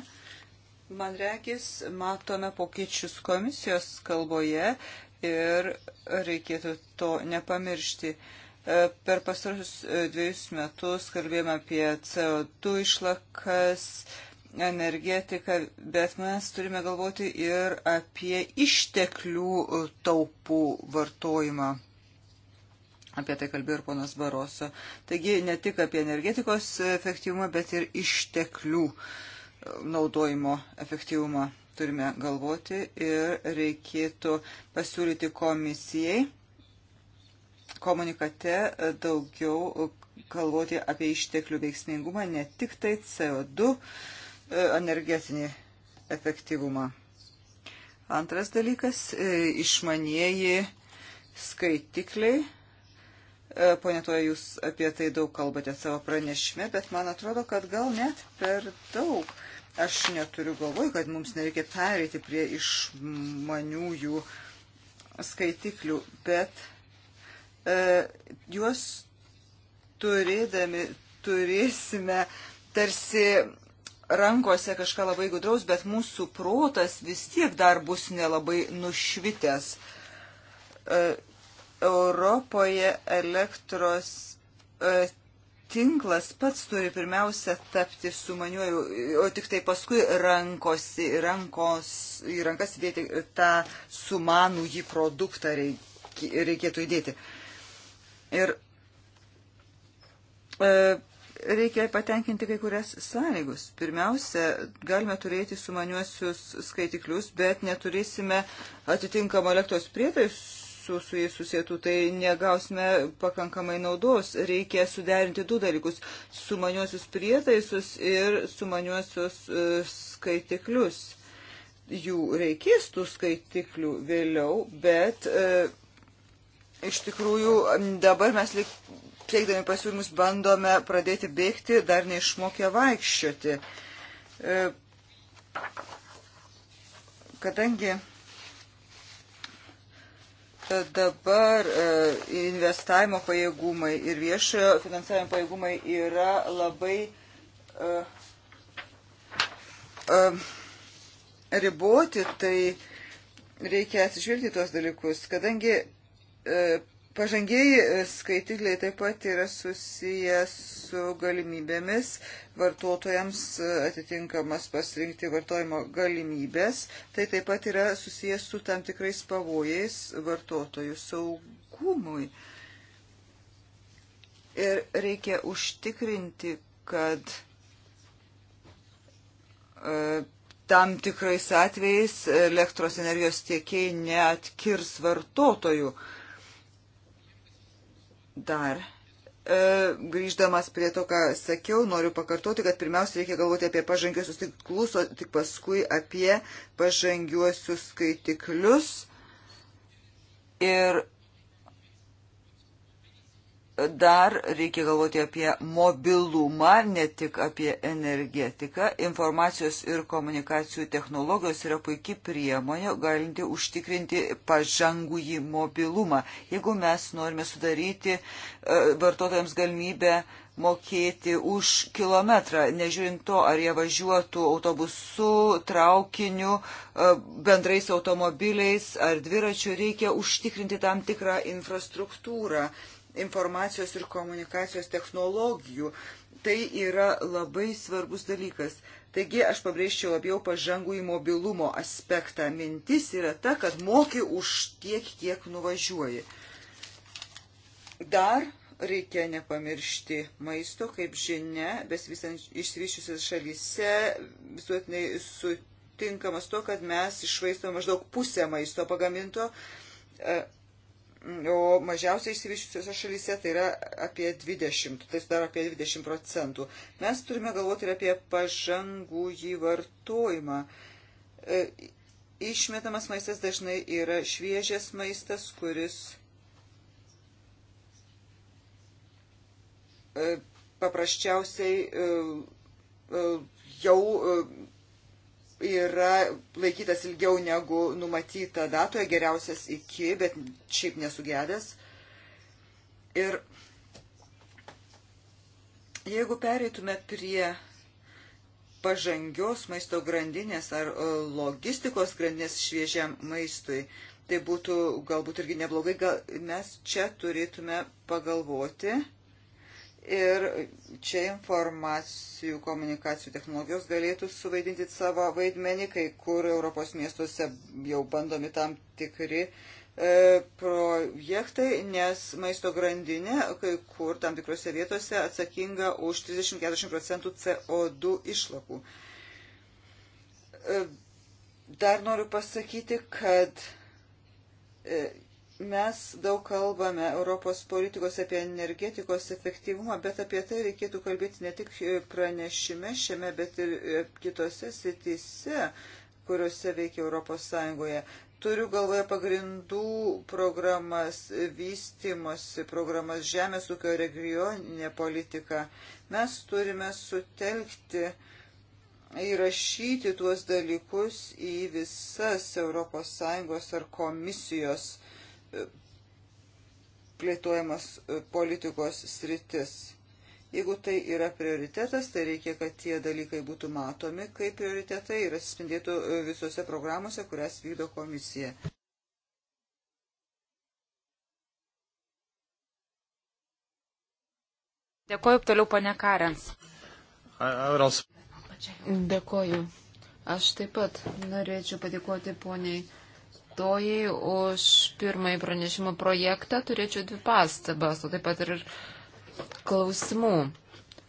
A: man regis, matome pokyčius komisijos kalboje ir reikėtų to nepamiršti. E, per pastarusius e, dviejus metus kalbėjome apie CO2 išlakas, energetiką, bet mes turime galvoti ir apie išteklių taupų vartojimą. Apie tai kalbėjo ir ponas Baroso. Taigi ne tik apie energetikos efektyvumą, bet ir išteklių naudojimo efektyvumą turime galvoti ir reikėtų pasiūlyti komisijai komunikate daugiau galvoti apie išteklių veiksmingumą, ne tik tai CO2 E, energetinį efektyvumą. Antras dalykas e, - išmanieji skaitikliai. E, Ponetoje jūs apie tai daug kalbate savo pranešime, bet man atrodo, kad gal net per daug. Aš neturiu galvoj, kad mums nereikia pereiti prie išmaniųjų skaitiklių, bet e, juos turėdami turėsime tarsi rankose kažką labai gudraus, bet mūsų protas vis tiek dar bus nelabai nušvitęs. E, Europoje elektros e, tinklas pats turi pirmiausia tapti sumaniuoju, o tik tai paskui rankos, rankos, į rankas įdėti tą sumanų jį produktą reikėtų įdėti. Ir e, reikia patenkinti kai kurias sąlygus. Pirmiausia, galime turėti sumaniuosius skaitiklius, bet neturėsime atitinkamo elektros prietaisų su jais susietų, tai negausime pakankamai naudos. Reikia suderinti du dalykus - sumaniuosius prietaisus ir sumaniuosius e, skaitiklius. Jų reikės tų skaitiklių vėliau, bet e, iš tikrųjų dabar mes lik teikdami pasiūlymus bandome pradėti bėgti, dar neišmokę vaikščioti. E, kadangi e, dabar e, investavimo pajėgumai ir viešojo finansavimo pajėgumai yra labai riboti, tai reikia atsižvelgti tuos dalykus, kadangi Pažangiai e, skaitikliai taip pat yra susiję su galimybėmis vartotojams e, atitinkamas pasirinkti vartojimo galimybės. Tai taip pat yra susiję su tam tikrais pavojais vartotojų saugumui. Ir reikia užtikrinti, kad e, tam tikrais atvejais elektros energijos tiekėjai neatkirs vartotojų. E, Dar e, grįždamas prie to, ką sakiau, noriu pakartoti, kad pirmiausia reikia galvoti apie pažangiuosius tiklus, o tik paskui apie pažangiuosius skaitiklius. Ir dar reikia galvoti apie mobilumą, ne tik apie energetiką. Informacijos ir komunikacijų technologijos yra puikiai priemonė, galinti užtikrinti pažangųjį mobilumą. Jeigu mes norime sudaryti e, vartotojams galimybę mokėti už kilometrą, nežiūrint to, ar jie važiuotų autobusu, traukiniu, e, bendrais automobiliais ar dviračiu, reikia užtikrinti tam tikrą infrastruktūrą informacijos ir komunikacijos technologijų. Tai yra labai svarbus dalykas. Taigi aš pabrėžčiau labiau pažangų į mobilumo aspektą. Mintis yra ta, kad moki už tiek, kiek nuvažiuoji. Dar reikia nepamiršti maisto, kaip žinia, išsivyščiusias šalyse visuotinai sutinkamas to, kad mes išvaistome maždaug pusę maisto pagaminto e, o mažiausiai išsivyščiusiuose šalyse tai yra apie 20, tai sudaro apie 20 procentų. Mes turime galvoti ir apie pažangų jį vartojimą. E, išmetamas maistas dažnai yra šviežias maistas, kuris e, paprasčiausiai e, jau yra laikytas ilgiau negu numatyta datoje, geriausias iki, bet šiaip nesugedęs. Ir jeigu pereitume prie pažangios maisto grandinės ar e, logistikos grandinės šviežiam maistui, tai būtų galbūt irgi neblogai, gal mes čia turėtume pagalvoti Ir čia informacijų komunikacijų technologijos galėtų suvaidinti savo vaidmenį, kai kur Europos miestuose jau bandomi tam tikri e, projektai, nes maisto grandinė kai kur tam tikrose vietose atsakinga už 30-40 procentų CO2 išlakų. E, dar noriu pasakyti, kad e, Mes daug kalbame Europos politikos apie energetikos efektyvumą, bet apie tai reikėtų kalbėti ne tik pranešime šiame, bet ir e, kitose sritise, kuriuose veikia Europos Sąjungoje. Turiu galvoje pagrindų programas, vystimosi programas, žemės ūkio regioninė politika. Mes turime sutelkti įrašyti tuos dalykus į visas ES ar komisijos plėtojamas e, politikos sritis. Jeigu tai yra prioritetas, tai reikia, kad tie dalykai būtų matomi kaip prioritetai ir atsispindėtų e, visose programuose, kurias vykdo komisija.
B: Dėkoju toliau, pane Karens. Dėkoju.
C: Aš taip pat norėčiau padėkoti poniai praneštojai už pirmąjį pranešimo projektą. Turėčiau dvi pastabas, o taip pat ir klausimų.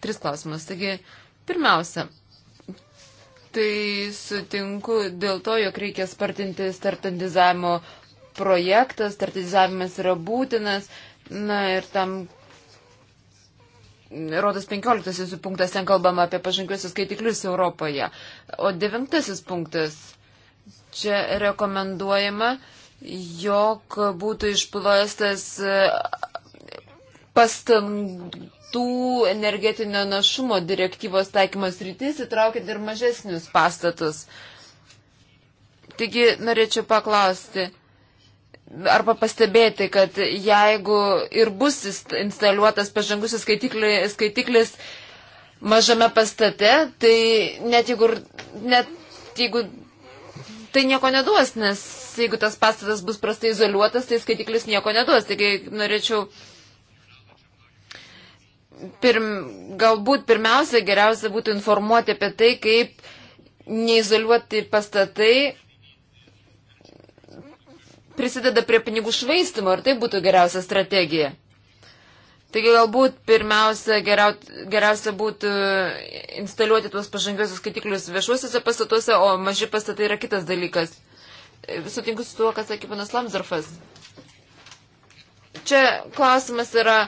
C: Tris klausimus. Taigi, pirmiausia, tai sutinku dėl to, jog reikia spartinti startandizavimo projektą, startandizavimas yra būtinas. Na ir tam rodas 15 punktas, ten kalbama apie pažangiuosius skaitiklius Europoje. O 9 punktas Čia rekomenduojama, jog būtų išplėstas e, pastangų energetinio našumo direktyvos taikymos rytis, įtraukiant ir mažesnius pastatus. Taigi norėčiau paklausti arba pastebėti, kad jeigu ir bus instaliuotas pažangusis skaitiklis, skaitiklis mažame pastate, tai net jeigu, net jeigu tai nieko neduos, nes jeigu tas pastatas bus prastai izoliuotas, tai skaitiklis nieko neduos. Taigi norėčiau. Pirm, galbūt pirmiausia geriausia būtų informuoti apie tai, kaip neizoliuoti pastatai prisideda prie pinigų švaistimo ir tai būtų geriausia strategija. Taigi galbūt pirmiausia geriau, geriausia būtų instaliuoti tuos pažangiosius skaitiklius viešuosiuose pastatuose, o maži pastatai yra kitas dalykas. Sutinku su tuo, kas sakė panas Lamsdorfas. Čia klausimas yra,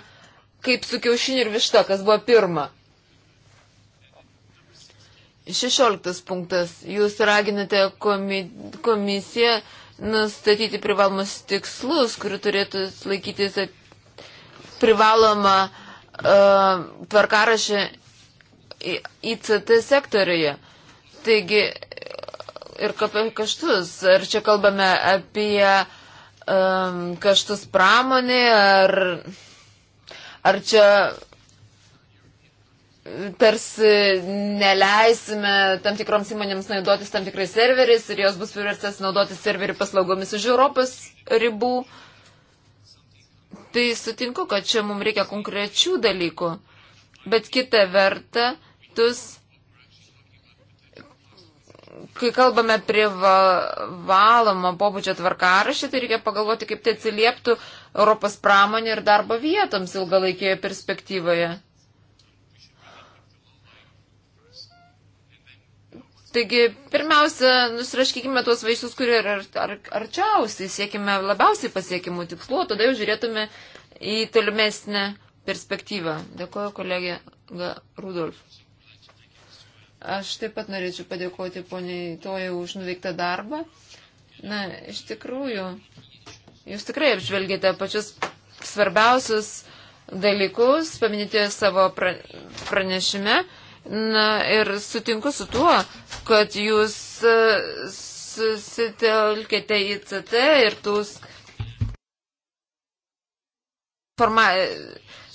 C: kaip su kiaušiniu ir višta, kas buvo pirma. Šešioliktas punktas. Jūs raginate komi komisiją nustatyti privalomus tikslus, kurių turėtų laikytis ateityje privalomą uh, tvarkarašį ICT sektoriuje. Taigi, ir apie kaštus. Ar čia kalbame apie um, kaštus pramonė, ar, ar čia tarsi neleisime tam tikroms įmonėms naudotis tam tikrais serveriais ir jos bus priverstas naudotis serverį paslaugomis už Europos ribų. Uh, tai sutinku, kad čia mums reikia konkrečių dalykų. Bet kita verta, tus, kai kalbame prie valomą pobūdžio tvarkarašį, tai reikia pagalvoti, kaip tai atsilieptų Europos pramonė ir darbo vietoms ilgalaikėje perspektyvoje. Taigi, pirmiausia, nusiraškime tuos vaisius, kurie yra ar, arčiausiai, siekime labiausiai pasiekimų tikslų, o tada jau žiūrėtume į tolimesnę perspektyvą. Dėkuoju, kolegė Rudolf. Aš taip pat norėčiau padėkoti poniai Toje už nuveiktą darbą. Na, iš tikrųjų, jūs tikrai apžvelgėte pačius svarbiausius dalykus, paminėtėje savo pranešime. Na ir sutinku su tuo, kad jūs e, susitelkite į CT ir tūs forma...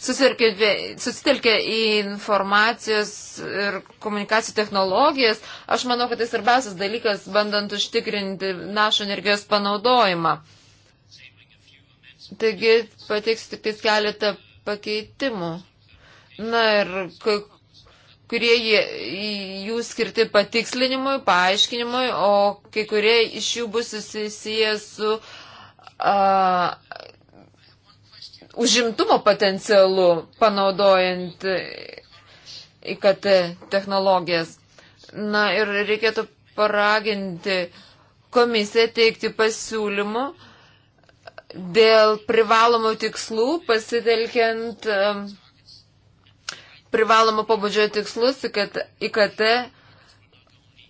C: susitelkė į informacijos ir komunikacijų technologijas. Aš manau, kad tai svarbiausias dalykas, bandant užtikrinti našų energijos panaudojimą. Taigi pateiksiu tik keletą pakeitimų. Na ir kai kurie jų skirti patikslinimui, paaiškinimui, o kai kurie iš jų bus susiję su a, užimtumo potencialu, panaudojant IKT technologijas. Na ir reikėtų paraginti komisiją teikti pasiūlymų dėl privalomų tikslų pasitelkiant. A, privalomo pabudžio tikslus IKT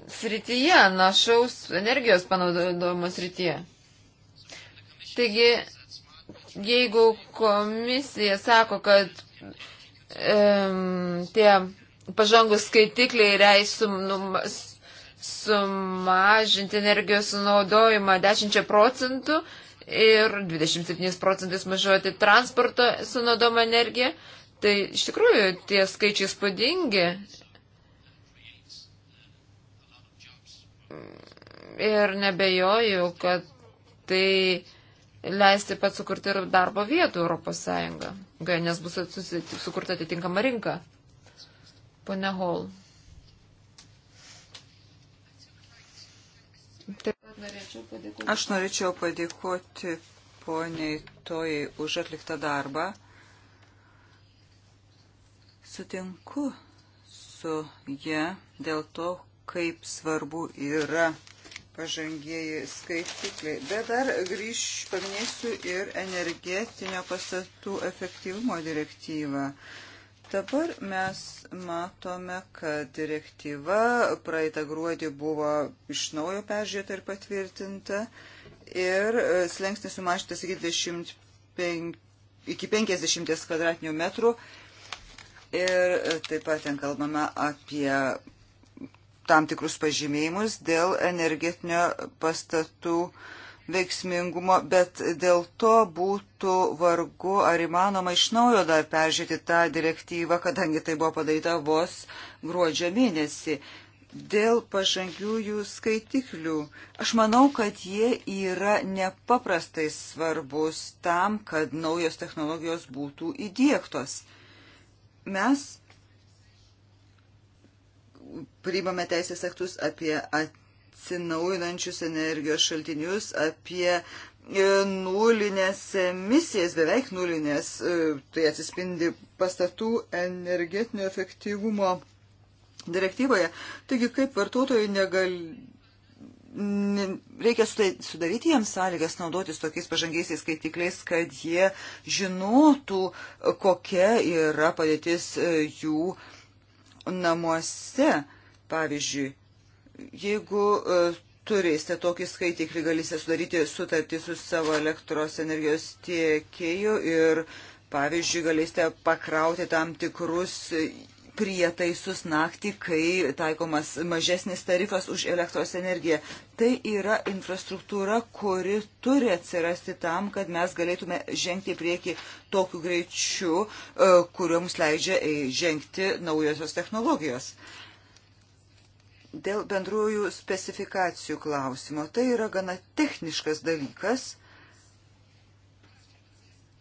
C: srityje, našaus energijos panaudojimo srityje. Taigi, jeigu komisija sako, kad um, tie pažangus skaitikliai reisum num, sumažinti energijos sunaudojimą 10 procentų ir 27 procentais mažuoti transporto sunaudojimą energiją, Tai iš tikrųjų tie skaičiai spūdingi. Ir nebejoju, kad tai leisti pat sukurti ir darbo vietų Europos Sąjungą, nes bus sukurta atitinkama rinka. Pone Hall. Taip pat
A: norėčiau padėkoti. Aš norėčiau padėkoti poniai Tojai už atliktą darbą. Sutinku su jie dėl to, kaip svarbu yra pažangieji skaitikliai. Bet dar grįž, paminėsiu ir energetinio pastatų efektyvumo direktyvą. Dabar mes matome, kad direktyva praeitą gruodį buvo iš naujo peržiūrėta ir patvirtinta ir slengsnis sumažintas iki, 25, iki 50 kvadratinių metrų Ir e, taip pat ten kalbame apie tam tikrus pažymėjimus dėl energetinio pastatų veiksmingumo, bet dėl to būtų vargu ar įmanoma iš naujo dar peržiūrėti tą direktyvą, kadangi tai buvo padaryta vos gruodžio mėnesį. Dėl pažangiųjų skaitiklių. Aš manau, kad jie yra nepaprastai svarbus tam, kad naujos technologijos būtų įdėktos. Mes priimame teisės aktus apie atsinaujinančius energijos šaltinius, apie e, nulinės emisijas, beveik nulinės, e, tai atsispindi pastatų energetinio efektyvumo direktyvoje. Taigi, kaip vartotojai negal, reikia sudaryti jiems sąlygas naudotis tokiais pažangiaisiais skaitikliais, kad jie žinotų, kokia yra padėtis e, jų namuose. Pavyzdžiui, jeigu e, turėsite tokį skaitiklį, galite sudaryti sutartį su savo elektros energijos tiekėju ir, pavyzdžiui, galėsite pakrauti tam tikrus prietaisus naktį, kai taikomas mažesnis tarifas už elektros energiją. Tai yra infrastruktūra, kuri turi atsirasti tam, kad mes galėtume žengti prieki tokiu greičiu, e, kuriuo mums leidžia e, žengti naujosios technologijos. Dėl bendrųjų specifikacijų klausimo. Tai yra gana techniškas dalykas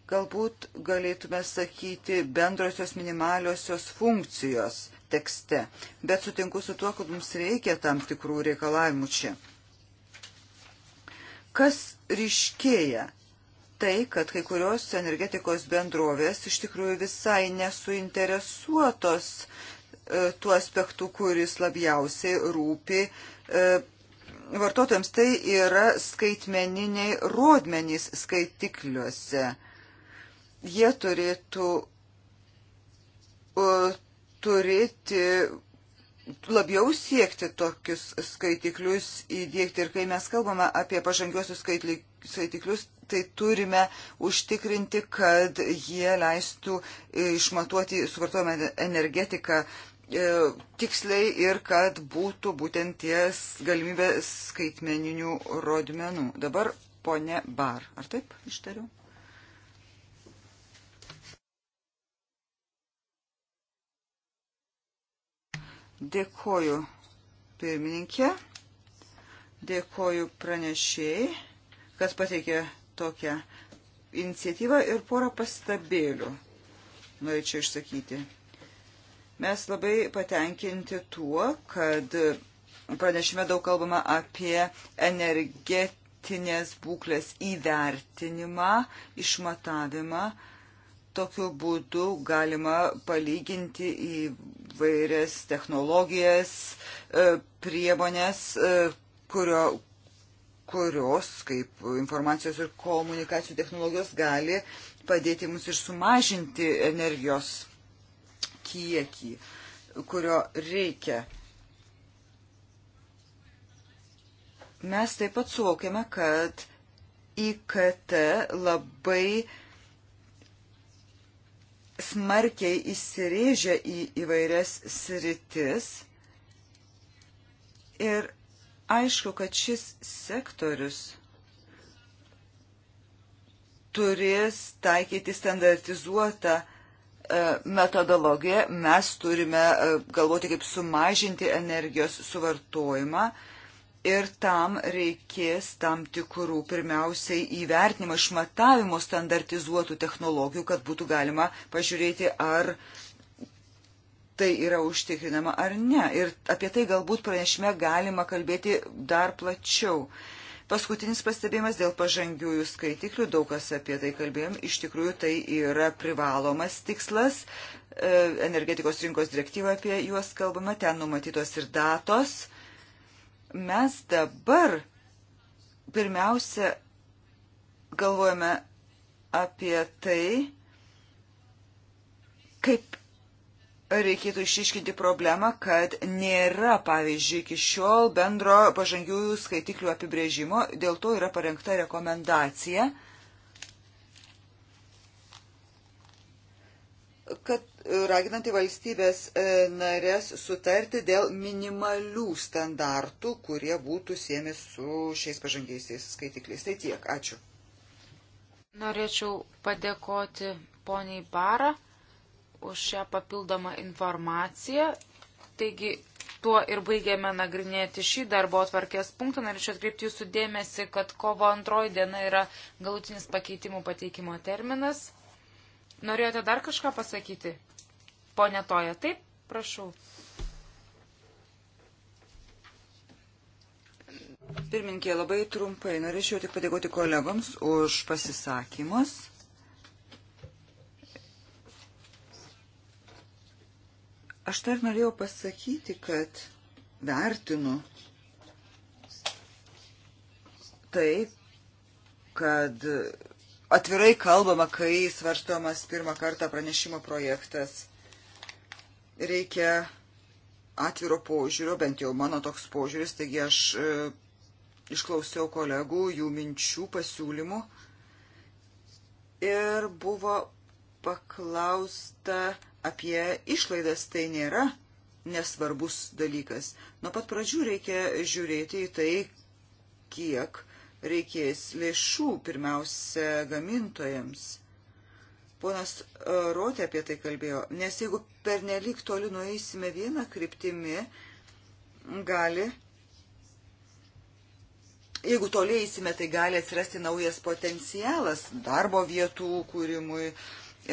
A: Galbūt galėtume sakyti bendrosios minimaliosios funkcijos tekste, bet sutinku su tuo, kad mums reikia tam tikrų reikalavimų čia. Kas ryškėja tai, kad kai kurios energetikos bendrovės iš tikrųjų visai nesuinteresuotos e, tuo aspektu, kuris labiausiai rūpi e, vartotojams. Tai yra skaitmeniniai rodmenys skaitikliuose. E, jie turėtų turėti labiau siekti tokius skaitiklius įdėkti. Ir kai mes kalbame apie pažangiosius skaitiklius, tai turime užtikrinti, kad jie leistų išmatuoti suvartojamą energetiką e, tiksliai ir kad būtų būtent ties galimybė skaitmeninių rodmenų. Dabar ponė Bar. Ar taip ištariu? Dėkoju pirmininkė, dėkoju pranešėjai, kas pateikė tokią iniciatyvą ir porą pastabėlių norėčiau išsakyti. Mes labai patenkinti tuo, kad pranešime daug kalbama apie energetinės būklės įvertinimą, išmatavimą, Tokiu būdu galima palyginti įvairias technologijas, e, priemonės, e, kurio, kurios, kaip informacijos ir komunikacijų technologijos, gali padėti mums ir sumažinti energijos kiekį, kurio reikia. Mes taip pat suvokiame, kad IKT labai uh, smarkiai įsirėžia į įvairias sritis. Ir aišku, kad šis sektorius turės taikyti standartizuotą e, metodologiją. Mes turime e, galvoti, kaip sumažinti energijos suvartojimą ir tam reikės tam tikrų pirmiausiai įvertinimo, išmatavimo standartizuotų technologijų, kad būtų galima pažiūrėti, ar tai yra užtikrinama ar ne. Ir apie tai galbūt pranešime galima kalbėti dar plačiau. Paskutinis pastebėjimas dėl pažangiųjų skaitiklių, daug kas apie tai kalbėjom, iš tikrųjų tai yra privalomas tikslas, e, energetikos rinkos direktyva apie juos kalbama, ten numatytos ir datos Mes dabar pirmiausia galvojame apie tai, kaip reikėtų išiškinti problemą, kad nėra, pavyzdžiui, iki šiol bendro pažangiųjų skaitiklių apibrėžimo, dėl to yra parengta rekomendacija, kad raginanti valstybės e, narės sutarti dėl minimalių standartų, kurie būtų siemi su šiais pažangiaisiais skaitikliais. Tai tiek, ačiū.
B: Norėčiau padėkoti poniai Barą už šią papildomą informaciją. Taigi, tuo ir baigėme nagrinėti šį darbo atvarkės punktą. Norėčiau atkreipti jūsų dėmesį, kad kovo antroji diena yra galutinis pakeitimų pateikimo terminas. Norėjote dar kažką pasakyti? ponė Toja. Taip, prašau.
A: Pirminkė, labai trumpai norėčiau tik padėkoti kolegoms už pasisakymus. Aš dar norėjau pasakyti, kad vertinu tai, kad atvirai kalbama, kai svarstomas pirmą kartą pranešimo projektas reikia atviro požiūrio, bent jau mano toks požiūris, taigi aš e, išklausiau kolegų, jų minčių, pasiūlymų ir buvo paklausta apie išlaidas, tai nėra nesvarbus dalykas. Nuo pat pradžių reikia žiūrėti į tai, kiek reikės lėšų pirmiausia gamintojams. Ponas e, Rotė apie tai kalbėjo, nes jeigu per nelik toli nueisime vieną kryptimį, gali, jeigu toli eisime, tai gali atsirasti naujas potencialas darbo vietų kūrimui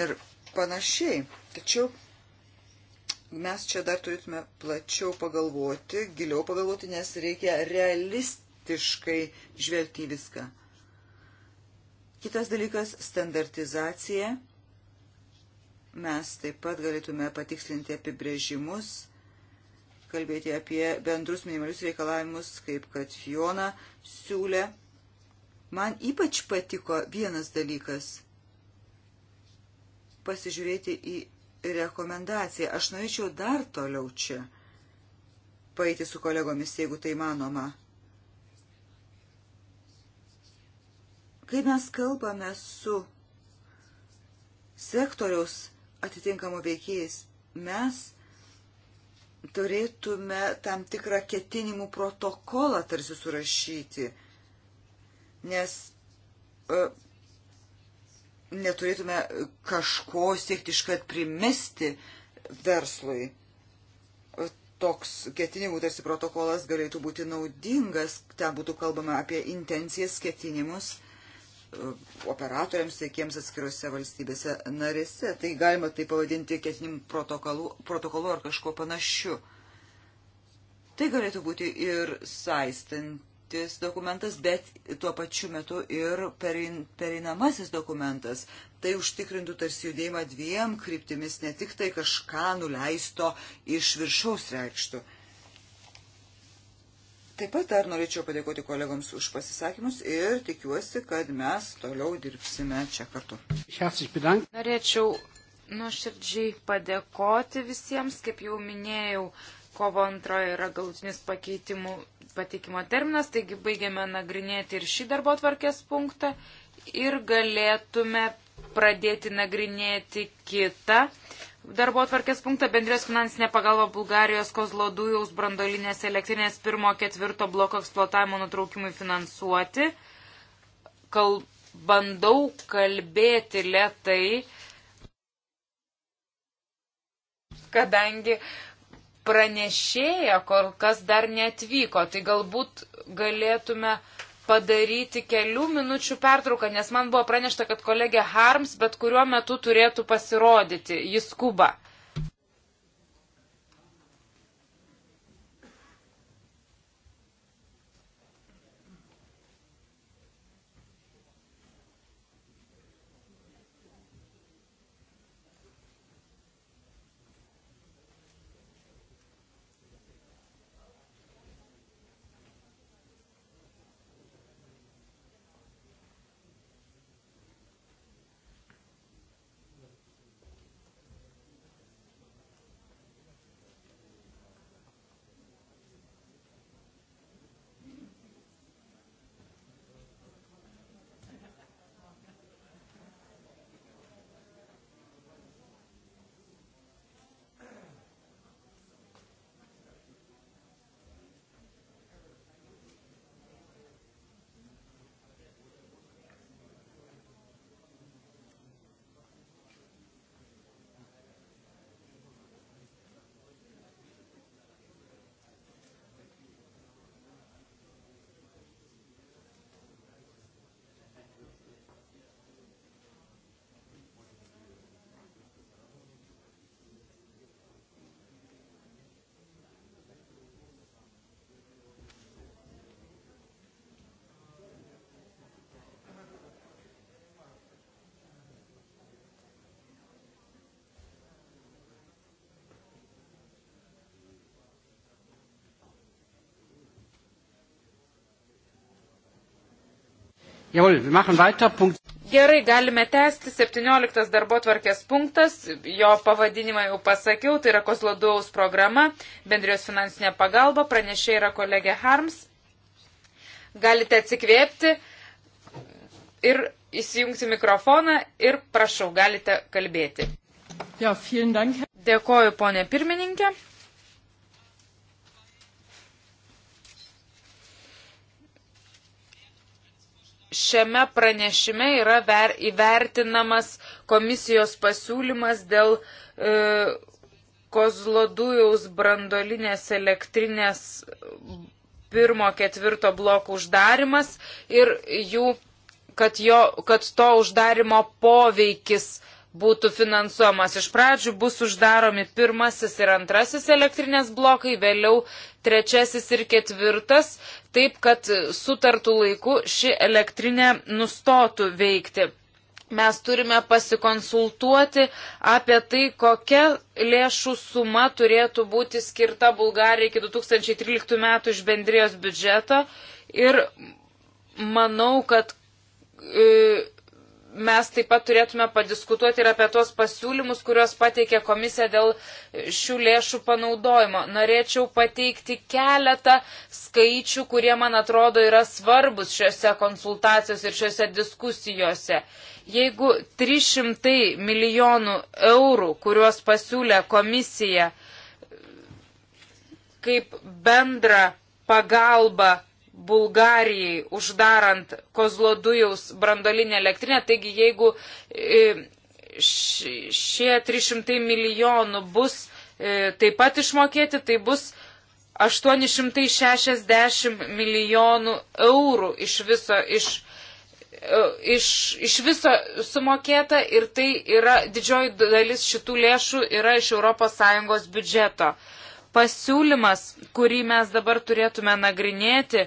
A: ir panašiai. Tačiau mes čia dar turėtume plačiau pagalvoti, giliau pagalvoti, nes reikia realistiškai žvelgti į viską. Kitas dalykas - standartizacija Mes taip pat galėtume patikslinti apibrėžimus, kalbėti apie bendrus minimalius reikalavimus, kaip kad Fiona siūlė. Man ypač patiko vienas dalykas - pasižiūrėti į rekomendaciją. Aš norėčiau dar toliau čia paėti su kolegomis, jeigu tai manoma. Kai mes kalbame su sektoriaus atitinkamų veikėjais, mes turėtume tam tikrą ketinimų protokolą tarsi surašyti, nes e, neturėtume kažko siekti iškart primesti verslui. E, toks ketinimų tarsi protokolas galėtų būti naudingas, ten būtų kalbama apie intencijas, ketinimus E, operatoriams teikiems atskiruose valstybėse narėse. Tai galima tai pavadinti ketinim protokolu, protokolu ar kažko panašiu. Tai galėtų būti ir saistantis dokumentas, bet tuo pačiu metu ir perein, pereinamasis dokumentas. Tai užtikrintų tarsi judėjimą dviem kryptimis, ne tik tai kažką nuleisto iš viršaus reikštų. Taip pat dar norėčiau padėkoti kolegoms už pasisakymus ir tikiuosi, kad mes toliau dirbsime čia kartu.
B: Norėčiau nuoširdžiai padėkoti visiems, kaip jau minėjau, kovo antroje yra galutinis pakeitimų pateikimo terminas, taigi baigiame nagrinėti ir šį darbo tvarkės punktą ir galėtume pradėti nagrinėti kitą darbo atvarkės punktą bendrės finansinė pagalba Bulgarijos Kozlodujaus brandolinės elektrinės pirmo ketvirto bloko eksploatavimo nutraukimui finansuoti. Kal, bandau kalbėti lietai, kadangi pranešėja kol kas dar neatvyko, tai galbūt galėtume uh, padaryti kelių minučių pertrauką, nes man buvo pranešta, kad kolegė Harms bet kuriuo metu turėtų pasirodyti. Jis skuba. Jawohl, wir machen weiter. Punkt. Gerai, galime tęsti. 17 darbo tvarkės punktas, jo pavadinimą jau pasakiau, tai yra Kozloduaus programa, bendrijos finansinė pagalba, pranešė yra kolegė Harms. Galite atsikvėpti ir įsijungti mikrofoną ir prašau, galite kalbėti. Ja, Dėkoju, ponė pirmininkė. šiame pranešime yra ver, įvertinamas komisijos pasiūlymas dėl e, Kozlodujaus brandolinės elektrinės pirmo ketvirto bloko uždarimas ir jų, kad, jo, kad to uždarimo poveikis būtų finansuomas. Iš pradžių bus uždaromi pirmasis ir antrasis elektrinės blokai, vėliau trečiasis ir ketvirtas, taip kad sutartų laiku ši elektrinė nustotų veikti. Mes turime pasikonsultuoti apie tai, kokia lėšų suma turėtų būti skirta Bulgarijai iki 2013 metų iš bendrijos biudžeto. Ir manau, kad e, mes taip pat turėtume padiskutuoti ir apie tuos pasiūlymus, kuriuos pateikė komisija dėl šių lėšų panaudojimo. Norėčiau pateikti keletą skaičių, kurie, man atrodo, yra svarbus šiuose konsultacijose ir šiuose diskusijose. Jeigu 300 milijonų eurų, kuriuos pasiūlė komisija kaip bendra pagalba Bulgarijai uždarant Kozlodujaus brandolinę elektrinę. Taigi jeigu e, šie 300 milijonų bus e, taip pat išmokėti, tai bus 860 milijonų eurų iš viso iš e, iš, iš viso sumokėta ir tai yra didžioji dalis šitų lėšų yra iš ES biudžeto. Pasiūlymas, kurį mes dabar turėtume nagrinėti,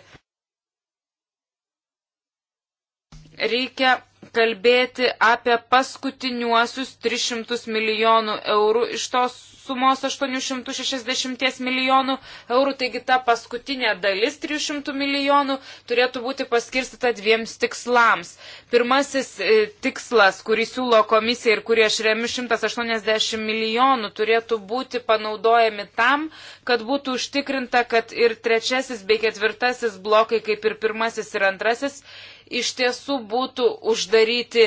B: reikia kalbėti apie paskutiniuosius 300 milijonų eurų iš tos sumos 860 milijonų eurų, taigi ta paskutinė dalis 300 milijonų turėtų būti paskirstita dviems tikslams. Pirmasis e, tikslas, kurį siūlo komisija ir kurį aš remiu 180 milijonų, turėtų būti panaudojami tam, kad būtų užtikrinta, kad ir trečiasis bei ketvirtasis blokai, kaip ir pirmasis ir antrasis, iš tiesų būtų uždaryti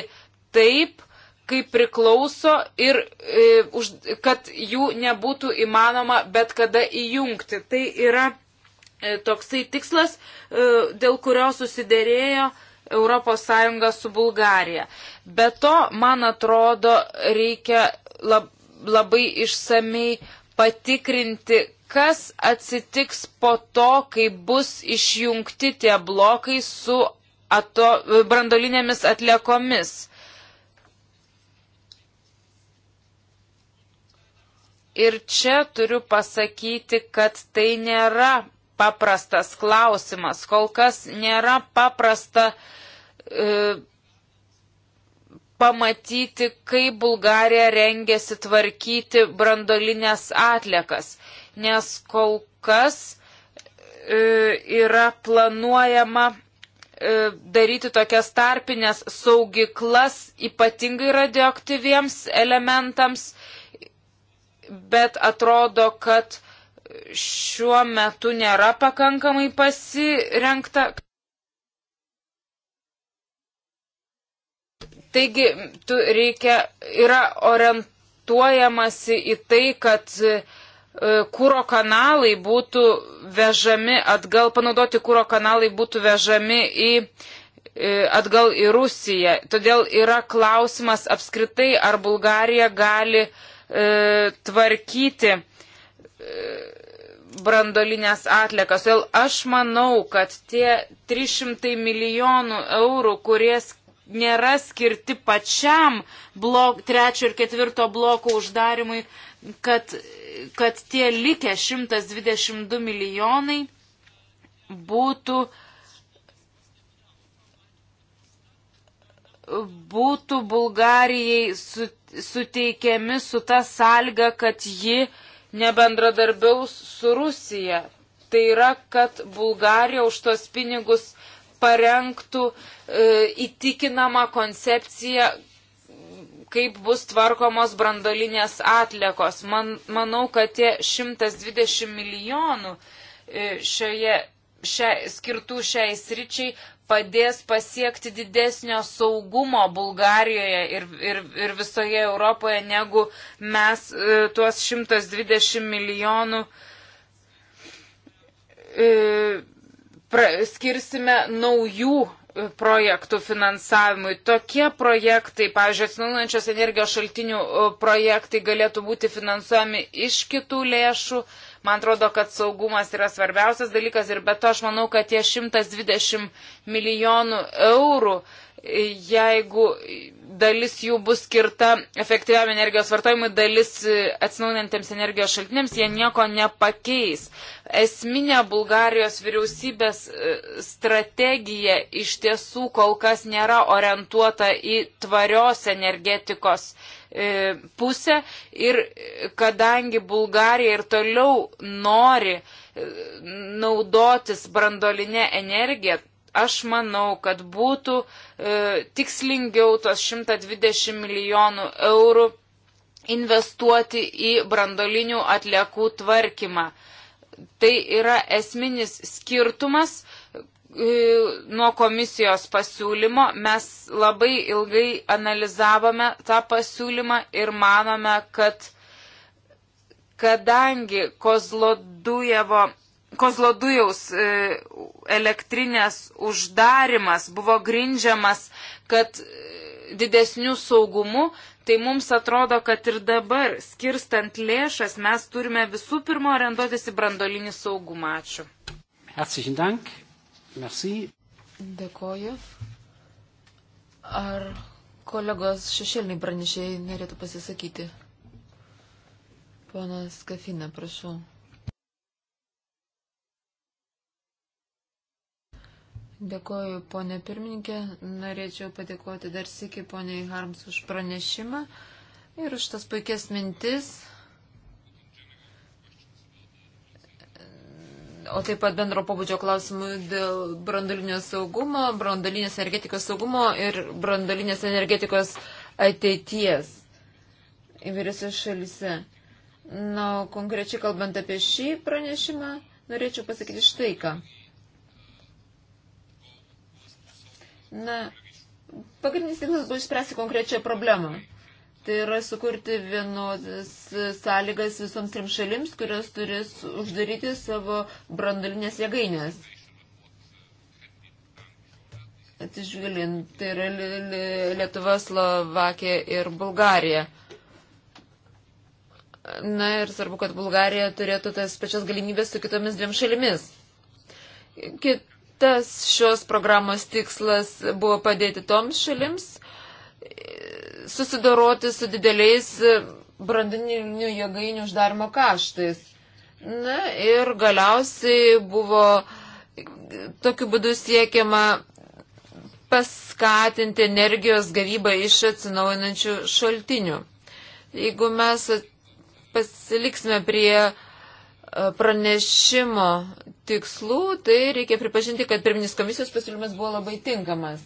B: taip, kaip priklauso ir e, už, kad jų nebūtų įmanoma bet kada įjungti. Tai yra e, toksai tikslas, e, dėl kurio susiderėjo ES su Bulgarija. Be to, man atrodo, reikia lab, labai išsamei patikrinti, kas atsitiks po to, kai bus išjungti tie blokai su ato, brandolinėmis atliekomis. Ir čia turiu pasakyti, kad tai nėra paprastas klausimas. Kol kas nėra paprasta e, pamatyti, kaip Bulgarija rengėsi tvarkyti brandolinės atliekas. Nes kol kas e, yra planuojama E, daryti tokias tarpinės saugiklas ypatingai radioaktyviems elementams, bet atrodo, kad šiuo metu nėra pakankamai pasirenkta. Taigi, tu reikia, yra orientuojamasi į tai, kad uh, E, kūro kanalai būtų vežami atgal, panaudoti kūro kanalai būtų vežami į, e, atgal į Rusiją. Todėl yra klausimas apskritai, ar Bulgarija gali e, tvarkyti e, brandolinės atlikas. Todėl aš manau, kad tie 300 milijonų eurų, kurie nėra skirti pačiam blok, trečio ir ketvirto bloko uždarimui, kad, kad tie likę 122 milijonai būtų būtų Bulgarijai su, suteikiami su ta sąlyga, kad ji nebendradarbiaus su Rusija. Tai yra, kad Bulgarija už tos pinigus parengtų e, įtikinamą koncepciją, kaip bus tvarkomos brandolinės atliekos. Man, manau, kad tie 120 milijonų e, šioje, šia, skirtų šiai sričiai padės pasiekti didesnio saugumo Bulgarijoje ir, ir, ir visoje Europoje, negu mes e, tuos 120 milijonų e, pra, skirsime naujų projektų finansavimui. Tokie projektai, pavyzdžiui, atsinaujančios energijos šaltinių e, projektai galėtų būti finansuojami iš kitų lėšų. Uh, Man atrodo, kad saugumas yra svarbiausias dalykas ir be to aš manau, kad tie 120 milijonų eurų, jeigu dalis jų bus skirta efektyviam energijos vartojimui, dalis atsinaujantiems energijos šaltiniams, jie nieko nepakeis. Esminė Bulgarijos vyriausybės e, strategija iš tiesų kol kas nėra orientuota į tvarios energetikos E, pusę ir kadangi Bulgarija ir toliau nori e, naudotis brandolinę energiją, aš manau, kad būtų e, tikslingiau tos 120 milijonų eurų investuoti į brandolinių atliekų tvarkymą. Tai yra esminis skirtumas E, nuo komisijos pasiūlymo mes labai ilgai analizavome tą pasiūlymą ir manome, kad kadangi Kozlodujevo Kozlodujaus e, elektrinės uždarimas buvo grindžiamas, kad e, didesnių saugumų, tai mums atrodo, kad ir dabar, skirstant lėšas, mes turime visų pirma orientuotis į brandolinį saugumą. Ačiū. Herzlichen Dank. Merci.
C: Dėkoju. Ar kolegos šešėliniai pranešėjai norėtų pasisakyti? Ponas Kafina, prašau. Dėkoju, ponė pirmininkė. Norėčiau padėkoti dar sėki poniai Harms už pranešimą ir už tas puikias mintis o taip pat bendro pobūdžio klausimų dėl brandolinio saugumo, brandolinės energetikos saugumo ir brandolinės energetikos ateities įvairiose šalise. Na, konkrečiai kalbant apie šį pranešimą, norėčiau pasakyti štai ką. Na, pagrindinis tikslas buvo išspręsti konkrečią problemą. Tai yra sukurti vienodas sąlygas visoms trim šalims, kurios turės uždaryti savo brandolinės jėgainės. Atižvilint, tai yra Lietuva, Slovakija ir Bulgarija. Na ir svarbu, kad Bulgarija turėtų tas pačias galimybės su kitomis dviem šalimis. Kitas šios programos tikslas buvo padėti toms šalims, susidoroti su dideliais e, brandininių jėgainių uždarimo kaštais. Na ir galiausiai buvo e, tokiu būdu siekiama paskatinti energijos gavybą iš atsinaujinančių šaltinių. Jeigu mes pasiliksime prie e, pranešimo tikslų, tai reikia pripažinti, kad pirminis komisijos pasiūlymas buvo labai tinkamas.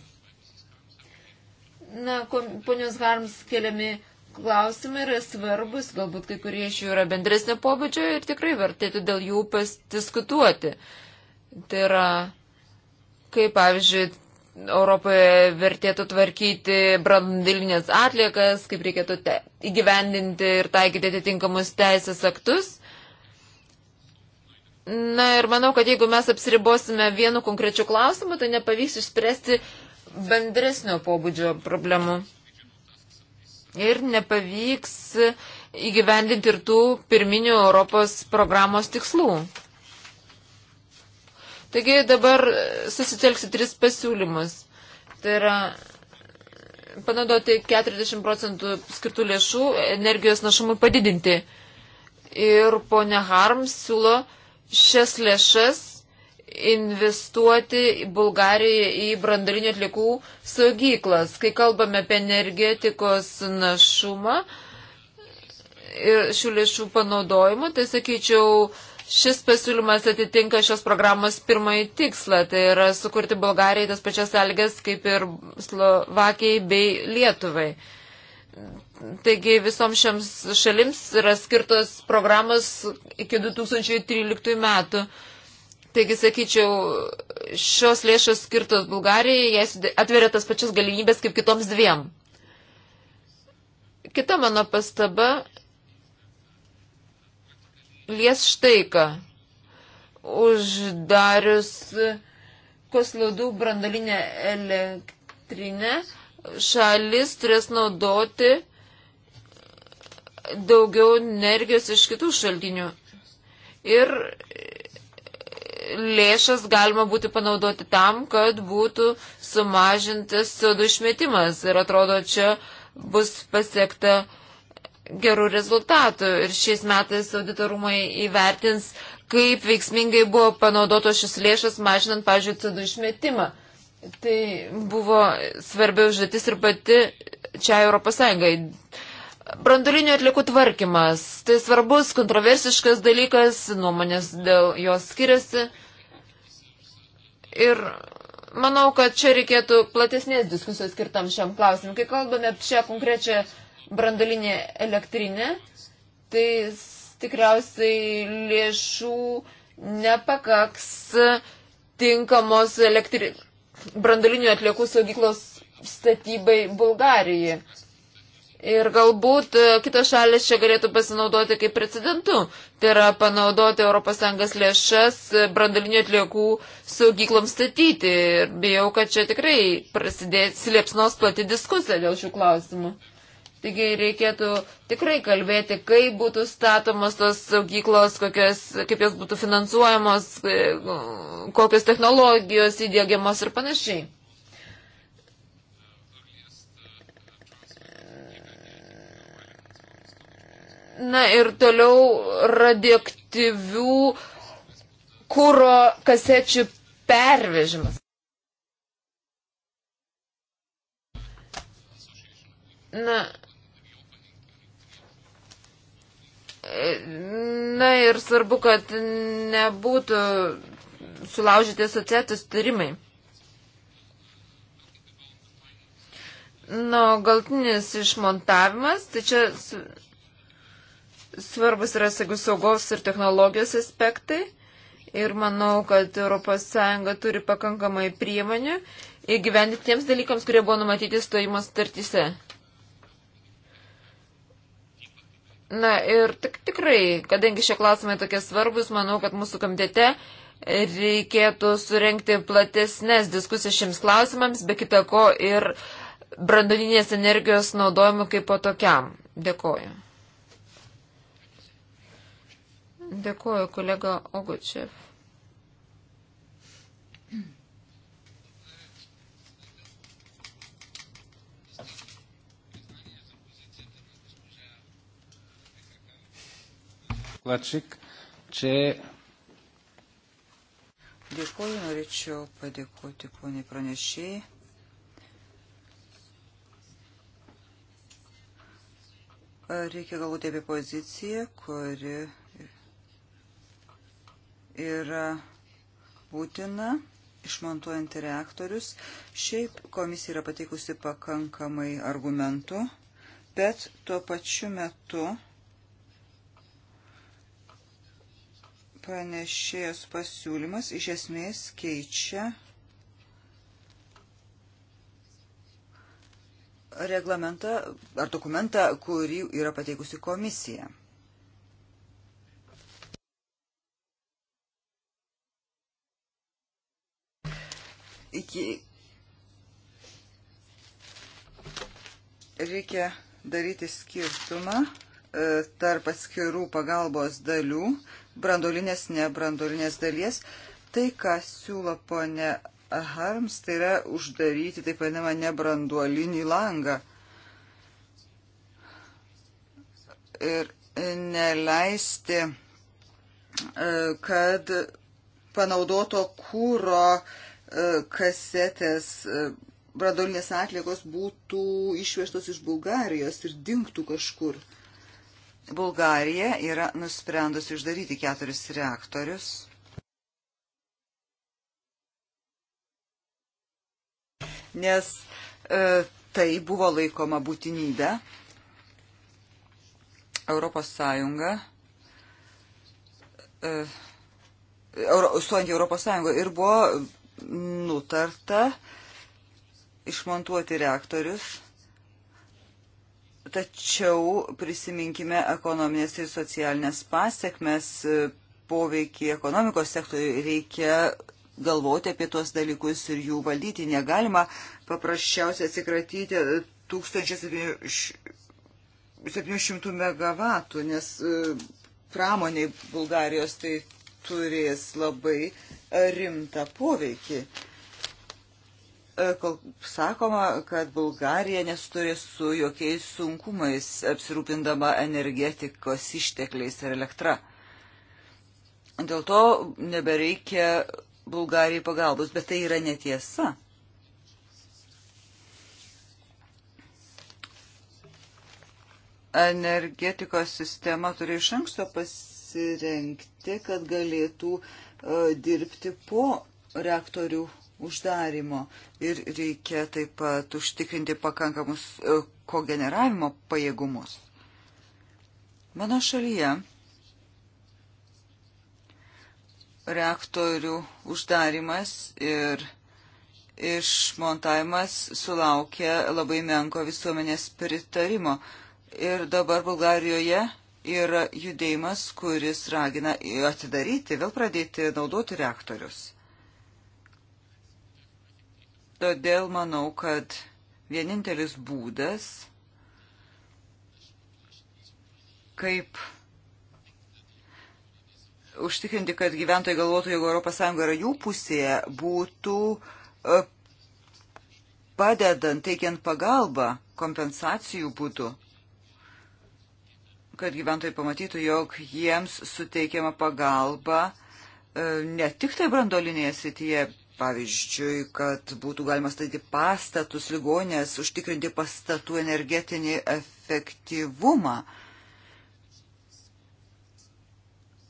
C: Na, ponios Harms keliami klausimai yra svarbus, galbūt kai kurie iš jų yra bendresnio pobūdžio ir tikrai vertėtų dėl jų pasdiskutuoti. Tai yra, kaip pavyzdžiui, Europoje vertėtų tvarkyti brandilinės atliekas, kaip reikėtų te, įgyvendinti ir taikyti atitinkamus teisės aktus. Na ir manau, kad jeigu mes apsiribosime vienu konkrečiu klausimu, tai nepavyks išspręsti bendresnio pobūdžio problemų. Ir nepavyks įgyvendinti ir tų pirminių Europos programos tikslų. Taigi dabar susitelksiu tris pasiūlymus. Tai yra panaudoti 40 procentų skirtų lėšų energijos našumui padidinti. Ir ponia Harms siūlo šias lėšas investuoti Bulgarijoje į brandalinių atlikų saugyklas. Kai kalbame apie energetikos našumą ir šių lėšų panaudojimą, tai sakyčiau, šis pasiūlymas atitinka šios programos pirmąjį tikslą, tai yra sukurti Bulgarijai tas pačias algės kaip ir Slovakijai bei Lietuvai. Taigi visoms šiams šalims yra skirtos programos iki 2013 metų. Taigi, sakyčiau, šios lėšos skirtos Bulgarijai, jas atveria tas pačias galimybės kaip kitoms dviem. Kita mano pastaba lies štai ką. Uždarius Koslaudų brandalinę elektrinę šalis turės naudoti daugiau energijos iš kitų šaltinių. Ir lėšas galima būtų panaudoti tam, kad būtų sumažintas CO2 išmetimas. Ir atrodo, čia bus pasiekta gerų rezultatų. Ir šiais metais auditorumai įvertins, kaip veiksmingai buvo panaudotos šis lėšas, mažinant, pavyzdžiui, CO2 išmetimą. Tai buvo svarbi užduotis ir pati čia Europos Sąjungai. Brandulinių atlikų tvarkymas. Tai svarbus, kontroversiškas dalykas, nuomonės dėl jos skiriasi. Ir manau, kad čia reikėtų platesnės diskusijos skirtam šiam klausimui. Kai kalbame apie šią konkrečią brandalinę elektrinę, tai tikriausiai lėšų nepakaks tinkamos elektri... brandalinių atliekų saugyklos statybai Bulgarijai. Ir galbūt e, kitos šalis čia galėtų pasinaudoti kaip precedentu. Tai yra panaudoti ES lėšas e, brandalinių atliekų saugykloms statyti. Ir bijau, kad čia tikrai prasidės liepsnos plati diskusija dėl šių klausimų. Taigi reikėtų tikrai kalbėti, kaip būtų statomos tos saugyklos, kokios, kaip jos būtų finansuojamos, e, kokios technologijos įdėgiamos ir panašiai. Na ir toliau radioaktyvių kūro kasečių pervežimas. Na. Na ir svarbu, kad nebūtų sulaužyti asociacijos tarimai. Na, galtinis išmontavimas, tai čia svarbus yra saugos ir technologijos aspektai. Ir manau, kad ES turi pakankamai priemonių įgyvendinti tiems dalykams, kurie buvo numatyti stojimo startyse. Na ir tik, tikrai, kadangi šie klausimai tokie svarbus, manau, kad mūsų komitete reikėtų surenkti platesnės diskusijas šiems klausimams, be kita ko ir brandoninės energijos naudojimu kaip po tokiam. Dėkoju. Dėkuoju, kolega Ogučev.
A: Klačik, čia. Dėkuoju, norėčiau padėkoti poniai pranešėjai. Reikia galvoti apie poziciją, kuri yra būtina išmontuojant reaktorius. Šiaip komisija yra pateikusi pakankamai argumentų, bet tuo pačiu metu pranešėjos pasiūlymas iš esmės keičia reglamentą ar dokumentą, kurį yra pateikusi komisija. Reikia daryti skirtumą e, tarp atskirų pagalbos dalių, brandolinės, nebrandolinės dalies. Tai, ką siūlo ponė Harms, tai yra uždaryti taip vadinamą nebranduolinį langą ir neleisti, e, kad panaudoto kūro E, kasetės e, bradolinės atliekos būtų išvežtos iš Bulgarijos ir dinktų kažkur. Bulgarija yra nusprendusi uždaryti keturis reaktorius. Nes e, tai buvo laikoma būtinybė. Europos Sąjunga e, Euro, stojant į Europos Sąjungą ir buvo nutarta išmontuoti reaktorius, tačiau prisiminkime ekonominės ir socialinės pasiekmes poveikį ekonomikos sektoriui reikia galvoti apie tuos dalykus ir jų valdyti. Negalima paprasčiausiai atsikratyti 1700 megavatų, nes e, pramoniai Bulgarijos tai turės labai uh, rimtą poveikį. E, sakoma, kad Bulgarija nesuturė su jokiais sunkumais apsirūpindama energetikos ištekliais ir elektra. Dėl to nebereikia Bulgarijai pagalbos, bet tai yra netiesa. Energetikos sistema turi iš anksto pasirengti, kad galėtų uh, E, dirbti po reaktorių uždarimo ir reikia taip pat užtikrinti pakankamus e, kogeneravimo pajėgumus. Mano šalyje reaktorių uždarimas ir išmontavimas sulaukė labai menko visuomenės pritarimo. Ir dabar Bulgarijoje yra judėjimas, kuris ragina atidaryti, vėl pradėti naudoti reaktorius. Todėl manau, kad vienintelis būdas, kaip užtikrinti, kad gyventojai galvotų, jeigu ES yra jų pusėje, būtų e, padedant, teikiant pagalbą kompensacijų būdu kad gyventojai pamatytų, jog jiems suteikiama pagalba e, ne tik tai brandolinėje srityje, pavyzdžiui, kad būtų galima statyti pastatus, ligonės, užtikrinti pastatų energetinį efektyvumą.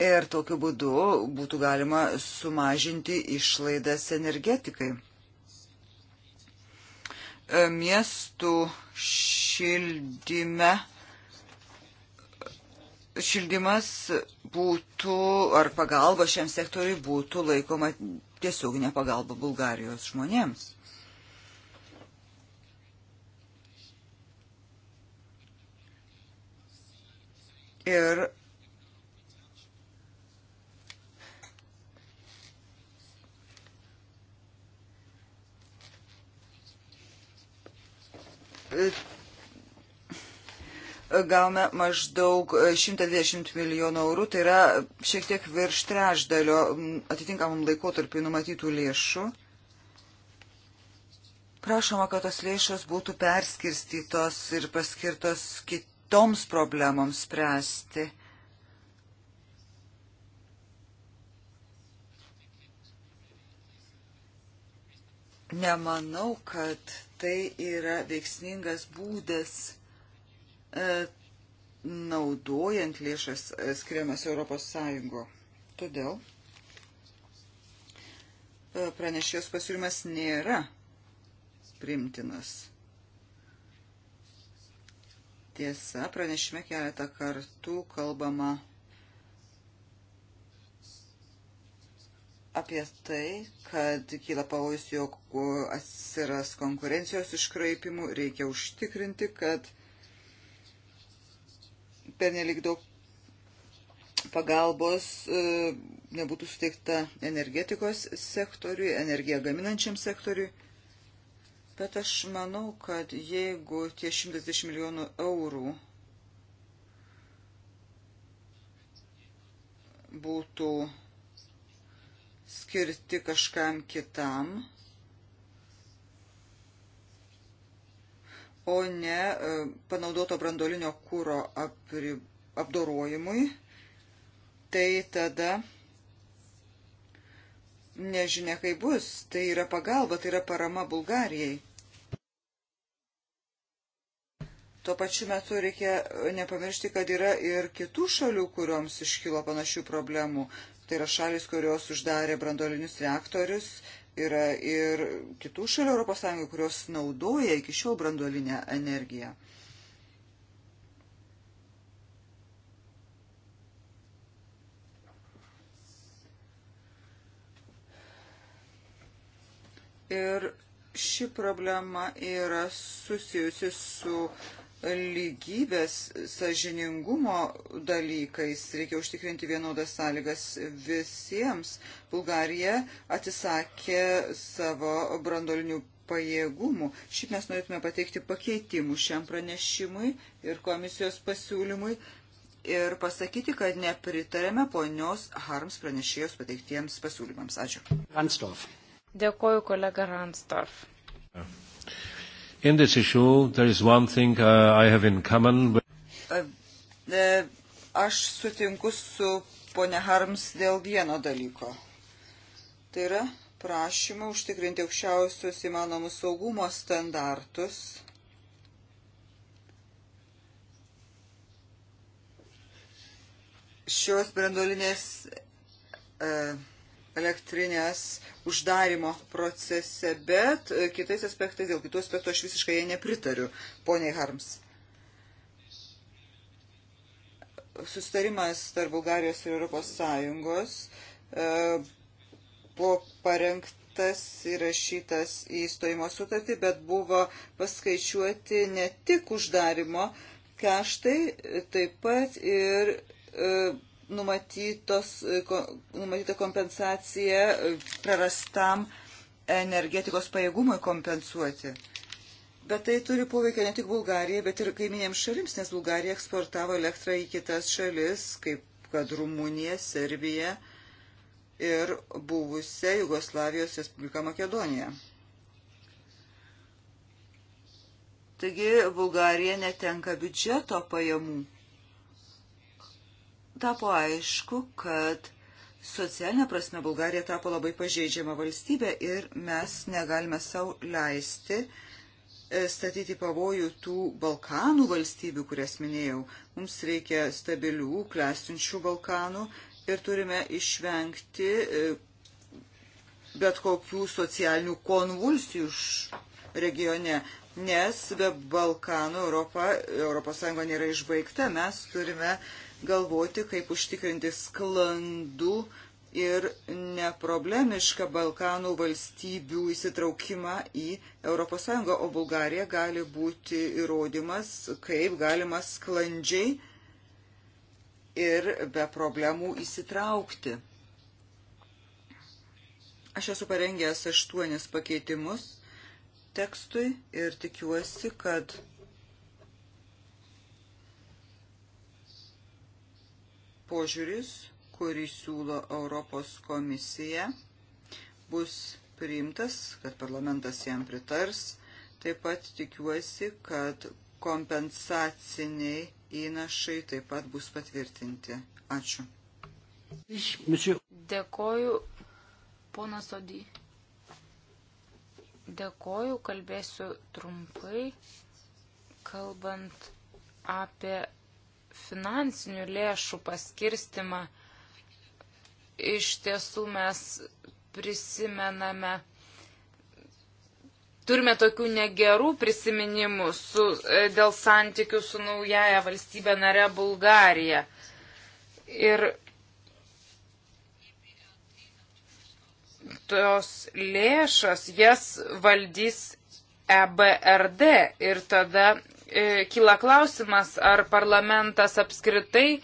A: Ir tokiu būdu būtų galima sumažinti išlaidas energetikai. E, miestų šildyme šildymas būtų, ar pagalba šiam sektoriui būtų laikoma tiesioginė pagalba Bulgarijos žmonėms. Ir gavome maždaug 120 e, milijonų eurų, tai yra šiek tiek virš trešdalio atitinkamam laikotarpiu numatytų lėšų. Prašoma, kad tos lėšos būtų perskirstytos ir paskirtos kitoms problemoms spręsti. Nemanau, kad tai yra veiksmingas būdas naudojant lėšas e, skiriamas Europos Sąjungo. Todėl e, pranešėjos pasiūlymas nėra primtinas. Tiesa, pranešime keletą kartų kalbama apie tai, kad kyla pavojus, jog atsiras konkurencijos iškraipimų, reikia užtikrinti, kad uh, pernelik daug pagalbos e, nebūtų suteikta energetikos sektoriui, energiją gaminančiam sektoriui. Bet aš manau, kad jeigu tie 110 milijonų eurų būtų skirti kažkam kitam, o ne e, panaudoto brandolinio kūro apdorojimui, tai tada nežinia, kaip bus. Tai yra pagalba, tai yra parama Bulgarijai. Tuo pačiu metu reikia nepamiršti, kad yra ir kitų šalių, kurioms iškilo panašių problemų. Tai yra šalis, kurios uždarė brandolinius reaktorius, Yra ir kitų šalių ES, kurios naudoja iki šiol branduolinę energiją. Ir ši problema yra susijusi su lygybės, sažiningumo dalykais. Reikia užtikrinti vienodas sąlygas visiems. Bulgarija atsisakė savo brandolinių pajėgumų. Šiaip mes norėtume pateikti pakeitimų šiam pranešimui ir komisijos pasiūlymui ir pasakyti, kad nepritarėme ponios Harms pranešėjos pateiktiems pasiūlymams. Ačiū. Ransdorf. Dėkoju, kolega Ransdorf. Ja.
B: In this issue, there is one thing uh, I have in common with...
A: Uh, aš sutinku su ponia Harms dėl vieno dalyko. Tai yra prašymą užtikrinti aukščiausius įmanomus saugumo standartus šios brandolinės e, uh, elektrinės uždarimo procese, bet e, kitais aspektais, dėl kitų aspektų aš visiškai jai nepritariu, poniai Harms. Sustarimas tarp Bulgarijos ir Europos Sąjungos e, buvo parengtas įrašytas į stojimo sutartį, bet buvo paskaičiuoti ne tik uždarimo kaštai, taip pat ir e, numatytos, e, numatyta kompensacija e, prarastam energetikos pajėgumui kompensuoti. Bet tai turi poveikio ne tik Bulgarijai, bet ir kaiminėms šalims, nes Bulgarija eksportavo elektrą į kitas šalis, kaip kad Rumunija, Serbija ir buvusią Jugoslavijos Respubliką Makedoniją. Taigi Bulgarija netenka biudžeto pajamų tapo aišku, kad socialinė prasme Bulgarija tapo labai pažeidžiama valstybė ir mes negalime savo leisti e, statyti pavojų tų Balkanų valstybių, kurias minėjau. Mums reikia stabilių, klestinčių Balkanų ir turime išvengti e, bet kokių socialinių konvulsijų regione, nes be Balkanų Europa, Europos Sąjunga nėra išbaigta. Mes turime uh, galvoti, kaip užtikrinti sklandų ir neproblemišką Balkanų valstybių įsitraukimą į ES, o Bulgarija gali būti įrodymas, kaip galima sklandžiai ir be problemų įsitraukti. Aš esu parengęs aštuonis pakeitimus tekstui ir tikiuosi, kad požiūris, kurį siūlo Europos komisija, bus priimtas, kad parlamentas jam pritars. Taip pat tikiuosi, kad kompensaciniai įnašai taip pat bus patvirtinti. Ačiū.
B: Dėkoju, ponas Odį. Dėkoju, kalbėsiu trumpai, kalbant apie finansinių lėšų paskirstimą, iš tiesų mes prisimename, turime tokių negerų prisiminimų su, e, dėl santykių su naujaja valstybė nare Bulgarija. Ir tos lėšas jas valdys EBRD ir tada E, kyla klausimas, ar parlamentas apskritai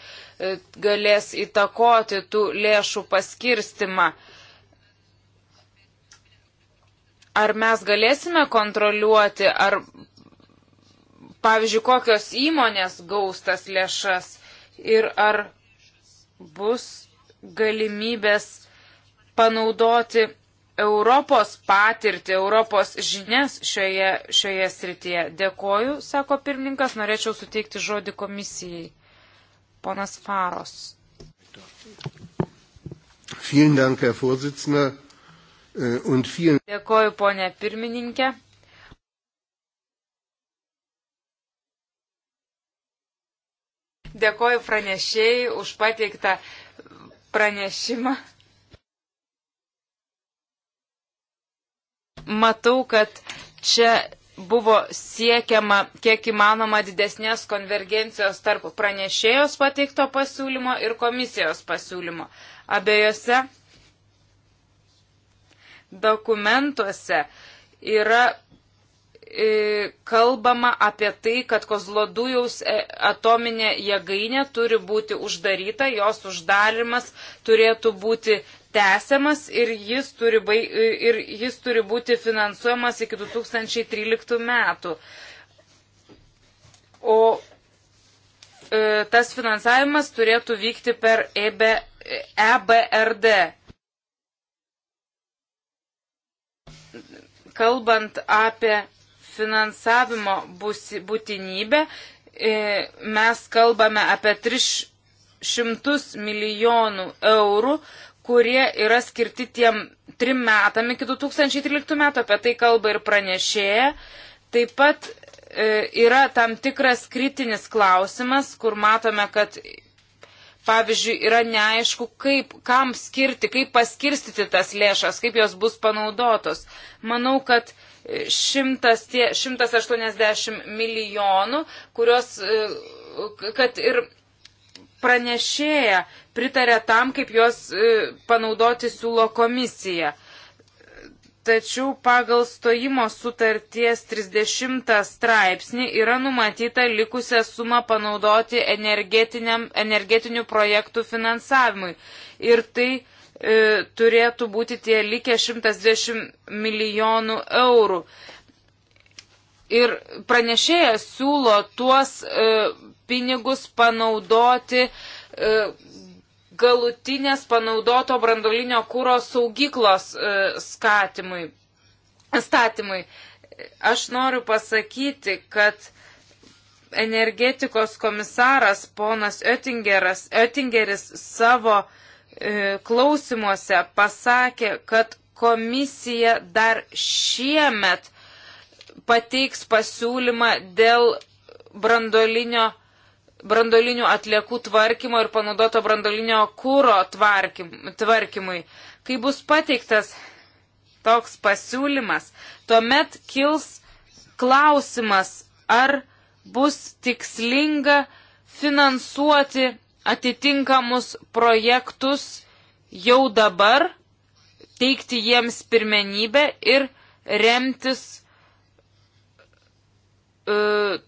B: e, galės įtakoti tų lėšų paskirstimą. Ar mes galėsime kontroliuoti, ar, pavyzdžiui, kokios įmonės gaustas lėšas ir ar bus galimybės panaudoti Europos patirtį, Europos žinias šioje, šioje srityje. Dėkoju, sako pirmininkas, norėčiau suteikti žodį komisijai. Ponas Faros.
A: Dank, äh, vielen...
B: Dėkoju, ponė pirmininkė. Dėkoju pranešėjai už pateiktą pranešimą. matau, kad čia buvo siekiama kiek įmanoma didesnės konvergencijos tarp pranešėjos pateikto pasiūlymo ir komisijos pasiūlymo. Abiejose dokumentuose yra e, kalbama apie tai, kad Kozlodujaus e, atominė jėgainė turi būti uždaryta, jos uždarimas turėtų būti tęsiamas ir jis turi, baig... ir jis turi būti finansuojamas iki 2013 metų. O e, tas finansavimas turėtų vykti per EB... EBRD. Kalbant apie finansavimo būtinybę, e, mes kalbame apie 300 milijonų eurų, kurie yra skirti tiem trim metam iki 2013 metų, apie tai kalba ir pranešėja. Taip pat e, yra tam tikras kritinis klausimas, kur matome, kad pavyzdžiui, yra neaišku, kaip, kam skirti, kaip paskirstyti tas lėšas, kaip jos bus panaudotos. Manau, kad 100, e, tie, 180 milijonų, kurios, e, kad ir pranešėja pritarė tam, kaip juos e, panaudoti siūlo komisija. Tačiau pagal stojimo sutarties 30 straipsnį yra numatyta likusią sumą panaudoti energetinių projektų finansavimui. Ir tai e, turėtų būti tie likę 110 milijonų eurų. Ir pranešėjas siūlo tuos e, pinigus panaudoti e, galutinės panaudoto brandolinio kūro saugyklos e, skatimui, statymui. Aš noriu pasakyti, kad energetikos komisaras ponas Oettingeris, Oettingeris savo e, klausimuose pasakė, kad komisija dar šiemet pateiks pasiūlymą dėl brandolinio brandolinių atliekų tvarkymo ir panaudoto brandolinio kūro tvarkymui. Kai bus pateiktas toks pasiūlymas, tuomet kils klausimas, ar bus tikslinga finansuoti atitinkamus projektus jau dabar, teikti jiems pirmenybę ir remtis uh, e,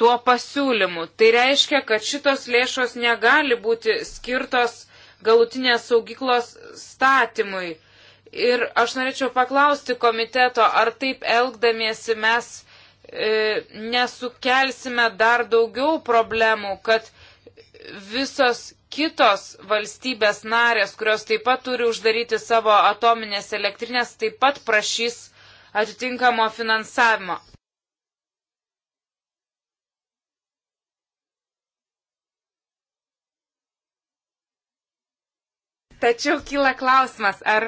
B: tuo pasiūlymu. Tai reiškia, kad šitos lėšos negali būti skirtos galutinės saugyklos statymui. Ir aš norėčiau paklausti komiteto, ar taip elgdamiesi mes e, nesukelsime dar daugiau problemų, kad visos kitos valstybės narės, kurios taip pat turi uždaryti savo atominės elektrinės, taip pat prašys atitinkamo finansavimo. Tačiau kyla klausimas, ar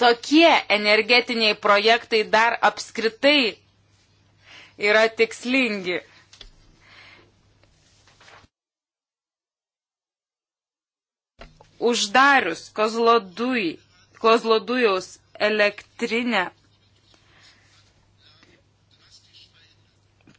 B: tokie energetiniai projektai dar apskritai yra tikslingi. Uždarius Kozlodujaus elektrinę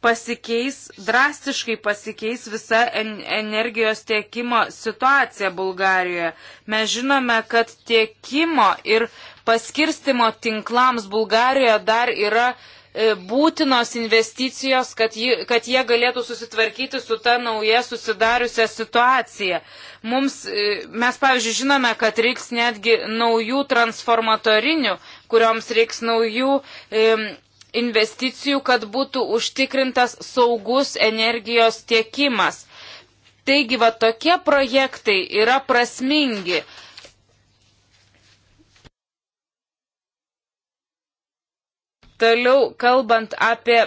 B: pasikeis, drastiškai pasikeis visa en energijos tiekimo situacija Bulgarijoje. Mes žinome, kad tiekimo ir paskirstimo tinklams Bulgarijoje dar yra e, būtinos investicijos, kad, jį, kad jie galėtų susitvarkyti su ta nauja susidariusią situaciją. Mums, e, mes, pavyzdžiui, žinome, kad reiks netgi naujų transformatorinių, kurioms reiks naujų e, investicijų, kad būtų užtikrintas saugus energijos tiekimas. Taigi, va tokie projektai yra prasmingi. Toliau, kalbant apie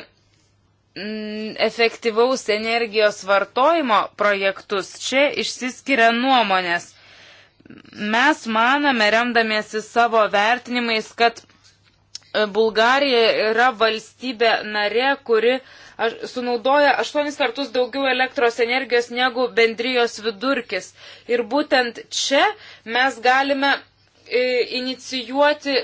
B: mm, efektyvaus energijos vartojimo projektus, čia išsiskiria nuomonės. Mes manome, remdamiesi savo vertinimais, kad Bulgarija yra valstybė narė, kuri sunaudoja aštuonis kartus daugiau elektros energijos negu bendrijos vidurkis. Ir būtent čia mes galime e, inicijuoti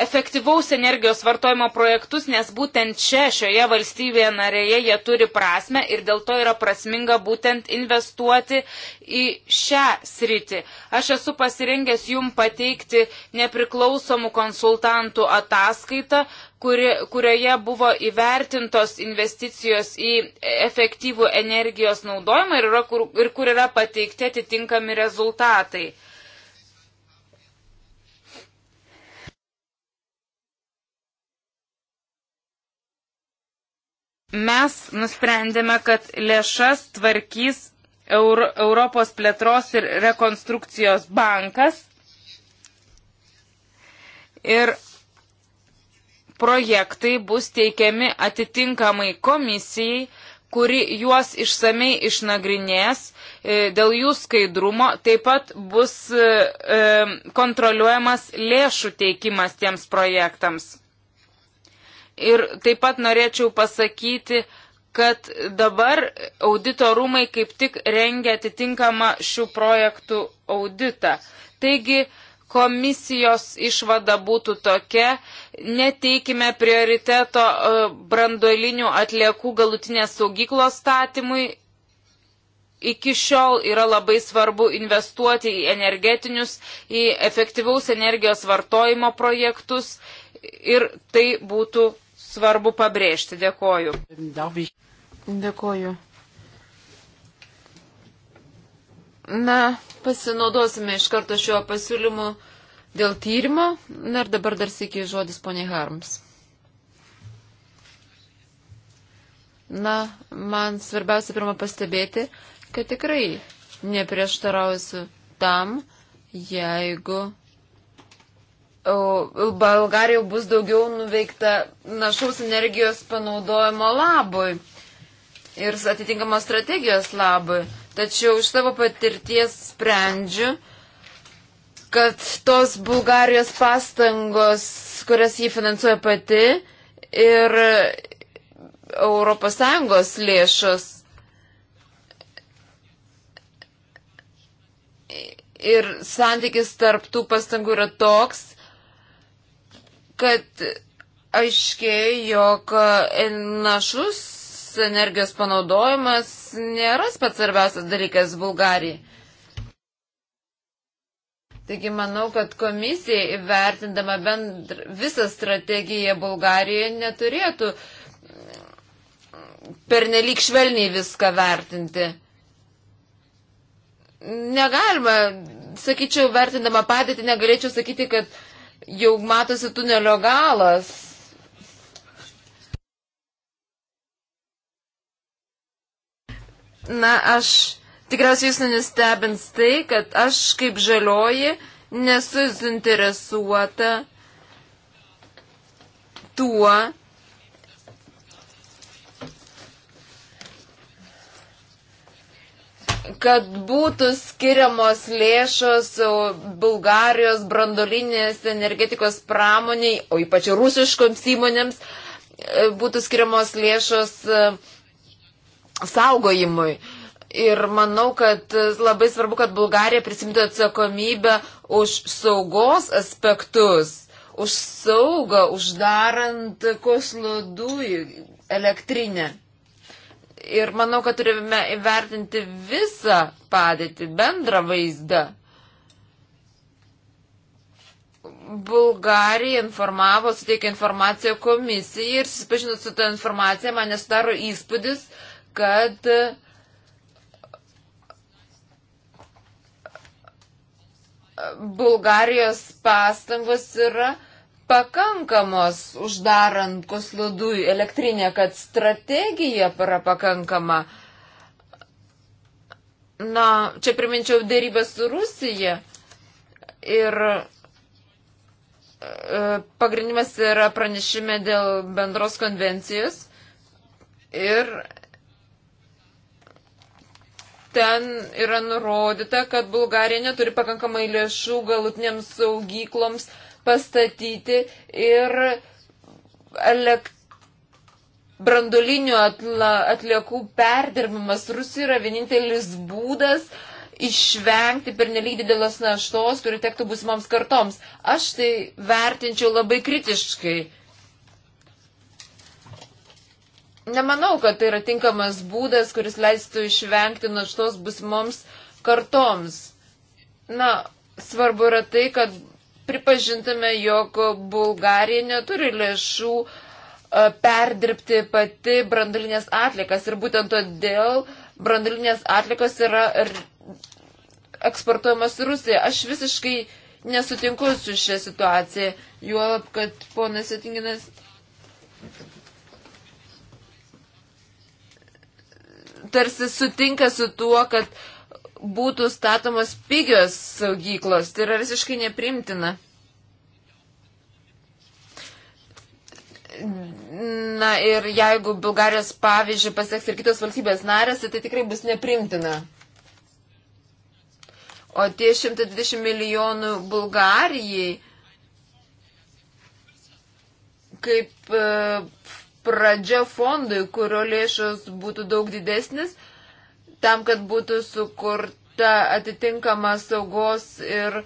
B: efektyvaus energijos vartojimo projektus, nes būtent čia, šioje valstybėje narėje, jie turi prasme ir dėl to yra prasminga būtent investuoti į šią sritį. Aš esu pasirengęs jum pateikti nepriklausomų konsultantų ataskaitą, kuri, kurioje buvo įvertintos investicijos į efektyvų energijos naudojimą ir, yra, kur, ir kur yra pateikti atitinkami rezultatai. Mes nusprendėme, kad lėšas tvarkys Euro, Europos plėtros ir rekonstrukcijos bankas. Ir projektai bus teikiami atitinkamai komisijai, kuri juos išsamei išnagrinės e, dėl jų skaidrumo, taip pat bus e, e, kontroliuojamas lėšų teikimas tiems projektams. Ir taip pat norėčiau pasakyti, kad dabar audito rūmai kaip tik rengia atitinkamą šių projektų auditą. Taigi, komisijos išvada būtų tokia, neteikime prioriteto e, brandolinių atliekų galutinės saugyklos statymui. Iki šiol yra labai svarbu investuoti į energetinius, į efektyvaus energijos vartojimo projektus ir tai būtų svarbu pabrėžti. Dėkoju.
C: Dėkoju. Na, pasinaudosime iš karto šiuo pasiūlymu dėl tyrimo. Na ir dabar dar sėkiai žodis poniai Harms. Na, man svarbiausia pirmą pastebėti, kad tikrai neprieštarausiu tam, jeigu Bulgarijoje bus daugiau nuveikta našaus energijos panaudojimo labui ir atitinkamos strategijos labui. Tačiau iš savo patirties sprendžiu, kad tos Bulgarijos pastangos, kurias jį finansuoja pati ir ES lėšos ir santykis tarp tų pastangų yra toks, kad aiškėja, jog našus energijos panaudojimas nėra pats svarbiausias dalykas Bulgarijai. Taigi manau, kad komisija įvertindama bendr, visą strategiją Bulgarijoje neturėtų pernelyg švelniai viską vertinti. Negalima, sakyčiau, vertindama padėtį, negalėčiau sakyti, kad uh, jau matosi tunelio galas. Na, aš tikriausiai jūs nenustebins tai, kad aš kaip žalioji nesu suinteresuota tuo, kad būtų skiriamos lėšos Bulgarijos brandolinės energetikos pramoniai, o ypač rusiškoms įmonėms, e, būtų skiriamos lėšos e, saugojimui. Ir manau, kad e, labai svarbu, kad Bulgarija prisimtų atsakomybę už saugos aspektus, už saugą, uždarant koslodų elektrinę. Ir manau, kad turime įvertinti visą padėtį, bendrą vaizdą. Bulgarija informavo, suteikė informaciją komisijai ir susipažinus su tą informacija, man nesudaro įspūdis, kad e, Bulgarijos pastangos yra uh, pakankamos uždarant kosludų elektrinę, kad strategija para pakankama. Na, čia priminčiau dėrybę su Rusija ir e, pagrindimas yra pranešime dėl bendros konvencijos ir ten yra nurodyta, kad Bulgarija neturi pakankamai lėšų galutiniams saugykloms pastatyti ir elektrą brandolinių atliekų perdirbimas Rusija yra vienintelis būdas išvengti per nelyg didelės naštos, kuri tektų būsimoms kartoms. Aš tai vertinčiau labai kritiškai. Nemanau, kad tai yra tinkamas būdas, kuris leistų išvengti naštos būsimoms kartoms. Na, svarbu yra tai, kad pripažintume, jog Bulgarija neturi lėšų e, perdirbti pati brandalinės atlikas ir būtent todėl brandalinės atlikas yra eksportuojamas į Rusiją. Aš visiškai nesutinku su šią situaciją, juolab, kad ponas Jatinginas tarsi sutinka su tuo, kad uh, būtų statomos pigios saugyklos. Tai yra visiškai neprimtina. Na ir jeigu Bulgarijos pavyzdžių pasieks ir kitos valstybės narės, tai tikrai bus neprimtina. O tie 120 milijonų Bulgarijai kaip e, pradžia fondui, kurio lėšos būtų daug didesnis, tam, kad būtų sukurta atitinkama saugos ir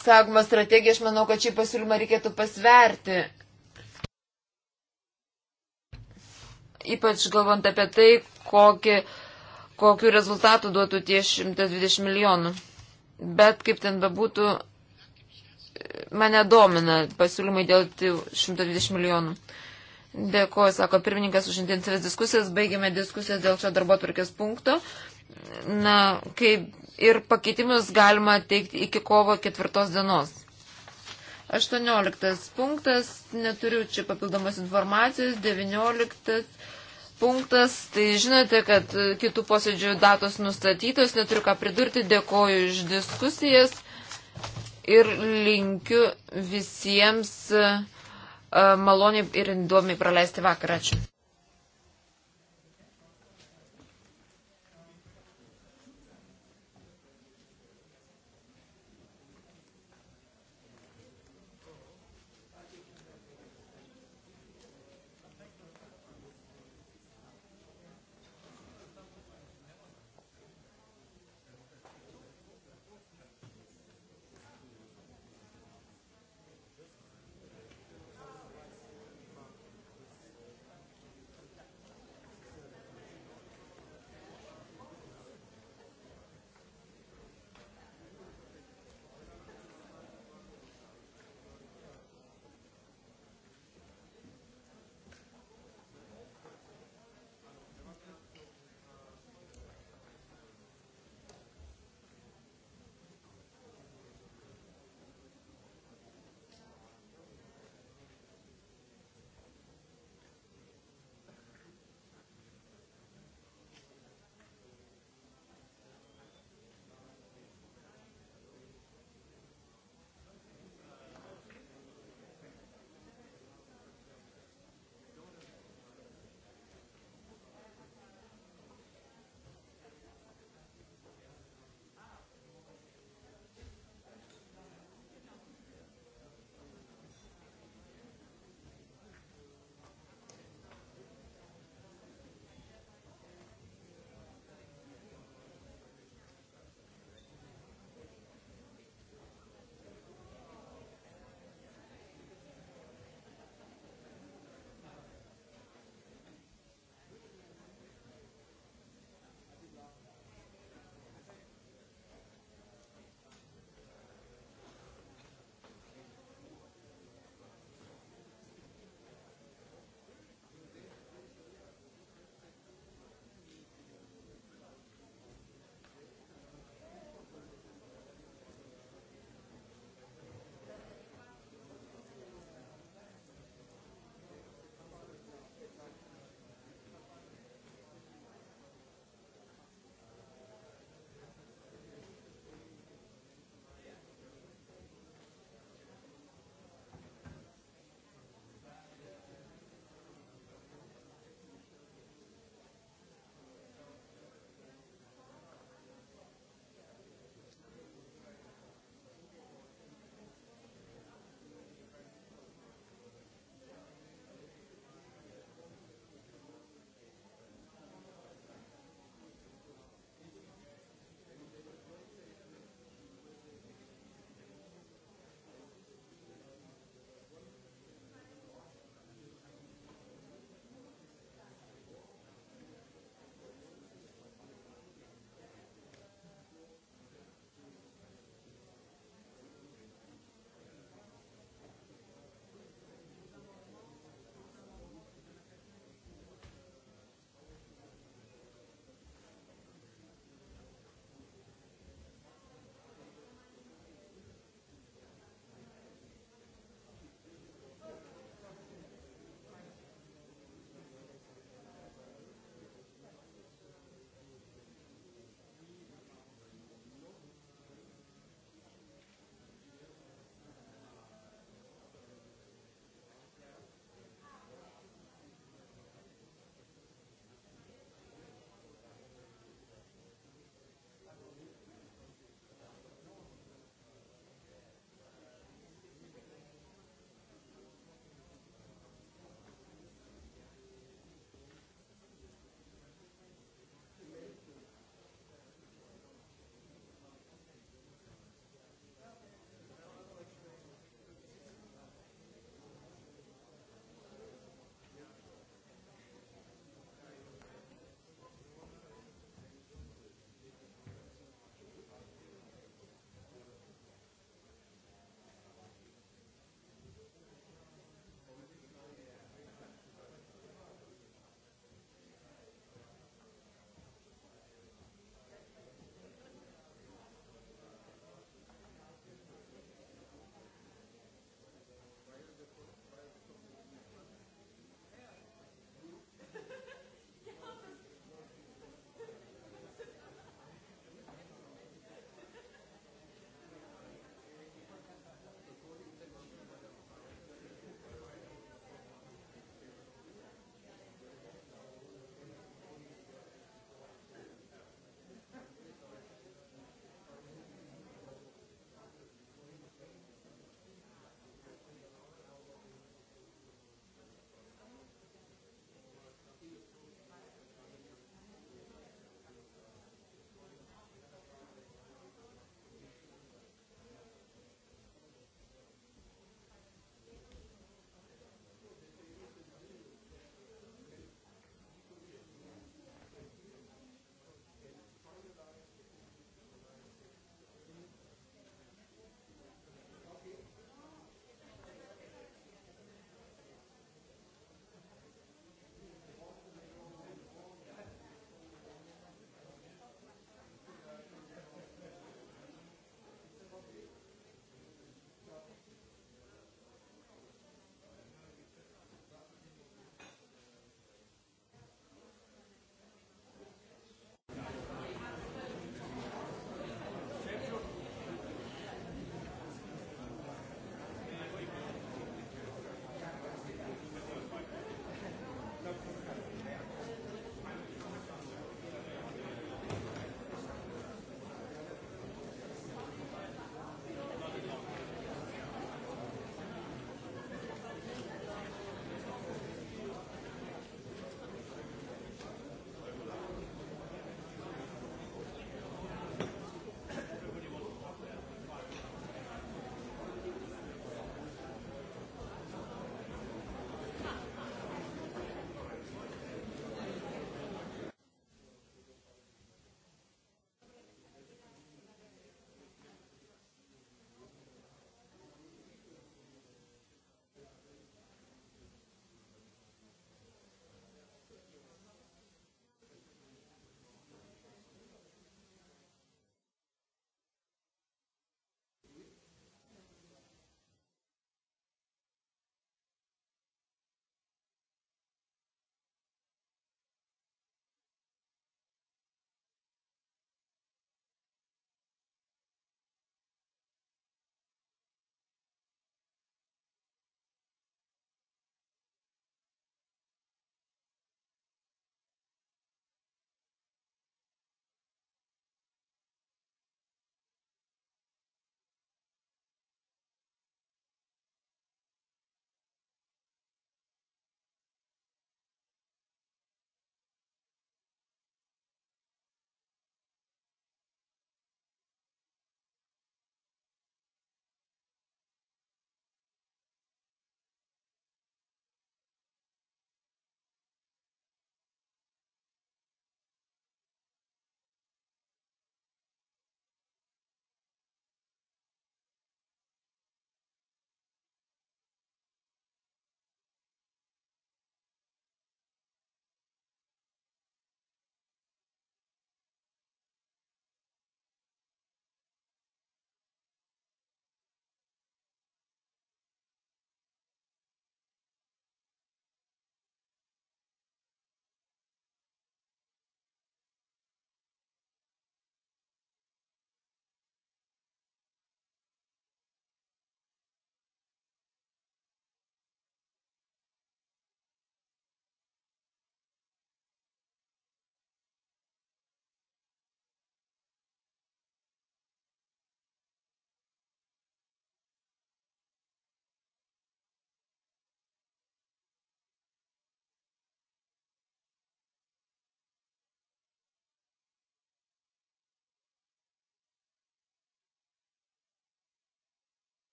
C: saugoma strategija, aš manau, kad šį pasiūlymą reikėtų pasverti. Ypač galvant apie tai, kokį, kokiu rezultatu duotų tie 120 milijonų. Bet kaip ten bebūtų, mane domina pasiūlymai dėl 120 milijonų. Dėkuoju, sako pirmininkas, už intensyves diskusijas. Baigėme diskusijas dėl šio darbo tvarkės punkto. Na, kaip ir pakeitimus galima teikti iki kovo ketvirtos dienos. 18 punktas, neturiu čia papildomos informacijos. 19 punktas, tai žinote, kad kitų posėdžių datos nustatytos, neturiu ką pridurti. Dėkuoju už diskusijas ir linkiu visiems. Uh, maloniai ir įdomiai praleisti vakarą. Ačiū.